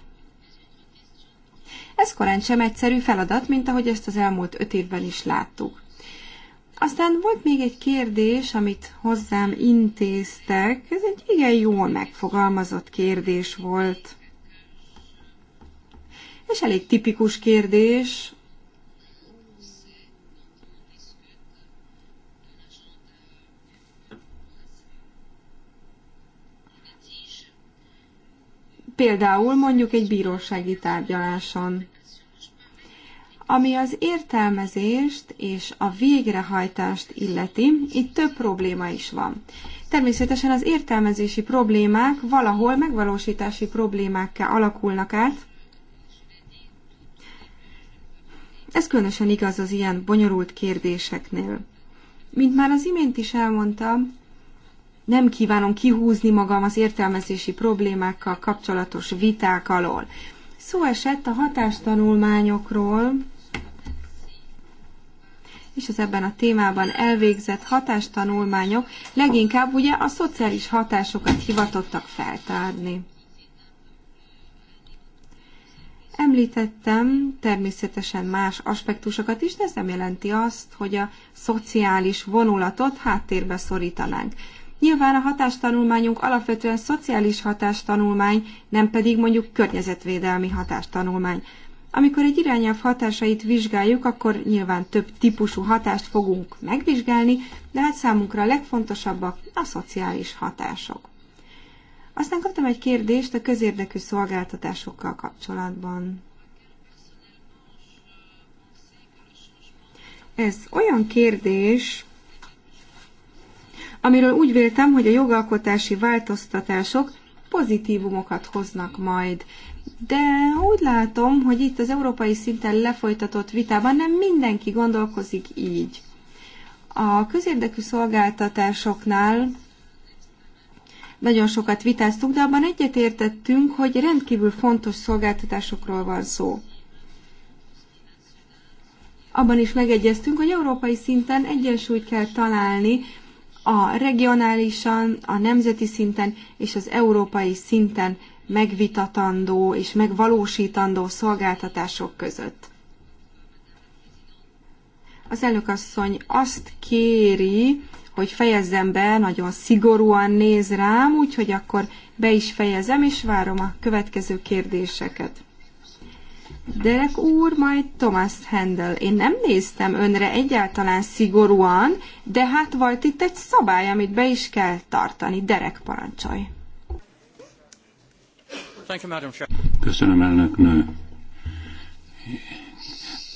Ez korán sem egyszerű feladat, mint ahogy ezt az elmúlt öt évben is láttuk. Aztán volt még egy kérdés, amit hozzám intéztek. Ez egy igen jól megfogalmazott kérdés volt. És elég tipikus kérdés, például mondjuk egy bírósági tárgyaláson. Ami az értelmezést és a végrehajtást illeti, itt több probléma is van. Természetesen az értelmezési problémák valahol megvalósítási problémákká alakulnak át. Ez különösen igaz az ilyen bonyolult kérdéseknél. Mint már az imént is elmondtam, nem kívánom kihúzni magam az értelmezési problémákkal kapcsolatos viták alól. Szó esett a hatástanulmányokról, és az ebben a témában elvégzett hatástanulmányok leginkább ugye a szociális hatásokat hivatottak feltárni. Említettem természetesen más aspektusokat is, de ez nem jelenti azt, hogy a szociális vonulatot háttérbe szorítanánk. Nyilván a hatástanulmányunk alapvetően szociális hatástanulmány, nem pedig mondjuk környezetvédelmi hatástanulmány. Amikor egy irányelv hatásait vizsgáljuk, akkor nyilván több típusú hatást fogunk megvizsgálni, de hát számunkra a legfontosabbak a szociális hatások. Aztán kaptam egy kérdést a közérdekű szolgáltatásokkal kapcsolatban. Ez olyan kérdés, amiről úgy véltem, hogy a jogalkotási változtatások pozitívumokat hoznak majd. De úgy látom, hogy itt az európai szinten lefolytatott vitában nem mindenki gondolkozik így. A közérdekű szolgáltatásoknál nagyon sokat vitáztunk, de abban egyetértettünk, hogy rendkívül fontos szolgáltatásokról van szó. Abban is megegyeztünk, hogy európai szinten egyensúlyt kell találni a regionálisan, a nemzeti szinten és az európai szinten megvitatandó és megvalósítandó szolgáltatások között. Az elnökasszony azt kéri, hogy fejezzem be, nagyon szigorúan néz rám, úgyhogy akkor be is fejezem, és várom a következő kérdéseket. Derek úr, majd Thomas Handel. Én nem néztem önre egyáltalán szigorúan, de hát volt itt egy szabály, amit be is kell tartani. Derek parancsolj. Köszönöm, elnök nő.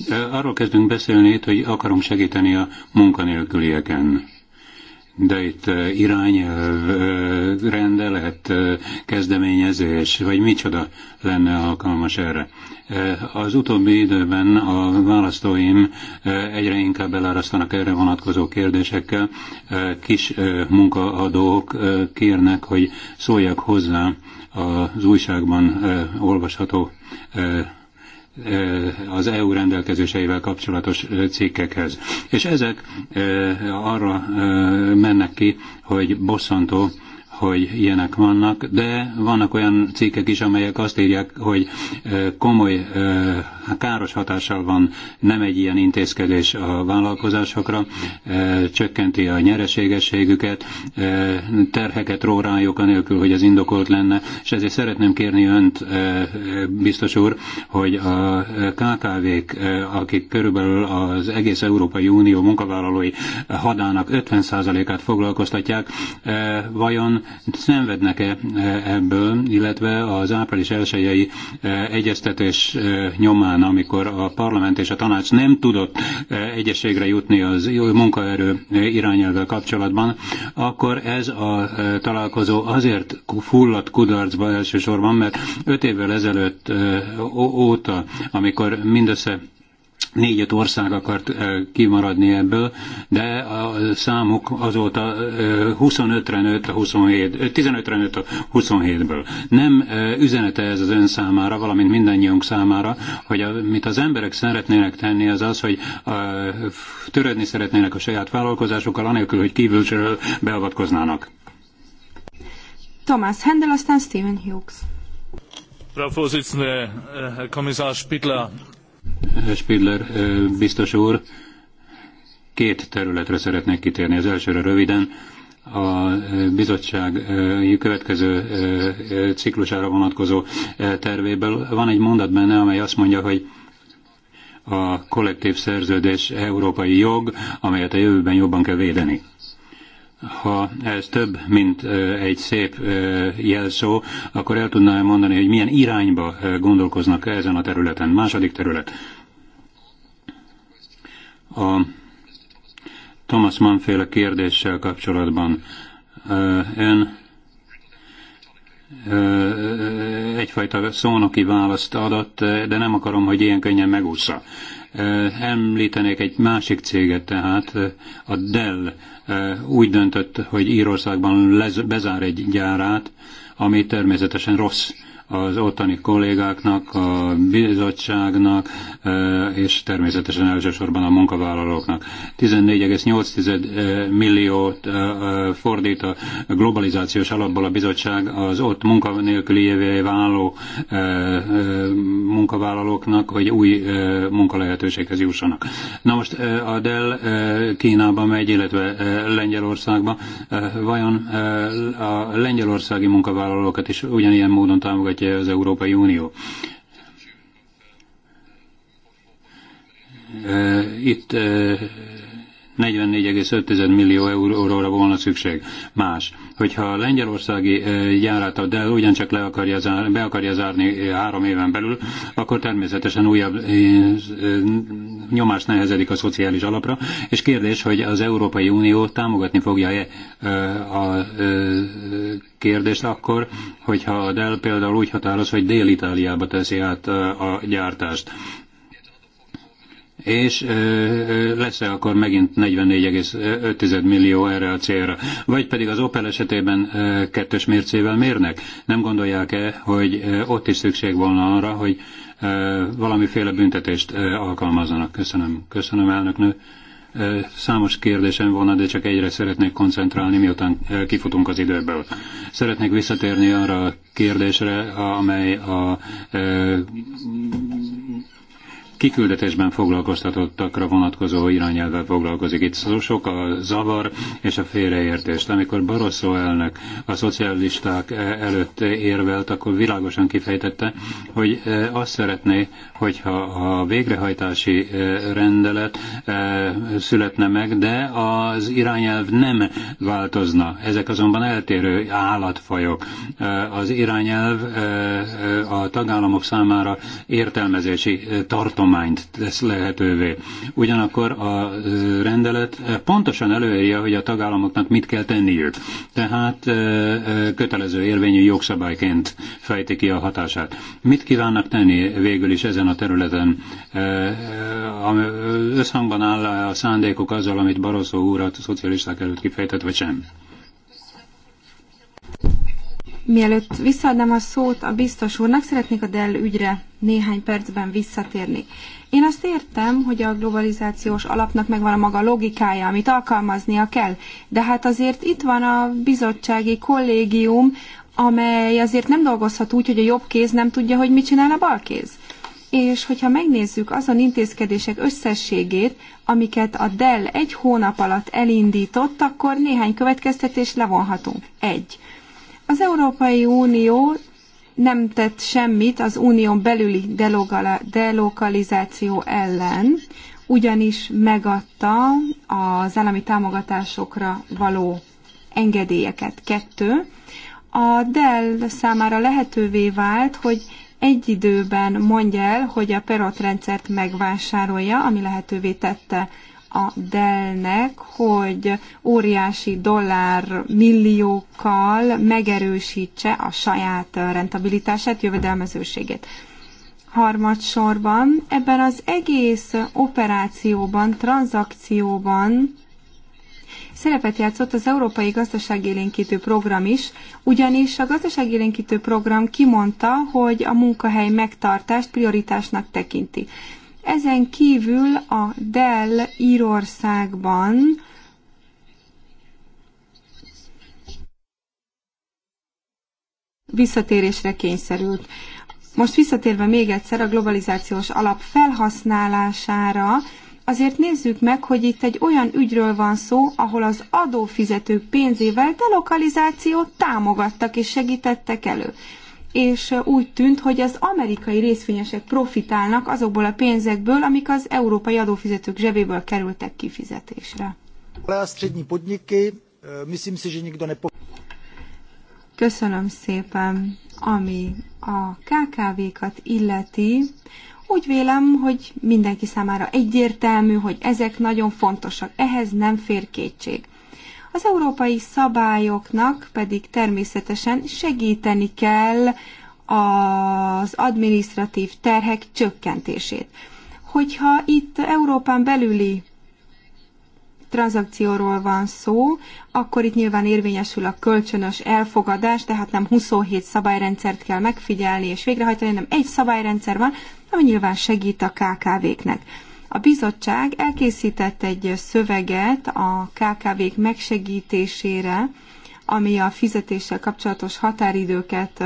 Arról kezdünk beszélni itt, hogy akarunk segíteni a munkanélkülieken de itt irányelv, rendelet, kezdeményezés, vagy micsoda lenne alkalmas erre. Eh, az utóbbi időben a választóim eh, egyre inkább elárasztanak erre vonatkozó kérdésekkel. Eh, kis munkaadók kérnek, hogy szóljak hozzá az újságban olvasható az EU rendelkezéseivel kapcsolatos cikkekhez. És ezek arra mennek ki, hogy bosszantó, hogy ilyenek vannak, de vannak olyan cikkek is, amelyek azt írják, hogy komoly hát káros hatással van nem egy ilyen intézkedés a vállalkozásokra, csökkenti a nyereségességüket, terheket ró rájuk, anélkül, hogy ez indokolt lenne, és ezért szeretném kérni önt, biztos úr, hogy a KKV-k, akik körülbelül az egész Európai Unió munkavállalói hadának 50%-át foglalkoztatják, vajon szenvednek-e e, ebből, illetve az április elsőjei e, egyeztetés e, nyomán, amikor a parlament és a tanács nem tudott egyességre jutni az munkaerő irányelvvel kapcsolatban, akkor ez a találkozó azért fulladt kudarcba elsősorban, mert öt évvel ezelőtt óta, amikor mindössze négy-öt ország akart kimaradni ebből, de a számuk azóta 25-re nőtt a 27, 15-re nőtt a 27-ből. Nem üzenete ez az ön számára, valamint mindannyiunk számára, hogy amit az emberek szeretnének tenni, az az, hogy törődni szeretnének a saját vállalkozásukkal, anélkül, hogy kívülről beavatkoznának. Thomas Hendel, aztán Stephen Hughes. Frau Vorsitzende, Herr Kommissar Spittler, Spidler biztos úr, két területre szeretnék kitérni. Az elsőre röviden a bizottság következő ciklusára vonatkozó tervéből van egy mondat benne, amely azt mondja, hogy a kollektív szerződés európai jog, amelyet a jövőben jobban kell védeni ha ez több, mint egy szép jelszó, akkor el tudná-e mondani, hogy milyen irányba gondolkoznak ezen a területen. Második terület. A Thomas Mannféle kérdéssel kapcsolatban ön egyfajta szónoki választ adott, de nem akarom, hogy ilyen könnyen megúszza. Említenék egy másik céget tehát, a Dell úgy döntött, hogy Írországban lez, bezár egy gyárát, ami természetesen rossz az ottani kollégáknak, a bizottságnak, e, és természetesen elsősorban a munkavállalóknak. 14,8 e, milliót e, fordít a globalizációs alapból a bizottság az ott munkanélküli váló munkavállalóknak, hogy új munkalehetőséghez jussanak. Na most a Dell Kínába megy, illetve Lengyelországba. Vajon a lengyelországi munkavállalókat is ugyanilyen módon támogatja vagy az Európai Unió. Itt eh, 44,5 millió euróra volna szükség. Más, hogyha a lengyelországi a de ugyancsak le akarja zár, be akarja zárni három éven belül, akkor természetesen újabb nyomás nehezedik a szociális alapra, és kérdés, hogy az Európai Unió támogatni fogja-e a kérdést akkor, hogyha a Dell például úgy határoz, hogy Dél-Itáliába teszi át a gyártást és lesz -e akkor megint 44,5 millió erre a célra. Vagy pedig az Opel esetében kettős mércével mérnek? Nem gondolják-e, hogy ott is szükség volna arra, hogy valamiféle büntetést alkalmazzanak? Köszönöm. Köszönöm, elnöknő. Számos kérdésem volna, de csak egyre szeretnék koncentrálni, miután kifutunk az időből. Szeretnék visszatérni arra a kérdésre, amely a kiküldetésben foglalkoztatottakra vonatkozó irányelvvel foglalkozik. Itt szóval sok a zavar és a félreértést. Amikor Barroso elnök a szocialisták e- előtt érvelt, akkor világosan kifejtette, hogy e, azt szeretné, hogyha a végrehajtási e, rendelet születne meg, de az irányelv nem változna. Ezek azonban eltérő állatfajok. Az irányelv a tagállamok számára értelmezési tartom tudományt tesz lehetővé. Ugyanakkor a rendelet pontosan előírja, hogy a tagállamoknak mit kell tenniük. Tehát kötelező érvényű jogszabályként fejti ki a hatását. Mit kívánnak tenni végül is ezen a területen? Összhangban áll -e a szándékok azzal, amit Barroso úr a szocialisták előtt kifejtett, vagy sem? Mielőtt visszaadnám a szót a biztos úrnak, szeretnék a Dell ügyre néhány percben visszatérni. Én azt értem, hogy a globalizációs alapnak megvan a maga logikája, amit alkalmaznia kell, de hát azért itt van a bizottsági kollégium, amely azért nem dolgozhat úgy, hogy a jobb kéz nem tudja, hogy mit csinál a bal kéz. És hogyha megnézzük azon intézkedések összességét, amiket a Dell egy hónap alatt elindított, akkor néhány következtetés levonhatunk. Egy az Európai Unió nem tett semmit az unión belüli delokalizáció ellen, ugyanis megadta az állami támogatásokra való engedélyeket. Kettő, a Dell számára lehetővé vált, hogy egy időben mondja el, hogy a Perot rendszert megvásárolja, ami lehetővé tette a Dellnek, hogy óriási dollár milliókkal megerősítse a saját rentabilitását, jövedelmezőségét. Harmadsorban ebben az egész operációban, tranzakcióban szerepet játszott az Európai Gazdaságélénkítő Program is, ugyanis a gazdaságélénkítő program kimondta, hogy a munkahely megtartást prioritásnak tekinti. Ezen kívül a Dell Írországban visszatérésre kényszerült. Most visszatérve még egyszer a globalizációs alap felhasználására, azért nézzük meg, hogy itt egy olyan ügyről van szó, ahol az adófizetők pénzével delokalizációt támogattak és segítettek elő és úgy tűnt, hogy az amerikai részvényesek profitálnak azokból a pénzekből, amik az európai adófizetők zsebéből kerültek kifizetésre. Köszönöm szépen, ami a KKV-kat illeti. Úgy vélem, hogy mindenki számára egyértelmű, hogy ezek nagyon fontosak. Ehhez nem fér kétség. Az európai szabályoknak pedig természetesen segíteni kell az administratív terhek csökkentését. Hogyha itt Európán belüli tranzakcióról van szó, akkor itt nyilván érvényesül a kölcsönös elfogadás, tehát nem 27 szabályrendszert kell megfigyelni és végrehajtani, hanem egy szabályrendszer van, ami nyilván segít a KKV-knek. A bizottság elkészített egy szöveget a KKV-k megsegítésére, ami a fizetéssel kapcsolatos határidőket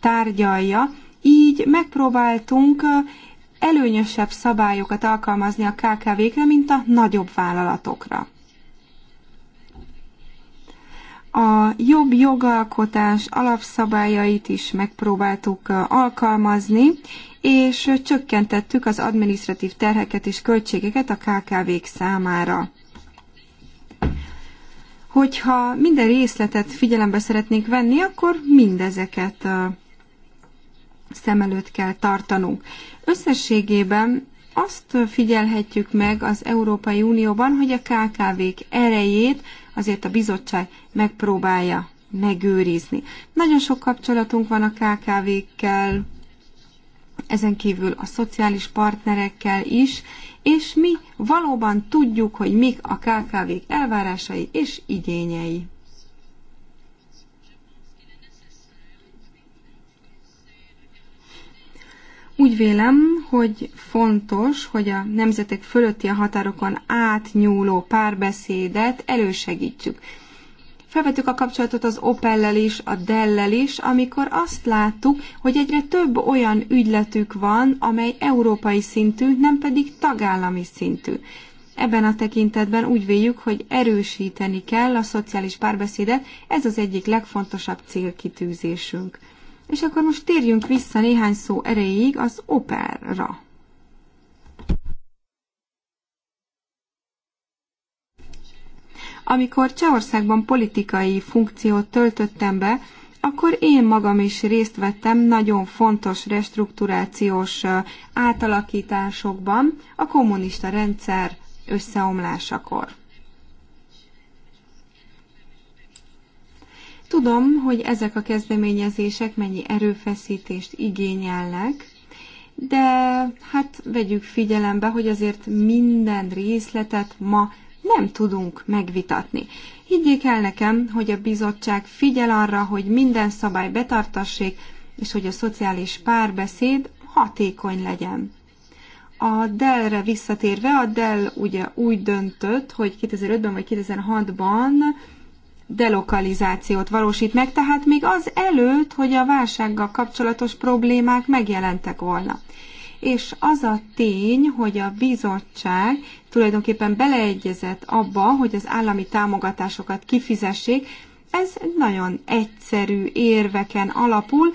tárgyalja. Így megpróbáltunk előnyösebb szabályokat alkalmazni a KKV-kre, mint a nagyobb vállalatokra a jobb jogalkotás alapszabályait is megpróbáltuk uh, alkalmazni, és csökkentettük az administratív terheket és költségeket a KKV-k számára. Hogyha minden részletet figyelembe szeretnénk venni, akkor mindezeket uh, szem előtt kell tartanunk. Összességében azt figyelhetjük meg az Európai Unióban, hogy a KKV-k erejét azért a bizottság megpróbálja megőrizni. Nagyon sok kapcsolatunk van a KKV-kkel, ezen kívül a szociális partnerekkel is, és mi valóban tudjuk, hogy mik a KKV-k elvárásai és igényei. Úgy vélem, hogy fontos, hogy a nemzetek fölötti a határokon átnyúló párbeszédet elősegítsük. Felvettük a kapcsolatot az Opellel is, a Dellel is, amikor azt láttuk, hogy egyre több olyan ügyletük van, amely európai szintű, nem pedig tagállami szintű. Ebben a tekintetben úgy véljük, hogy erősíteni kell a szociális párbeszédet, ez az egyik legfontosabb célkitűzésünk. És akkor most térjünk vissza néhány szó erejéig az operra. Amikor Csehországban politikai funkciót töltöttem be, akkor én magam is részt vettem nagyon fontos restrukturációs átalakításokban a kommunista rendszer összeomlásakor. Tudom, hogy ezek a kezdeményezések mennyi erőfeszítést igényelnek, de hát vegyük figyelembe, hogy azért minden részletet ma nem tudunk megvitatni. Higgyék el nekem, hogy a bizottság figyel arra, hogy minden szabály betartassék, és hogy a szociális párbeszéd hatékony legyen. A Dell-re visszatérve, a Dell ugye úgy döntött, hogy 2005-ben vagy 2006-ban delokalizációt valósít meg, tehát még az előtt, hogy a válsággal kapcsolatos problémák megjelentek volna. És az a tény, hogy a bizottság tulajdonképpen beleegyezett abba, hogy az állami támogatásokat kifizessék, ez nagyon egyszerű érveken alapul,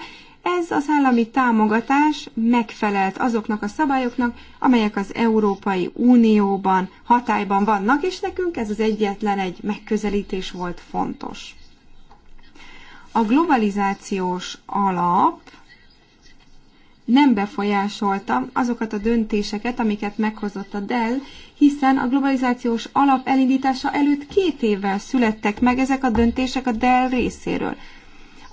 ez az állami támogatás megfelelt azoknak a szabályoknak, amelyek az Európai Unióban hatályban vannak, és nekünk ez az egyetlen egy megközelítés volt fontos. A globalizációs alap nem befolyásolta azokat a döntéseket, amiket meghozott a Dell, hiszen a globalizációs alap elindítása előtt két évvel születtek meg ezek a döntések a Dell részéről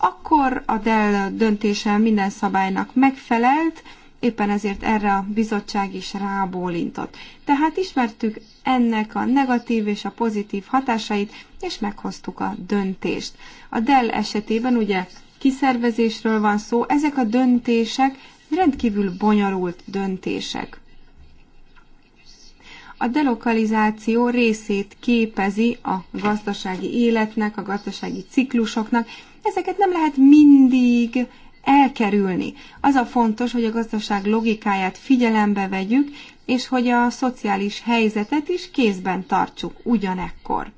akkor a Dell döntése minden szabálynak megfelelt, éppen ezért erre a bizottság is rábólintott. Tehát ismertük ennek a negatív és a pozitív hatásait, és meghoztuk a döntést. A Dell esetében ugye kiszervezésről van szó, ezek a döntések rendkívül bonyolult döntések. A delokalizáció részét képezi a gazdasági életnek, a gazdasági ciklusoknak, ezeket nem lehet mindig elkerülni. Az a fontos, hogy a gazdaság logikáját figyelembe vegyük, és hogy a szociális helyzetet is kézben tartsuk ugyanekkor.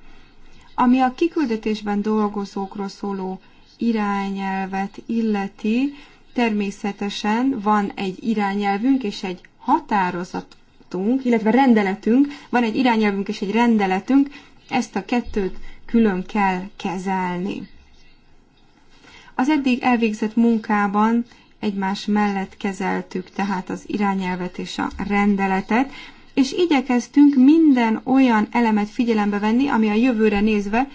Ami a kiküldetésben dolgozókról szóló irányelvet illeti, természetesen van egy irányelvünk és egy határozatunk, illetve rendeletünk, van egy irányelvünk és egy rendeletünk, ezt a kettőt külön kell kezelni. Az eddig elvégzett munkában egymás mellett kezeltük tehát az irányelvet és a rendeletet, és igyekeztünk minden olyan elemet figyelembe venni, ami a jövőre nézve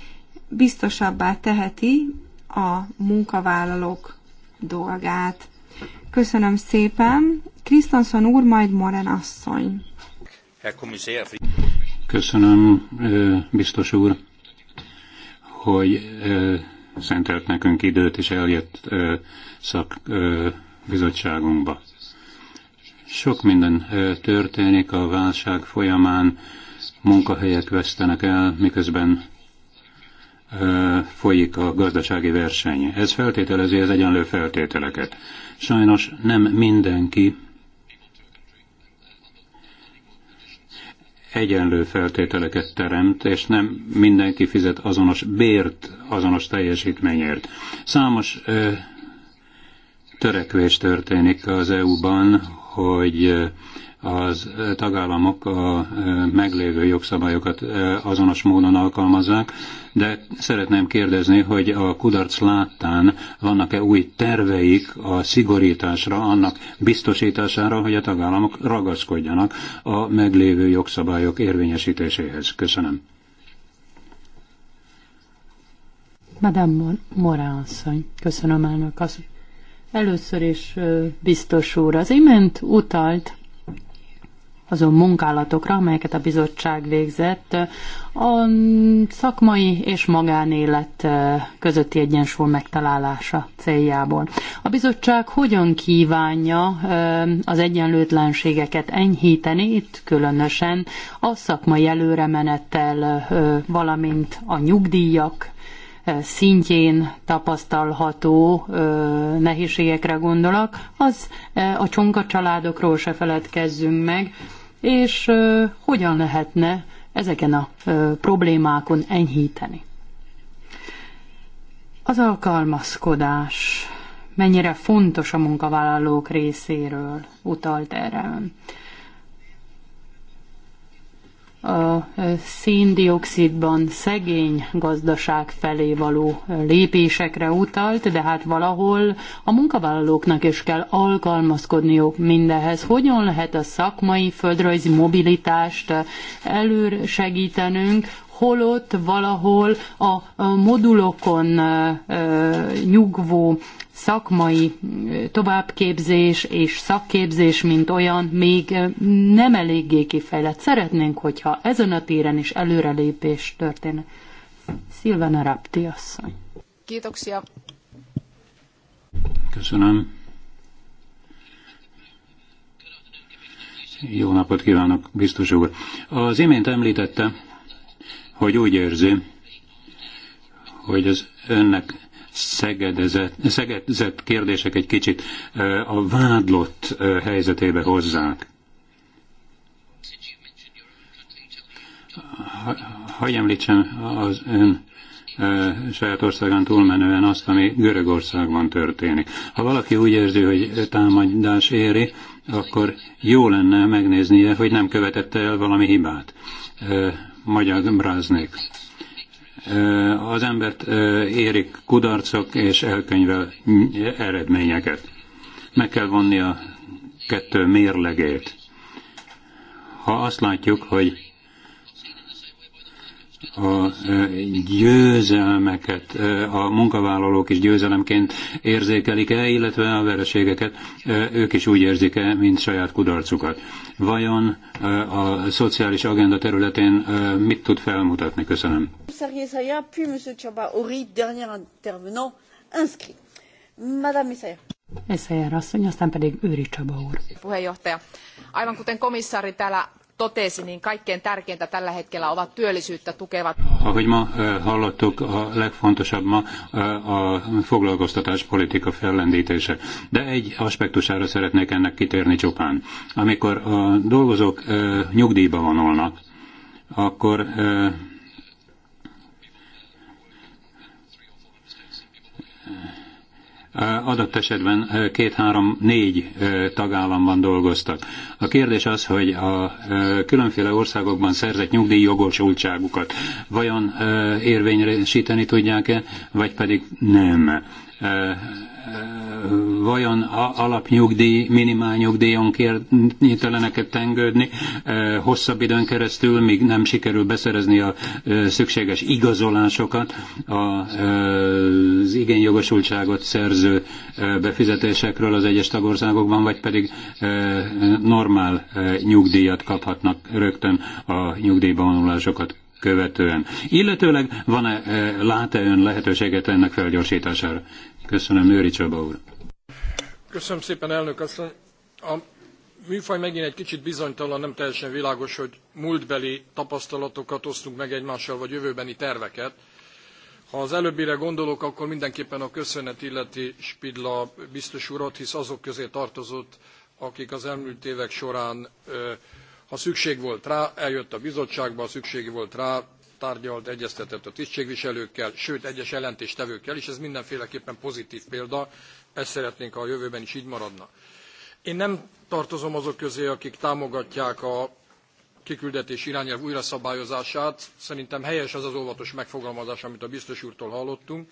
biztosabbá teheti a munkavállalók dolgát. Köszönöm szépen. Krisztonszon úr, majd Moren asszony. Köszönöm, biztos úr, hogy szentelt nekünk időt, és eljött szakbizottságunkba. Sok minden történik a válság folyamán, munkahelyek vesztenek el, miközben folyik a gazdasági verseny. Ez feltételezi az egyenlő feltételeket. Sajnos nem mindenki egyenlő feltételeket teremt, és nem mindenki fizet azonos bért, azonos teljesítményért. Számos ö, törekvés történik az EU-ban, hogy az tagállamok a meglévő jogszabályokat azonos módon alkalmazzák, de szeretném kérdezni, hogy a kudarc láttán vannak-e új terveik a szigorításra, annak biztosítására, hogy a tagállamok ragaszkodjanak a meglévő jogszabályok érvényesítéséhez. Köszönöm. Madame Morán asszony, köszönöm elnök asszony. Először is biztos úr, az imént utalt azon munkálatokra, amelyeket a bizottság végzett, a szakmai és magánélet közötti egyensúly megtalálása céljából. A bizottság hogyan kívánja az egyenlőtlenségeket enyhíteni, itt különösen a szakmai előremenettel, valamint a nyugdíjak szintjén tapasztalható nehézségekre gondolok, az a csonka családokról se feledkezzünk meg, és hogyan lehetne ezeken a problémákon enyhíteni. Az alkalmazkodás mennyire fontos a munkavállalók részéről utalt erre a széndiokszidban szegény gazdaság felé való lépésekre utalt, de hát valahol a munkavállalóknak is kell alkalmazkodniuk mindehhez. Hogyan lehet a szakmai földrajzi mobilitást előre segítenünk, holott valahol a modulokon nyugvó szakmai továbbképzés és szakképzés, mint olyan, még nem eléggé kifejlett. Szeretnénk, hogyha ezen a téren is előrelépés történne. Szilvana Rapti asszony. Kiitoksia. Köszönöm. Jó napot kívánok, biztos úr. Az imént említette, hogy úgy érzi, hogy az önnek szegedezett, kérdések egy kicsit a vádlott helyzetébe hozzák. Hagy említsem az ön saját országán túlmenően azt, ami Görögországban történik. Ha valaki úgy érzi, hogy támadás éri, akkor jó lenne megnéznie, hogy nem követette el valami hibát. Magyar bráznék az embert érik kudarcok és elkönyvel eredményeket. Meg kell vonni a kettő mérlegét. Ha azt látjuk, hogy a győzelmeket a munkavállalók is győzelemként érzékelik-e, illetve a vereségeket ők is úgy érzik-e, mint saját kudarcukat. Vajon a szociális agenda területén mit tud felmutatni? Köszönöm. Madame Isaiah. Isaiah asszony, aztán pedig Őri Csaba úr. Puheenjohtaja, aivan kuten komissári täällä totesi, niin kaikkein tärkeintä tällä hetkellä ovat työllisyyttä tukevat. Ahogy ma hallottuk, a legfontosabb ma a foglalkoztatáspolitika fellendítése. De egy aspektusára szeretnék ennek kitérni csupán. Amikor a dolgozók nyugdíjba vonulnak, akkor adott esetben két-három-négy tagállamban dolgoztak. A kérdés az, hogy a különféle országokban szerzett nyugdíjjogosultságukat vajon érvényesíteni tudják-e, vagy pedig nem vajon alapnyugdíj, minimálnyugdíjon kénytelenek tengődni hosszabb időn keresztül, míg nem sikerül beszerezni a szükséges igazolásokat az igényjogosultságot szerző befizetésekről az egyes tagországokban, vagy pedig normál nyugdíjat kaphatnak rögtön a nyugdíjba vonulásokat követően. Illetőleg van-e, lát-e ön lehetőséget ennek felgyorsítására? Köszönöm, Őri Csaba úr. Köszönöm szépen, elnök asszony. A műfaj megint egy kicsit bizonytalan, nem teljesen világos, hogy múltbeli tapasztalatokat osztunk meg egymással, vagy jövőbeni terveket. Ha az előbbire gondolok, akkor mindenképpen a köszönet illeti Spidla biztos urat, hisz azok közé tartozott, akik az elmúlt évek során, ha szükség volt rá, eljött a bizottságba, ha szükség volt rá, tárgyalt, egyeztetett a tisztségviselőkkel, sőt egyes jelentéstevőkkel is, ez mindenféleképpen pozitív példa, ezt szeretnénk, ha a jövőben is így maradna. Én nem tartozom azok közé, akik támogatják a kiküldetés irányelv újraszabályozását. Szerintem helyes az az óvatos megfogalmazás, amit a biztos úrtól hallottunk.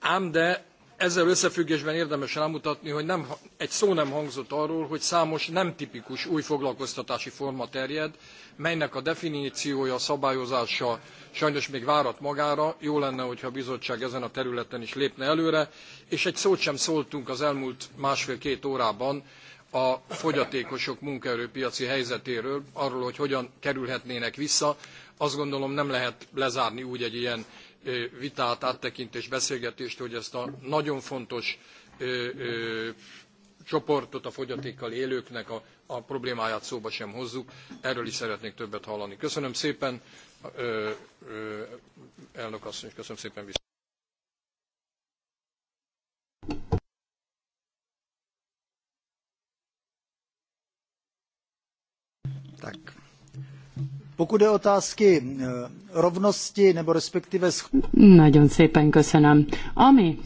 Ám de ezzel összefüggésben érdemes rámutatni, hogy nem, egy szó nem hangzott arról, hogy számos nem tipikus új foglalkoztatási forma terjed, melynek a definíciója, szabályozása sajnos még várat magára. Jó lenne, hogyha a bizottság ezen a területen is lépne előre, és egy szót sem szóltunk az elmúlt másfél-két órában a fogyatékosok munkaerőpiaci helyzetéről, arról, hogy hogyan kerülhetnének vissza. Azt gondolom nem lehet lezárni úgy egy ilyen vitát, áttekintést, beszélgetést, hogy ezt a nagyon fontos csoportot, a fogyatékkal élőknek a, a problémáját szóba sem hozzuk. Erről is szeretnék többet hallani. Köszönöm szépen, ö, ö, elnök asszony, köszönöm szépen vissza. Tak, Pokud je otázky eh, rovnosti nebo respektive... Nagyon szépen köszönöm. Ami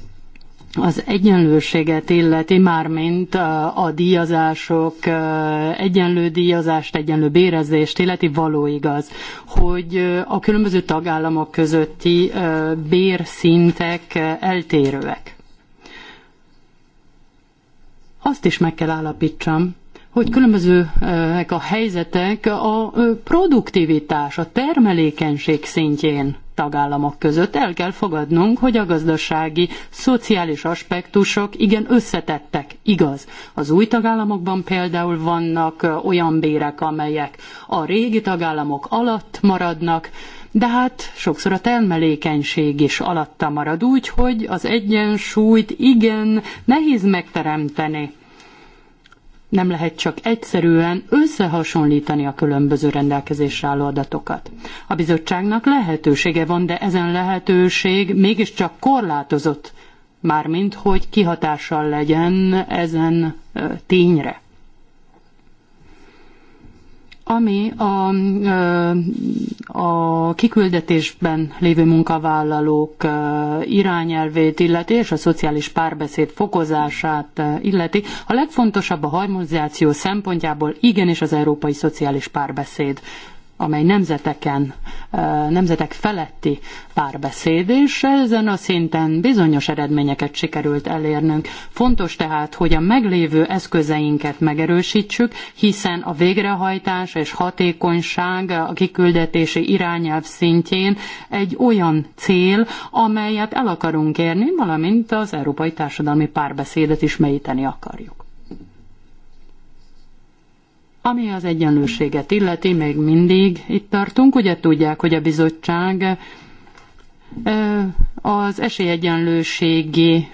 az egyenlőséget illeti, már mint eh, a díjazások, eh, egyenlő díjazást, egyenlő bérezést illeti, való igaz, hogy a különböző tagállamok közötti bérszintek eltérőek. Azt is meg kell állapítsam, hogy különbözőek a helyzetek a produktivitás, a termelékenység szintjén tagállamok között. El kell fogadnunk, hogy a gazdasági, szociális aspektusok igen összetettek, igaz. Az új tagállamokban például vannak olyan bérek, amelyek a régi tagállamok alatt maradnak, de hát sokszor a termelékenység is alatta marad úgy, hogy az egyensúlyt igen nehéz megteremteni nem lehet csak egyszerűen összehasonlítani a különböző rendelkezésre álló adatokat. A bizottságnak lehetősége van, de ezen lehetőség mégiscsak korlátozott, mármint hogy kihatással legyen ezen tényre ami a, a kiküldetésben lévő munkavállalók irányelvét illeti, és a szociális párbeszéd fokozását illeti. A legfontosabb a harmonizáció szempontjából igenis az európai szociális párbeszéd amely nemzeteken, nemzetek feletti párbeszéd, és ezen a szinten bizonyos eredményeket sikerült elérnünk. Fontos tehát, hogy a meglévő eszközeinket megerősítsük, hiszen a végrehajtás és hatékonyság a kiküldetési irányelv szintjén egy olyan cél, amelyet el akarunk érni, valamint az európai társadalmi párbeszédet is mélyíteni akarjuk. Ami az egyenlőséget illeti, még mindig itt tartunk. Ugye tudják, hogy a bizottság az esélyegyenlőségi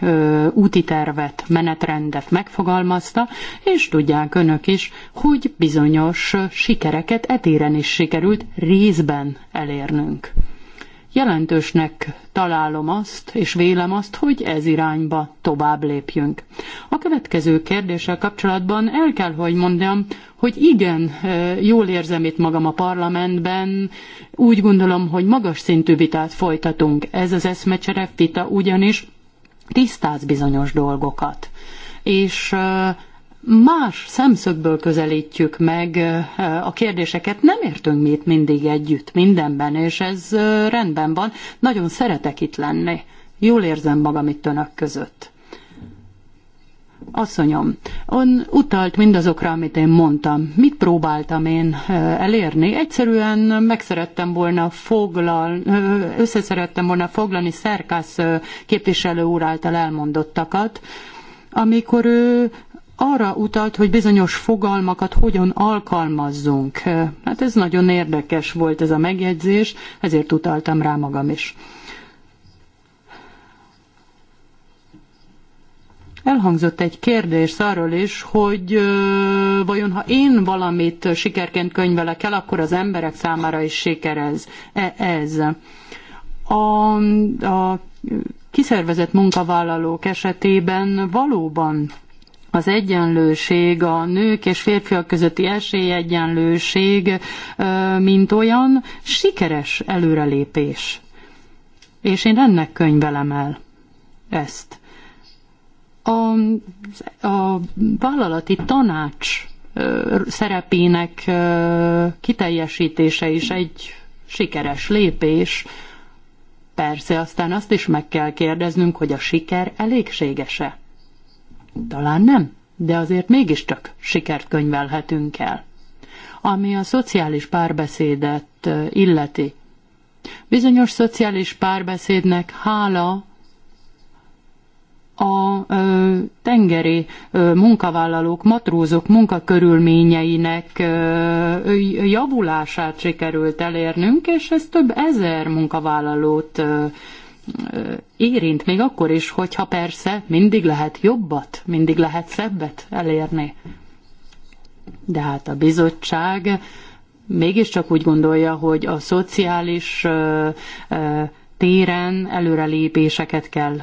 úti tervet, menetrendet megfogalmazta, és tudják önök is, hogy bizonyos sikereket etéren is sikerült részben elérnünk. Jelentősnek találom azt, és vélem azt, hogy ez irányba tovább lépjünk. A következő kérdéssel kapcsolatban el kell, hogy mondjam, hogy igen, e, jól érzem itt magam a parlamentben, úgy gondolom, hogy magas szintű vitát folytatunk. Ez az eszmecsere vita ugyanis tisztáz bizonyos dolgokat. És e, más szemszögből közelítjük meg a kérdéseket. Nem értünk mi itt mindig együtt mindenben, és ez rendben van. Nagyon szeretek itt lenni. Jól érzem magam itt önök között. Asszonyom, Ön utalt mindazokra, amit én mondtam. Mit próbáltam én elérni? Egyszerűen meg szerettem volna foglal, összeszerettem volna foglalni Szerkász képviselő úr által elmondottakat, amikor ő arra utalt, hogy bizonyos fogalmakat hogyan alkalmazzunk. Hát ez nagyon érdekes volt ez a megjegyzés, ezért utaltam rá magam is. Elhangzott egy kérdés arról is, hogy ö, vajon ha én valamit sikerként könyvelek el, akkor az emberek számára is sikerez. E, ez. A, a kiszervezett munkavállalók esetében valóban az egyenlőség, a nők és férfiak közötti esélyegyenlőség, mint olyan sikeres előrelépés. És én ennek könyvelem el ezt. A, a vállalati tanács szerepének kiteljesítése is egy sikeres lépés. Persze aztán azt is meg kell kérdeznünk, hogy a siker elégséges-e talán nem, de azért mégiscsak sikert könyvelhetünk el. Ami a szociális párbeszédet illeti. Bizonyos szociális párbeszédnek hála a ö, tengeri ö, munkavállalók, matrózok munkakörülményeinek ö, javulását sikerült elérnünk, és ez több ezer munkavállalót ö, érint, még akkor is, hogyha persze mindig lehet jobbat, mindig lehet szebbet elérni. De hát a bizottság mégiscsak úgy gondolja, hogy a szociális téren előrelépéseket kell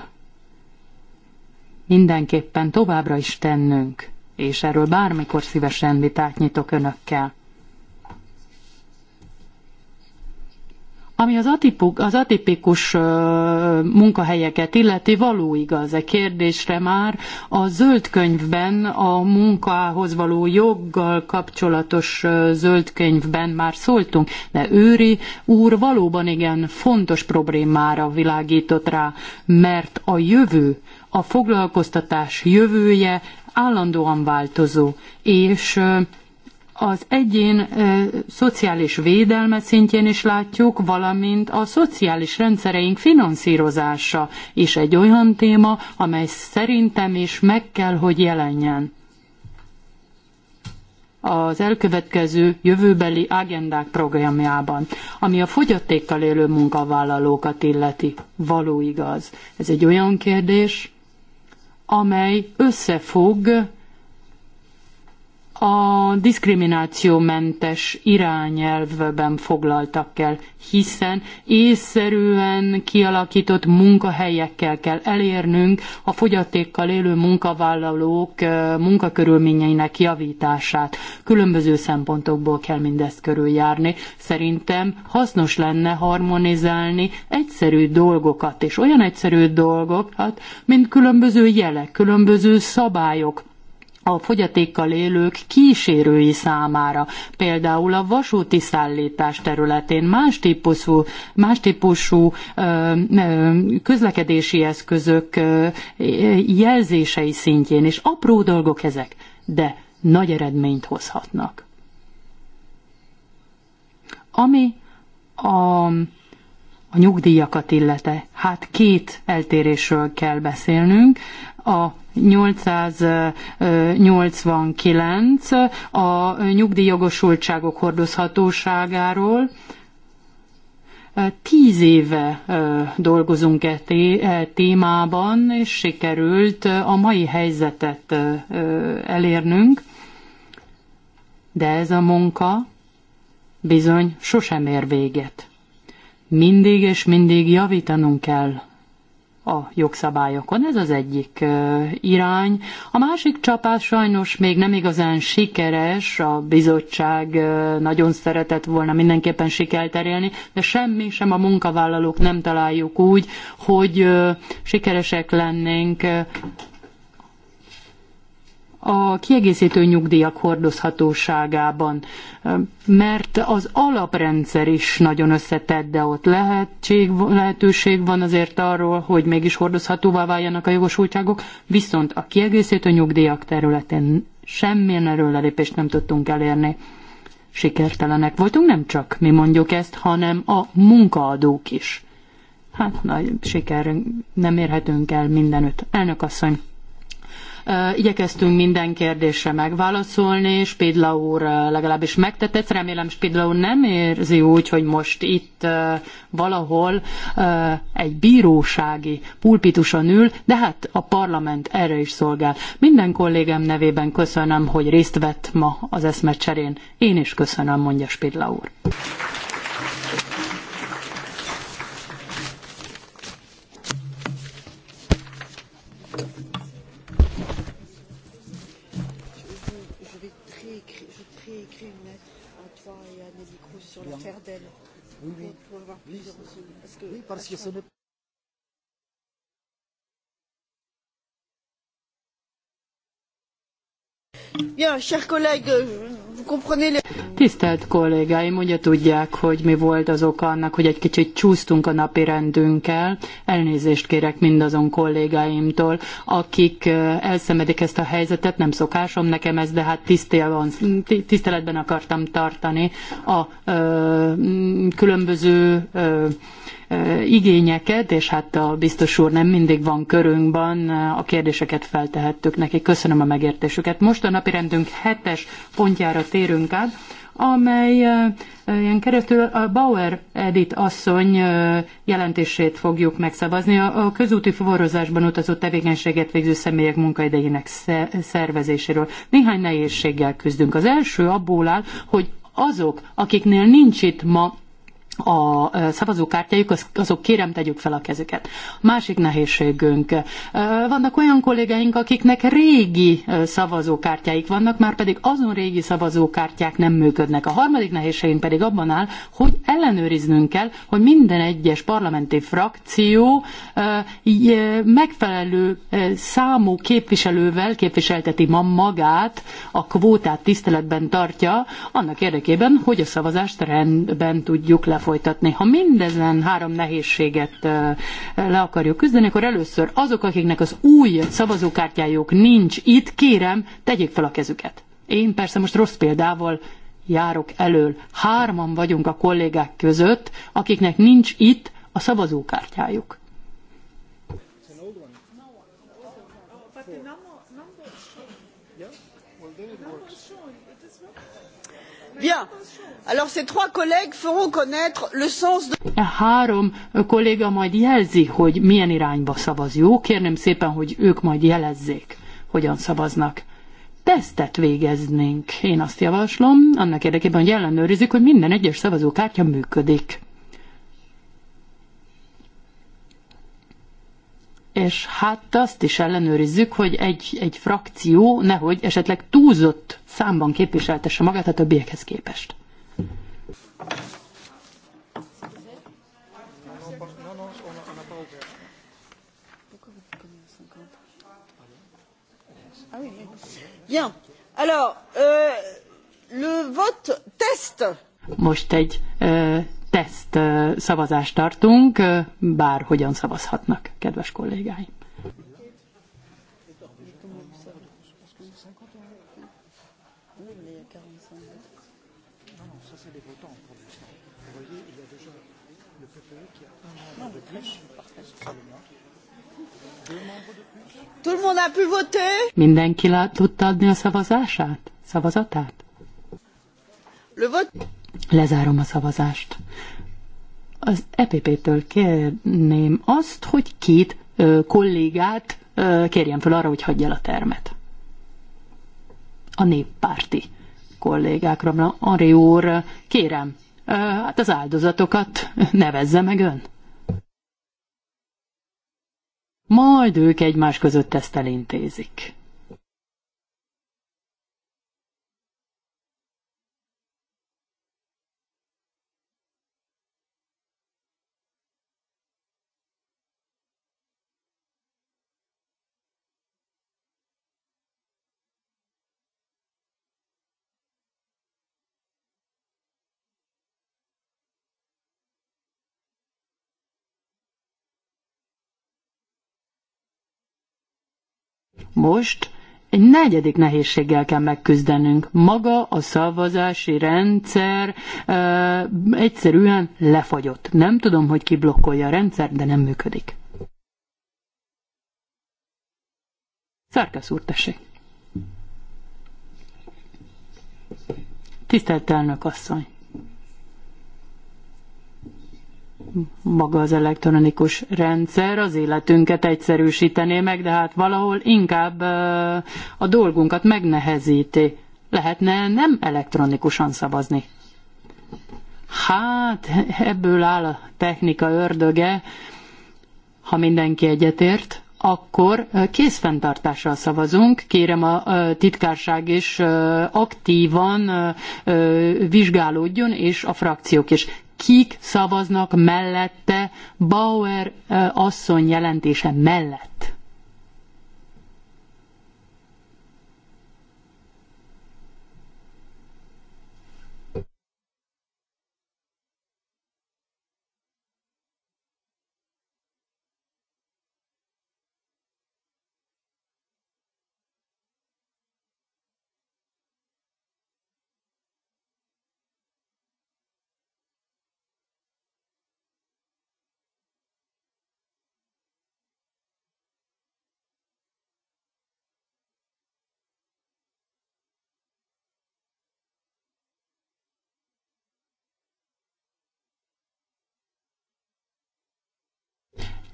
mindenképpen továbbra is tennünk, és erről bármikor szívesen vitát nyitok önökkel. Ami az, atipuk, az atipikus munkahelyeket illeti, való igaz e kérdésre már a zöld könyvben, a munkához való joggal kapcsolatos zöld könyvben már szóltunk, de Őri úr valóban igen fontos problémára világított rá, mert a jövő, a foglalkoztatás jövője állandóan változó, és az egyén ö, szociális védelme szintjén is látjuk, valamint a szociális rendszereink finanszírozása is egy olyan téma, amely szerintem is meg kell, hogy jelenjen az elkövetkező jövőbeli agendák programjában, ami a fogyatékkal élő munkavállalókat illeti. Való igaz. Ez egy olyan kérdés, amely összefog a diszkriminációmentes irányelvben foglaltak el, hiszen észszerűen kialakított munkahelyekkel kell elérnünk a fogyatékkal élő munkavállalók munkakörülményeinek javítását. Különböző szempontokból kell mindezt körüljárni. Szerintem hasznos lenne harmonizálni egyszerű dolgokat, és olyan egyszerű dolgokat, mint különböző jelek, különböző szabályok, a fogyatékkal élők kísérői számára, például a vasúti szállítás területén más típusú, más típusú ö, ö, közlekedési eszközök ö, jelzései szintjén, és apró dolgok ezek, de nagy eredményt hozhatnak. Ami a a nyugdíjakat illete. Hát két eltérésről kell beszélnünk a 889 a nyugdíjjogosultságok hordozhatóságáról, Tíz éve dolgozunk e, e témában, és sikerült a mai helyzetet elérnünk, de ez a munka bizony sosem ér véget. Mindig és mindig javítanunk kell a jogszabályokon. Ez az egyik irány. A másik csapás sajnos még nem igazán sikeres, a bizottság nagyon szeretett volna mindenképpen sikert elérni, de semmi sem a munkavállalók nem találjuk úgy, hogy sikeresek lennénk a kiegészítő nyugdíjak hordozhatóságában, mert az alaprendszer is nagyon összetett, de ott lehetség, lehetőség van azért arról, hogy mégis hordozhatóvá váljanak a jogosultságok, viszont a kiegészítő nyugdíjak területén semmilyen erőlelépést nem tudtunk elérni. Sikertelenek voltunk, nem csak mi mondjuk ezt, hanem a munkaadók is. Hát nagy siker nem érhetünk el mindenütt. Elnök asszony, igyekeztünk minden kérdésre megválaszolni, Spidla úr legalábbis megtette. ezt remélem Spidla úr nem érzi úgy, hogy most itt valahol egy bírósági pulpituson ül, de hát a parlament erre is szolgál. Minden kollégám nevében köszönöm, hogy részt vett ma az eszmecserén. Én is köszönöm, mondja Spidla úr. faire d'elle. Oui, oui. Pour, pour avoir parce que, oui, parce que ce n'est chers collègues, vous comprenez les... Tisztelt kollégáim, ugye tudják, hogy mi volt az oka annak, hogy egy kicsit csúsztunk a napi rendünkkel. Elnézést kérek mindazon kollégáimtól, akik elszenvedik ezt a helyzetet, nem szokásom nekem ez, de hát tiszteletben akartam tartani a ö, különböző ö, igényeket, és hát a biztos úr nem mindig van körünkben, a kérdéseket feltehettük neki. Köszönöm a megértésüket. Most a napirendünk hetes pontjára térünk át, amely ilyen keresztül a Bauer edit asszony jelentését fogjuk megszavazni. A közúti fuvarozásban utazó tevékenységet végző személyek munkaidejének szervezéséről. Néhány nehézséggel küzdünk. Az első abból áll, hogy azok, akiknél nincs itt ma a szavazókártyájuk, azok kérem tegyük fel a kezüket. Másik nehézségünk. Vannak olyan kollégáink, akiknek régi szavazókártyáik vannak, már pedig azon régi szavazókártyák nem működnek. A harmadik nehézségünk pedig abban áll, hogy ellenőriznünk kell, hogy minden egyes parlamenti frakció megfelelő számú képviselővel képviselteti ma magát, a kvótát tiszteletben tartja, annak érdekében, hogy a szavazást rendben tudjuk lefolytatni folytatni. Ha mindezen három nehézséget le akarjuk küzdeni, akkor először azok, akiknek az új szavazókártyájuk nincs itt, kérem, tegyék fel a kezüket. Én persze most rossz példával járok elől. Hárman vagyunk a kollégák között, akiknek nincs itt a szavazókártyájuk. Yeah. Alors ces trois collègues feront connaître le sens de... E három kolléga majd jelzi, hogy milyen irányba szavaz. Jó, kérném szépen, hogy ők majd jelezzék, hogyan szavaznak. Tesztet végeznénk, én azt javaslom, annak érdekében, hogy ellenőrizzük, hogy minden egyes szavazókártya működik. és hát azt is ellenőrizzük, hogy egy, egy frakció nehogy esetleg túlzott számban képviseltesse magát a többiekhez képest. Euh, Most egy ö, teszt ö, szavazást tartunk, ö, bár hogyan szavazhatnak, kedves kollégáim. Mindenki le tudta adni a szavazását? Szavazatát? Lezárom a szavazást. Az EPP-től kérném azt, hogy két ö, kollégát ö, kérjem fel arra, hogy hagyja el a termet. A néppárti kollégákra. Ari úr, kérem, ö, hát az áldozatokat nevezze meg ön. Majd ők egymás között ezt elintézik. Most egy negyedik nehézséggel kell megküzdenünk. Maga a szavazási rendszer e, egyszerűen lefagyott. Nem tudom, hogy ki blokkolja a rendszer, de nem működik. Szárkász úr, tessék! Tisztelt elnök asszony! maga az elektronikus rendszer az életünket egyszerűsítené meg, de hát valahol inkább a dolgunkat megnehezíti. Lehetne nem elektronikusan szavazni. Hát, ebből áll a technika ördöge, ha mindenki egyetért akkor készfenntartással szavazunk. Kérem a titkárság is aktívan vizsgálódjon, és a frakciók is kik szavaznak mellette Bauer asszony jelentése mellett.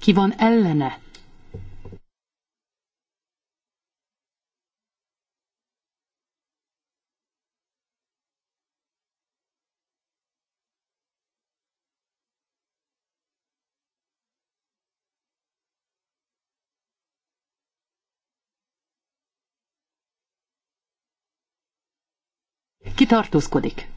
Ki van ellene? Ki tartózkodik?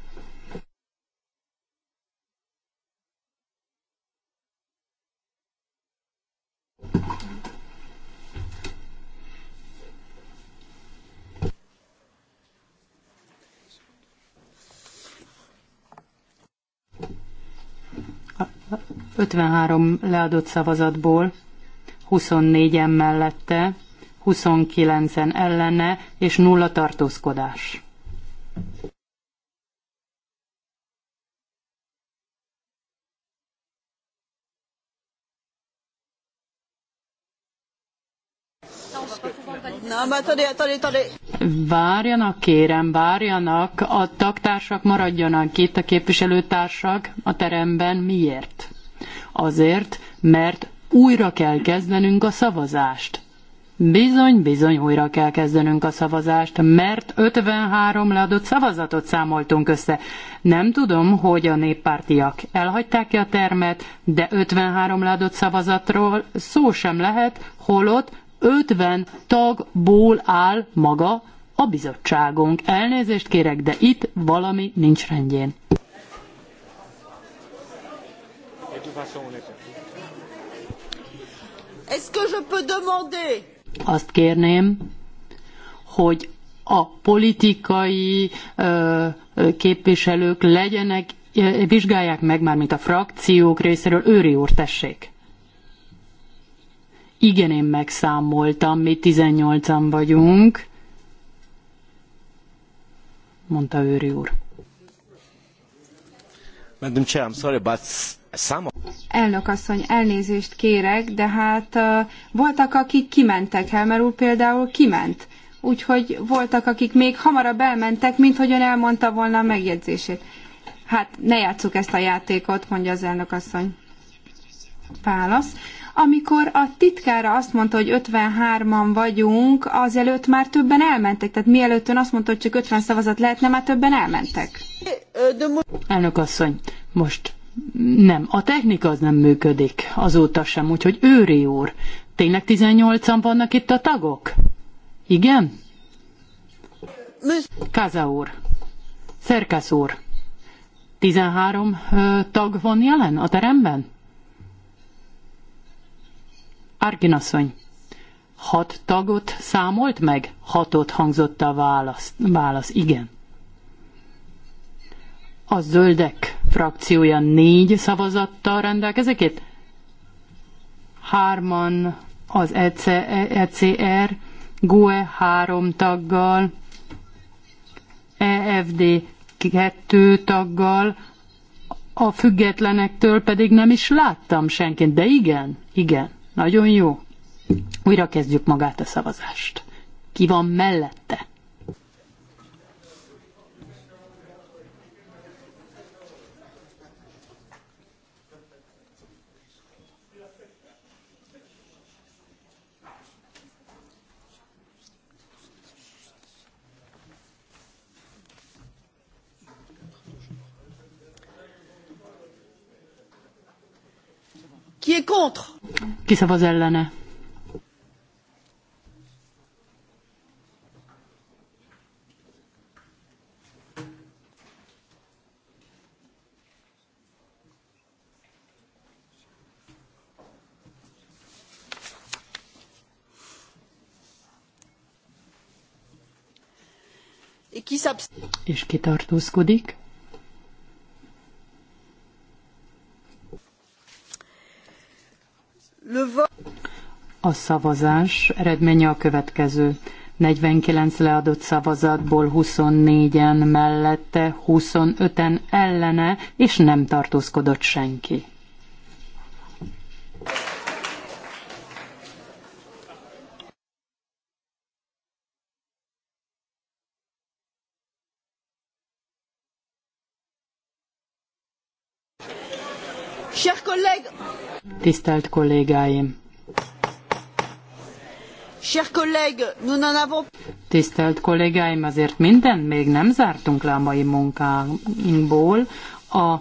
73 leadott szavazatból 24-en mellette, 29-en ellene és nulla tartózkodás. Várjanak, kérem, várjanak, a tagtársak maradjanak itt, a képviselőtársak a teremben. Miért? Azért, mert újra kell kezdenünk a szavazást. Bizony, bizony újra kell kezdenünk a szavazást, mert 53 leadott szavazatot számoltunk össze. Nem tudom, hogy a néppártiak elhagyták-e a termet, de 53 leadott szavazatról szó sem lehet, holott 50 tagból áll maga a bizottságunk. Elnézést kérek, de itt valami nincs rendjén. Azt kérném, hogy a politikai ö, képviselők legyenek, vizsgálják meg már, mint a frakciók részéről. Őri úr, tessék! Igen, én megszámoltam, mi 18-an vagyunk, mondta Őri úr. Madam Chair, I'm sorry, but Elnök asszony, elnézést kérek, de hát uh, voltak, akik kimentek, Helmer úr például kiment. Úgyhogy voltak, akik még hamarabb elmentek, mint hogy ön elmondta volna a megjegyzését. Hát ne játsszuk ezt a játékot, mondja az elnök asszony. Válasz. Amikor a titkára azt mondta, hogy 53-an vagyunk, azelőtt már többen elmentek. Tehát mielőtt ön azt mondta, hogy csak 50 szavazat lehetne, már többen elmentek. Elnök asszony, most nem, a technika az nem működik azóta sem, úgyhogy őri úr, tényleg 18-an vannak itt a tagok? Igen? Kaza úr, Szerkesz úr, 13 ö, tag van jelen a teremben? Arginasszony, hat tagot számolt meg? Hatot hangzott a válasz. válasz igen. A zöldek frakciója négy szavazattal rendelkezik itt? Hárman az ECR, e, e GUE három taggal, EFD kettő taggal, a függetlenektől pedig nem is láttam senkit, de igen, igen, nagyon jó. Újra kezdjük magát a szavazást. Ki van mellette? Ki est contre? Ki szavaz ellene? És ki tartózkodik? A szavazás eredménye a következő. 49 leadott szavazatból 24-en mellette, 25-en ellene, és nem tartózkodott senki. Tisztelt kollégáim! Tisztelt kollégáim, azért minden még nem zártunk le a mai munkánkból. A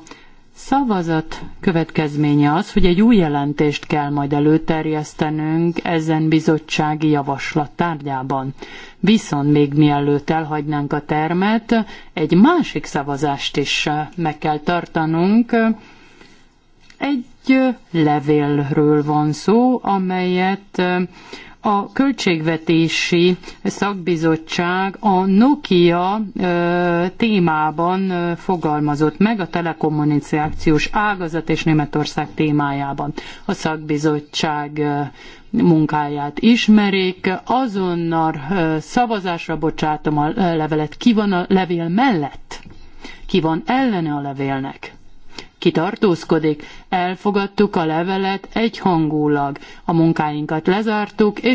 szavazat következménye az, hogy egy új jelentést kell majd előterjesztenünk ezen bizottsági javaslat tárgyában. Viszont még mielőtt elhagynánk a termet, egy másik szavazást is meg kell tartanunk. Egy egy levélről van szó, amelyet a Költségvetési Szakbizottság a Nokia témában fogalmazott meg a telekommunikációs ágazat és Németország témájában. A szakbizottság munkáját ismerik, azonnal szavazásra bocsátom a levelet. Ki van a levél mellett? Ki van ellene a levélnek? tartózkodik, Elfogadtuk a levelet egyhangulag. A munkáinkat lezártuk, és